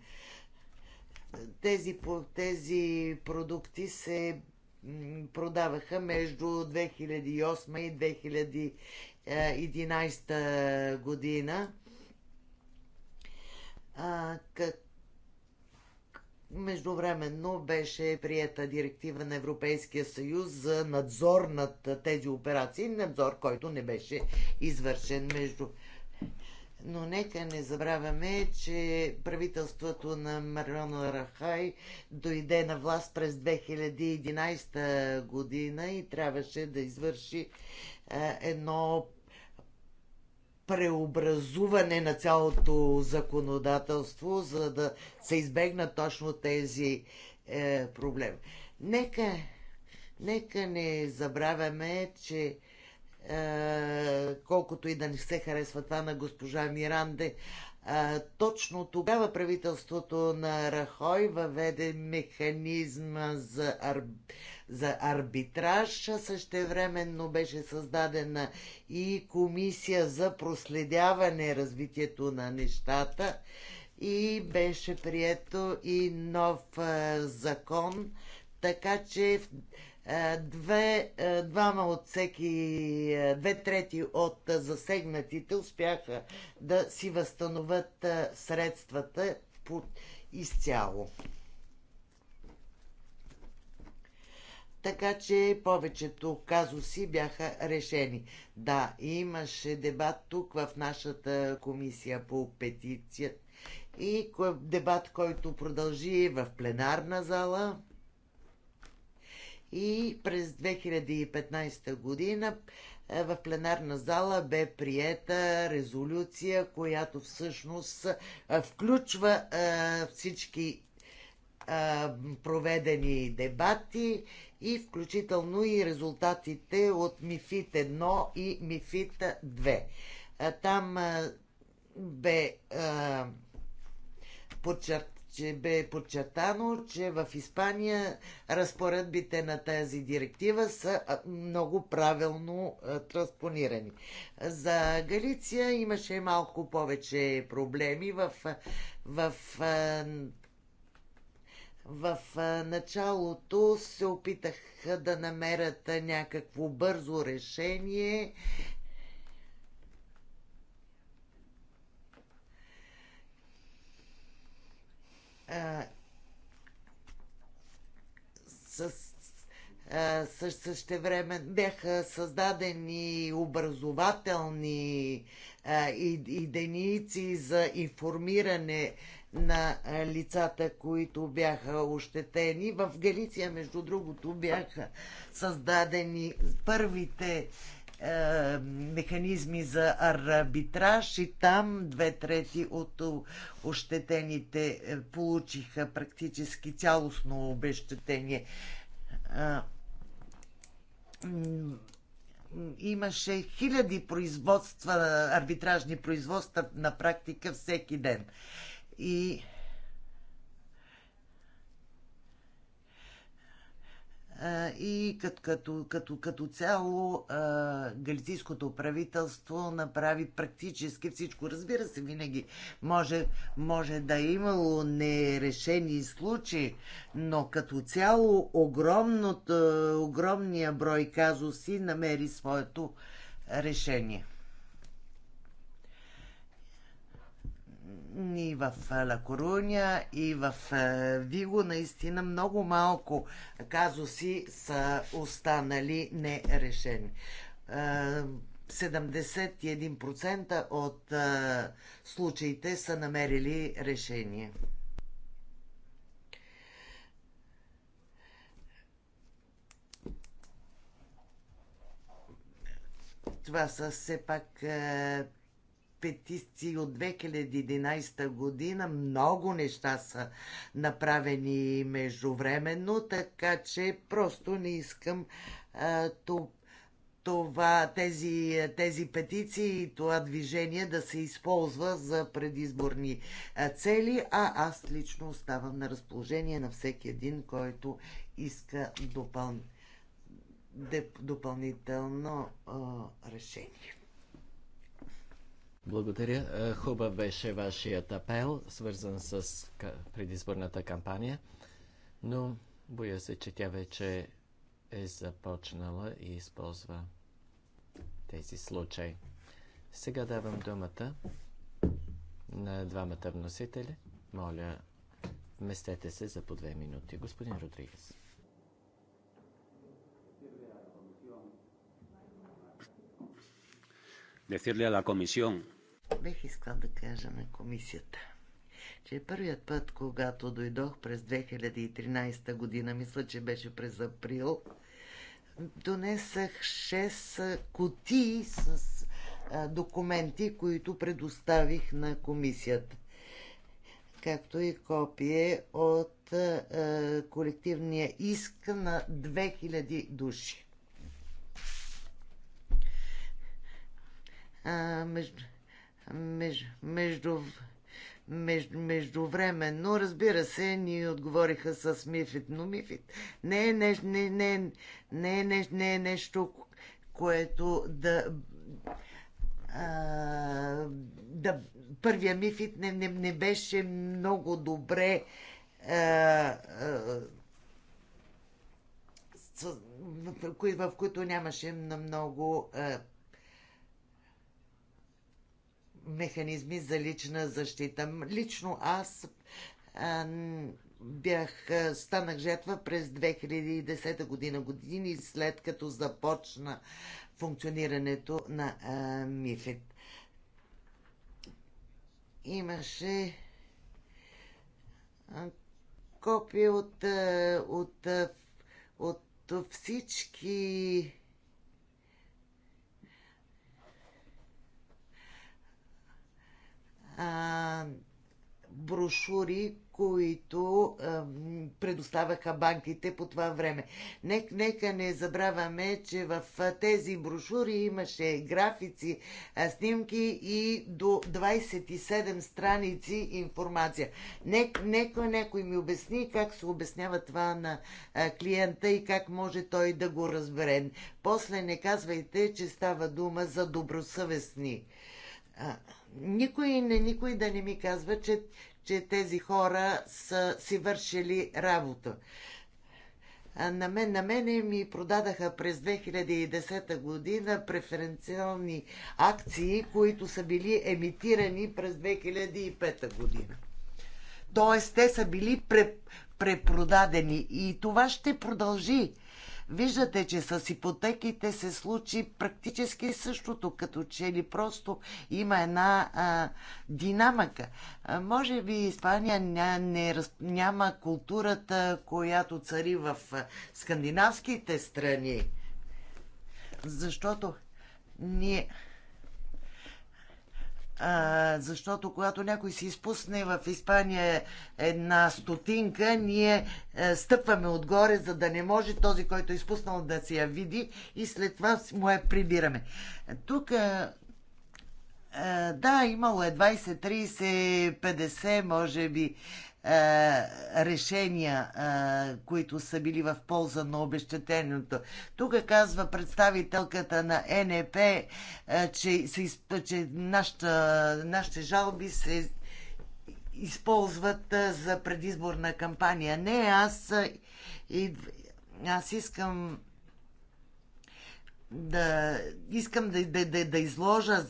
тези, тези продукти се продаваха между 2008 и 2011 година. А, как... Междувременно беше приета директива на Европейския съюз за надзор над тези операции, надзор, който не беше извършен между но нека не забравяме, че правителството на Марион Рахай дойде на власт през 2011 година и трябваше да извърши едно преобразуване на цялото законодателство, за да се избегнат точно тези е, проблеми. Нека, нека не забравяме, че е, колкото и да не се харесва това на госпожа Миранде, е, точно тогава правителството на Рахой въведе механизма за, ар... за арбитраж. Същевременно беше създадена и комисия за проследяване развитието на нещата и беше прието и нов е, закон, така че Две, е, двама от всеки, е, две трети от засегнатите успяха да си възстановят е, средствата изцяло. така че повечето казуси бяха решени. Да, имаше дебат тук в нашата комисия по петиция и дебат, който продължи в пленарна зала и през 2015 година е, в пленарна зала бе приета резолюция, която всъщност е, включва е, всички проведени дебати и включително и резултатите от МИФИТ 1 и МИФИТ 2. Там бе подчерт че бе подчертано, че в Испания разпоредбите на тази директива са много правилно транспонирани. За Галиция имаше малко повече проблеми в, в в началото се опитах да намерят някакво бързо решение а, с време бяха създадени образователни единици за информиране на лицата, които бяха ощетени. В Галиция, между другото, бяха създадени първите е, механизми за арбитраж и там две трети от ощетените е, получиха практически цялостно обещетение. Е, имаше хиляди производства, арбитражни производства на практика всеки ден. И и като, като, като, като цяло галицийското правителство направи практически всичко. Разбира се, винаги може, може да е имало нерешени случаи, но като цяло огромният огромния брой казуси намери своето решение. и в Ла Коруня, и в Виго. Наистина много малко казуси са останали нерешени. 71% от случаите са намерили решение. Това са все пак петиции от 2011 година. Много неща са направени междувременно, така че просто не искам а, това, тези, тези петиции и това движение да се използва за предизборни цели, а аз лично оставам на разположение на всеки един, който иска допъл... деп... допълнително а, решение. Благодаря. Е, хубав беше вашият апел, свързан с предизборната кампания, но боя се, че тя вече е започнала и използва тези случаи. Сега давам думата на двамата вносители. Моля, вместете се за по две минути. Господин Родригес. decirle a la comisión. Бех искал да кажа на комисията, че първият път, когато дойдох през 2013 година, мисля, че беше през април, донесах 6 кутии с документи, които предоставих на комисията, както и копие от колективния иск на 2000 души. между, между, между между, междувременно, разбира се, ни отговориха с Мифит, но Мифит не е, не, не, не, не, не, не е нещо, което да а, да, първия мифит не, не, не беше много добре а, а, в, в, в които нямаше много а, механизми за лична защита. Лично аз а, бях, станах жертва през 2010 година, години след като започна функционирането на а, МИФИТ. Имаше копия от, от, от, от всички а, брошури, които а, предоставяха банките по това време. Нек, нека не забравяме, че в тези брошури имаше графици, а, снимки и до 27 страници информация. Нек, нека някой ми обясни как се обяснява това на а, клиента и как може той да го разбере. После не казвайте, че става дума за добросъвестни. А, никой, не, никой да не ми казва, че, че тези хора са си вършили работа. На мен, на мене ми продадаха през 2010 година преференциални акции, които са били емитирани през 2005 година. Тоест, те са били преп, препродадени и това ще продължи. Виждате, че с ипотеките се случи практически същото, като че ли просто има една а, динамика. А, може би Испания ня, не, няма културата, която цари в скандинавските страни, защото ние а, защото когато някой си изпусне в Испания една стотинка, ние а, е, стъпваме отгоре, за да не може този, който е изпуснал да си я види и след това му я прибираме. Тук а, е, е, да, имало е 20, 30, 50, може би е, решения, е, които са били в полза на обещетеното. Тук казва представителката на НЕП, е, че, че нашата, нашите жалби се използват за предизборна кампания. Не, аз, аз искам да искам да, да, да, да изложа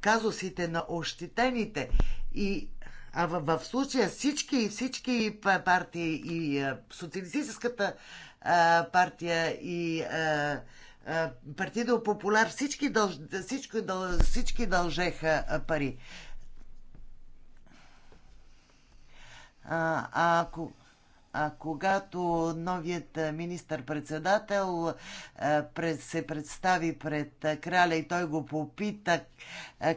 казусите на ощетените и а в, в случая всички, всички партии и социалистическата а, партия и а, Популяр, всички, дълж, всички, дъл, всички дължеха пари. А, ако а когато новият министър-председател се представи пред краля и той го попита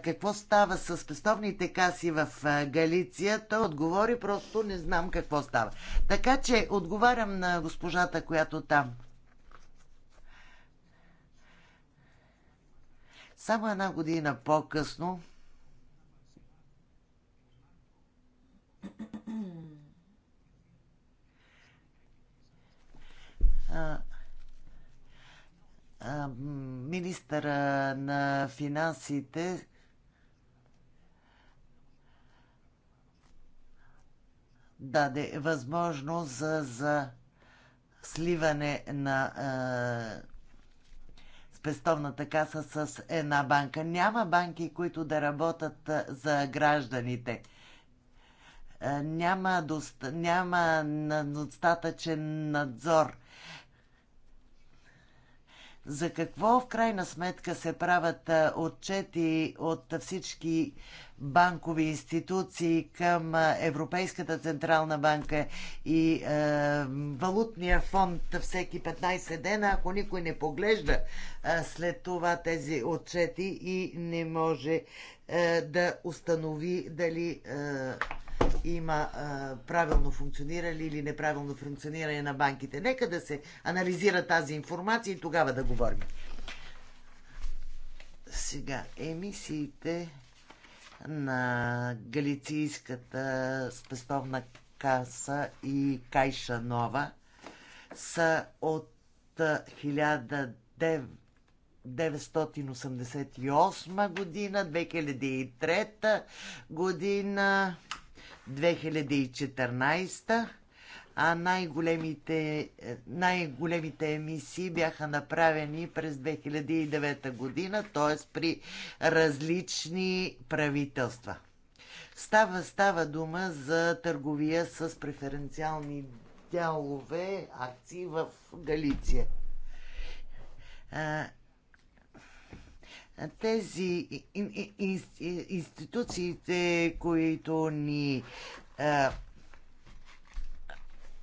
какво става с пестовните каси в Галиция, той отговори просто не знам какво става. Така че отговарям на госпожата, която там. Само една година по-късно министъра на финансите даде възможност за, за сливане на а, спестовната каса с една банка. Няма банки, които да работят за гражданите. А, няма, доста, няма достатъчен надзор за какво в крайна сметка се правят отчети от всички банкови институции към Европейската централна банка и е, валутния фонд всеки 15 дена, ако никой не поглежда е, след това тези отчети и не може е, да установи дали е, има а, правилно функциониране или неправилно функциониране на банките. Нека да се анализира тази информация и тогава да говорим. Сега, емисиите на Галицийската спестовна каса и Кайша Нова са от 1988 година, 2003 година 2014, а най-големите, е, най-големите емисии бяха направени през 2009 година, т.е. при различни правителства. Става, става дума за търговия с преференциални дялове, акции в Галиция. Е, тези институциите, които ни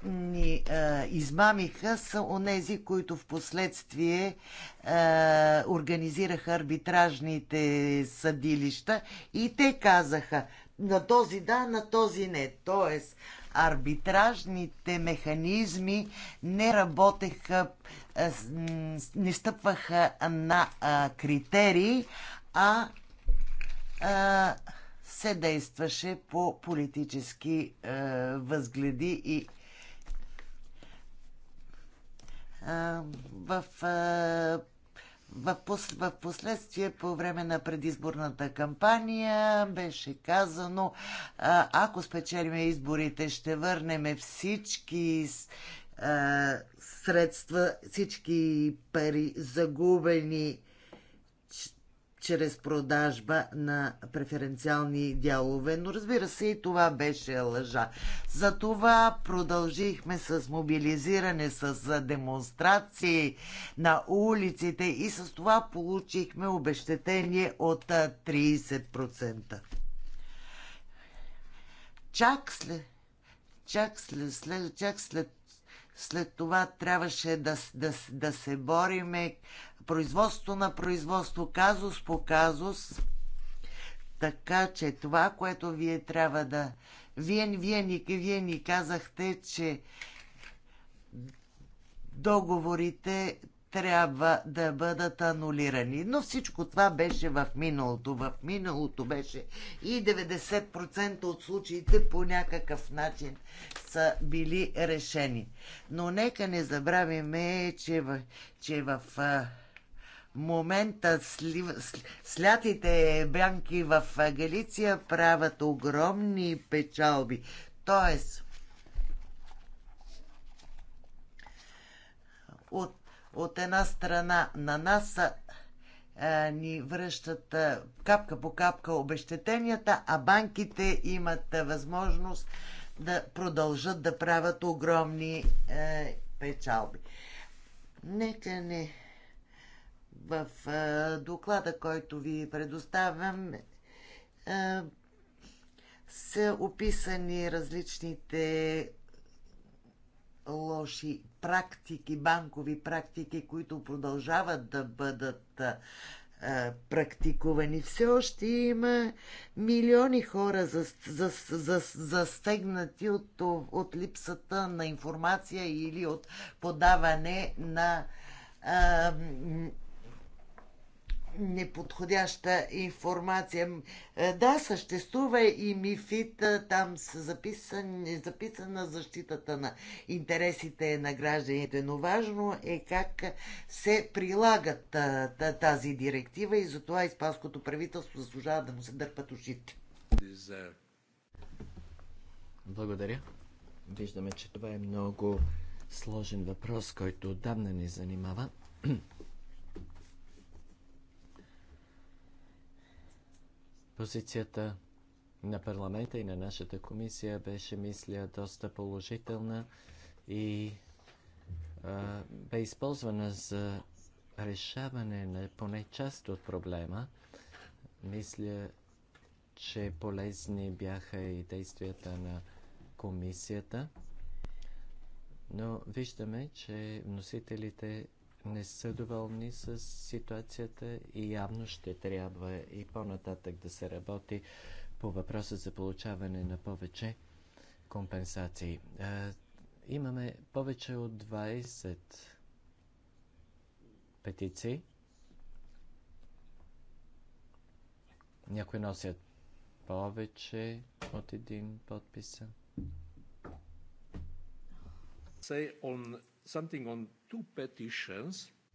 ни а, измамиха са онези, които в последствие а, организираха арбитражните съдилища и те казаха на този да, на този не. Тоест, арбитражните механизми не работеха, не стъпваха на критерии, а се действаше по политически възгледи и в в, пос, в последствие по време на предизборната кампания беше казано, ако спечелиме изборите, ще върнем всички средства, всички пари загубени чрез продажба на преференциални дялове. Но разбира се, и това беше лъжа. Затова продължихме с мобилизиране, с демонстрации на улиците и с това получихме обещетение от 30%. Чак след, чак след, след, чак след след това трябваше да, да, да се бориме производство на производство, казус по казус. Така че това, което вие трябва да... Вие, вие, вие, вие ни казахте, че договорите трябва да бъдат анулирани. Но всичко това беше в миналото. В миналото беше и 90% от случаите по някакъв начин са били решени. Но нека не забравяме, че в, че в момента слив, слятите бянки в Галиция правят огромни печалби. Тоест, от от една страна на нас е, ни връщат е, капка по капка обещетенията, а банките имат е, възможност да продължат да правят огромни печалби. Нека не в доклада, който ви предоставям, са описани различните лоши практики, банкови практики, които продължават да бъдат практикувани. Все още има милиони хора застегнати за, за, за от, от липсата на информация или от подаване на а, неподходяща информация. Е, да, съществува и МИФИТ, е, там са записани, записана защитата на интересите на гражданите, но важно е как се прилагат е, тази директива и затова испанското правителство заслужава да му се дърпат ушите. Благодаря. Виждаме, че това е много сложен въпрос, който отдавна ни занимава. Позицията на парламента и на нашата комисия беше, мисля, доста положителна и а, бе използвана за решаване на поне част от проблема. Мисля, че полезни бяха и действията на комисията, но виждаме, че вносителите не са доволни с ситуацията и явно ще трябва и по-нататък да се работи по въпроса за получаване на повече компенсации. Имаме повече от 20 петиции. Някои носят повече от един подписа. Say on something on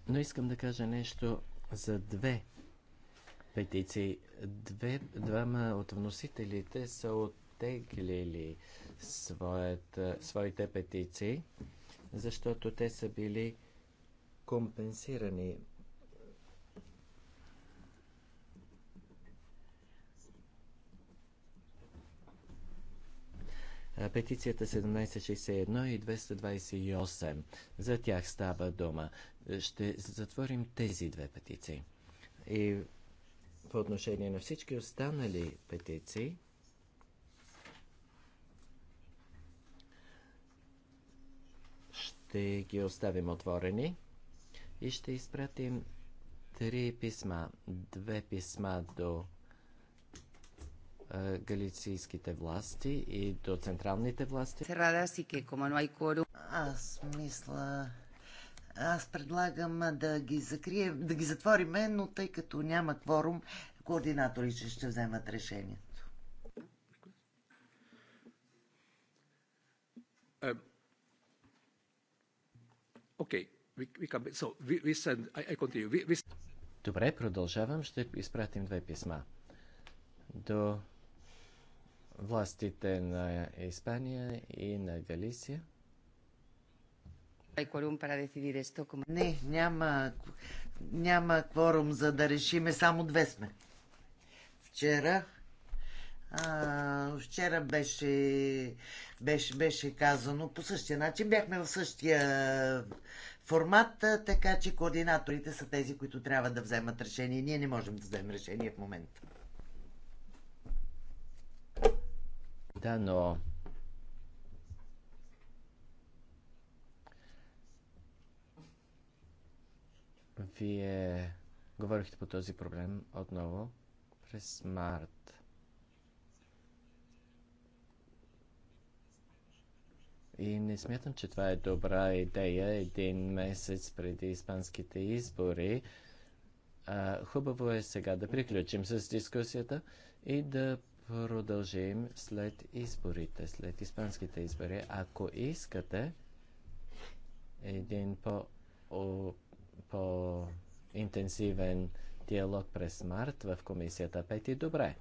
но искам да кажа нещо за две петиции. Две, двама от вносителите са оттеглили своят, своите петиции, защото те са били компенсирани Петицията 1761 и 228. За тях става дума. Ще затворим тези две петиции. И по отношение на всички останали петиции, ще ги оставим отворени и ще изпратим три писма. Две писма до е, галицийските власти и до централните власти. Аз мисля, аз предлагам да ги закрием, да ги затвориме, но тъй като няма кворум, координаторите ще вземат решението. Е, окей, okay. so we, we We, we... Добре, продължавам. Ще изпратим две писма. До властите на Испания и на Галисия. Не, няма, няма кворум за да решиме, само две сме. Вчера а, вчера беше, беше, беше казано по същия начин. Бяхме в същия формат, така че координаторите са тези, които трябва да вземат решение. Ние не можем да вземем решение в момента. Да, но Вие говорихте по този проблем отново през март. И не смятам, че това е добра идея един месец преди испанските избори. А, хубаво е сега да приключим с дискусията и да продължим след изборите, след испанските избори. Ако искате един по, о, по интенсивен диалог през март в комисията пети добре.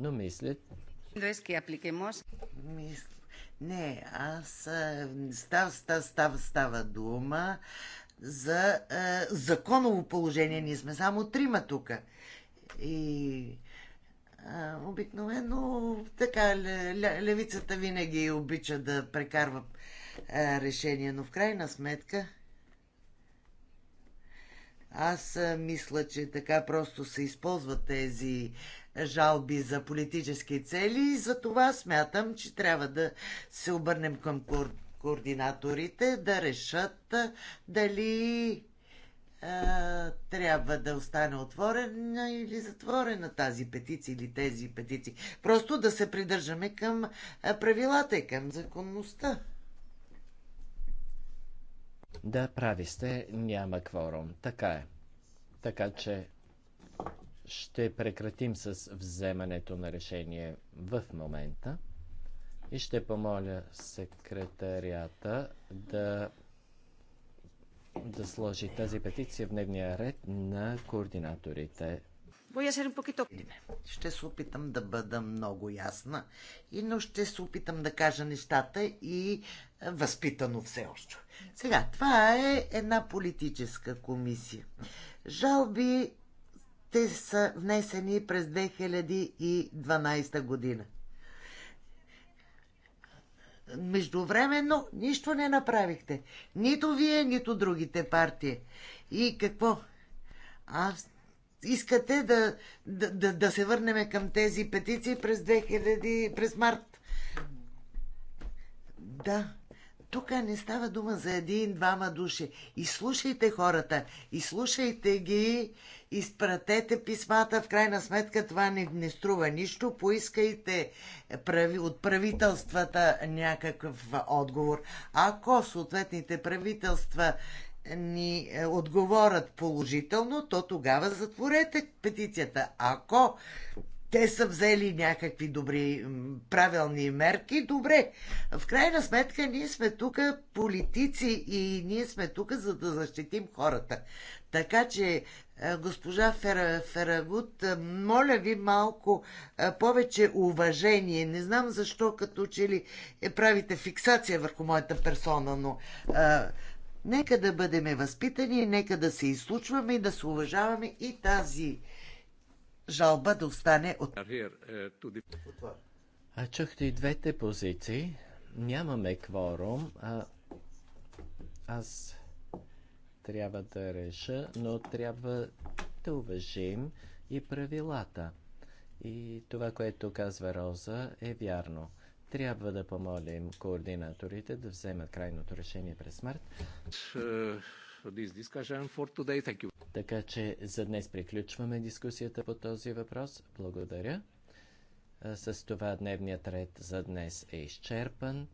Но мисля... Не, аз става, става, става, става дума за е, законово положение. Ние сме само трима тук. И обикновено така левицата винаги обича да прекарва решение, но в крайна сметка аз мисля, че така просто се използват тези жалби за политически цели и за това смятам, че трябва да се обърнем към координаторите да решат дали трябва да остане отворена или затворена тази петиция или тези петиции. Просто да се придържаме към правилата и към законността. Да, прави сте, няма кворум. Така е. Така че ще прекратим с вземането на решение в момента и ще помоля секретарията да да сложи тази петиция в дневния ред на координаторите. Ще се опитам да бъда много ясна, и но ще се опитам да кажа нещата и е, възпитано все още. Сега, това е една политическа комисия. Жалби те са внесени през 2012 година. Междувременно нищо не направихте. Нито вие, нито другите партии. И какво? Аз искате да, да, да, да се върнем към тези петиции през 2000, през март. Да тук не става дума за един-двама души. и слушайте хората, изслушайте ги, изпратете писмата. В крайна сметка това не, не струва нищо. Поискайте прави, от правителствата някакъв отговор. Ако съответните правителства ни е, отговорят положително, то тогава затворете петицията. Ако те са взели някакви добри, правилни мерки. Добре, в крайна сметка ние сме тук политици и ние сме тук за да защитим хората. Така че, е, госпожа Фера, Ферагут, е, моля ви малко е, повече уважение. Не знам защо като че ли правите фиксация върху моята персона, но а, нека да бъдем възпитани, нека да се изслучваме и да се уважаваме и тази жалба да остане от... Е, а чухте и двете позиции. Нямаме кворум. А... Аз трябва да реша, но трябва да уважим и правилата. И това, което казва Роза, е вярно. Трябва да помолим координаторите да вземат крайното решение през март. Е, this discussion for today. Thank you. Така че за днес приключваме дискусията по този въпрос. Благодаря. С това дневният ред за днес е изчерпан.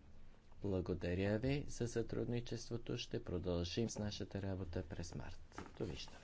Благодаря ви за сътрудничеството. Ще продължим с нашата работа през март. Довиждане.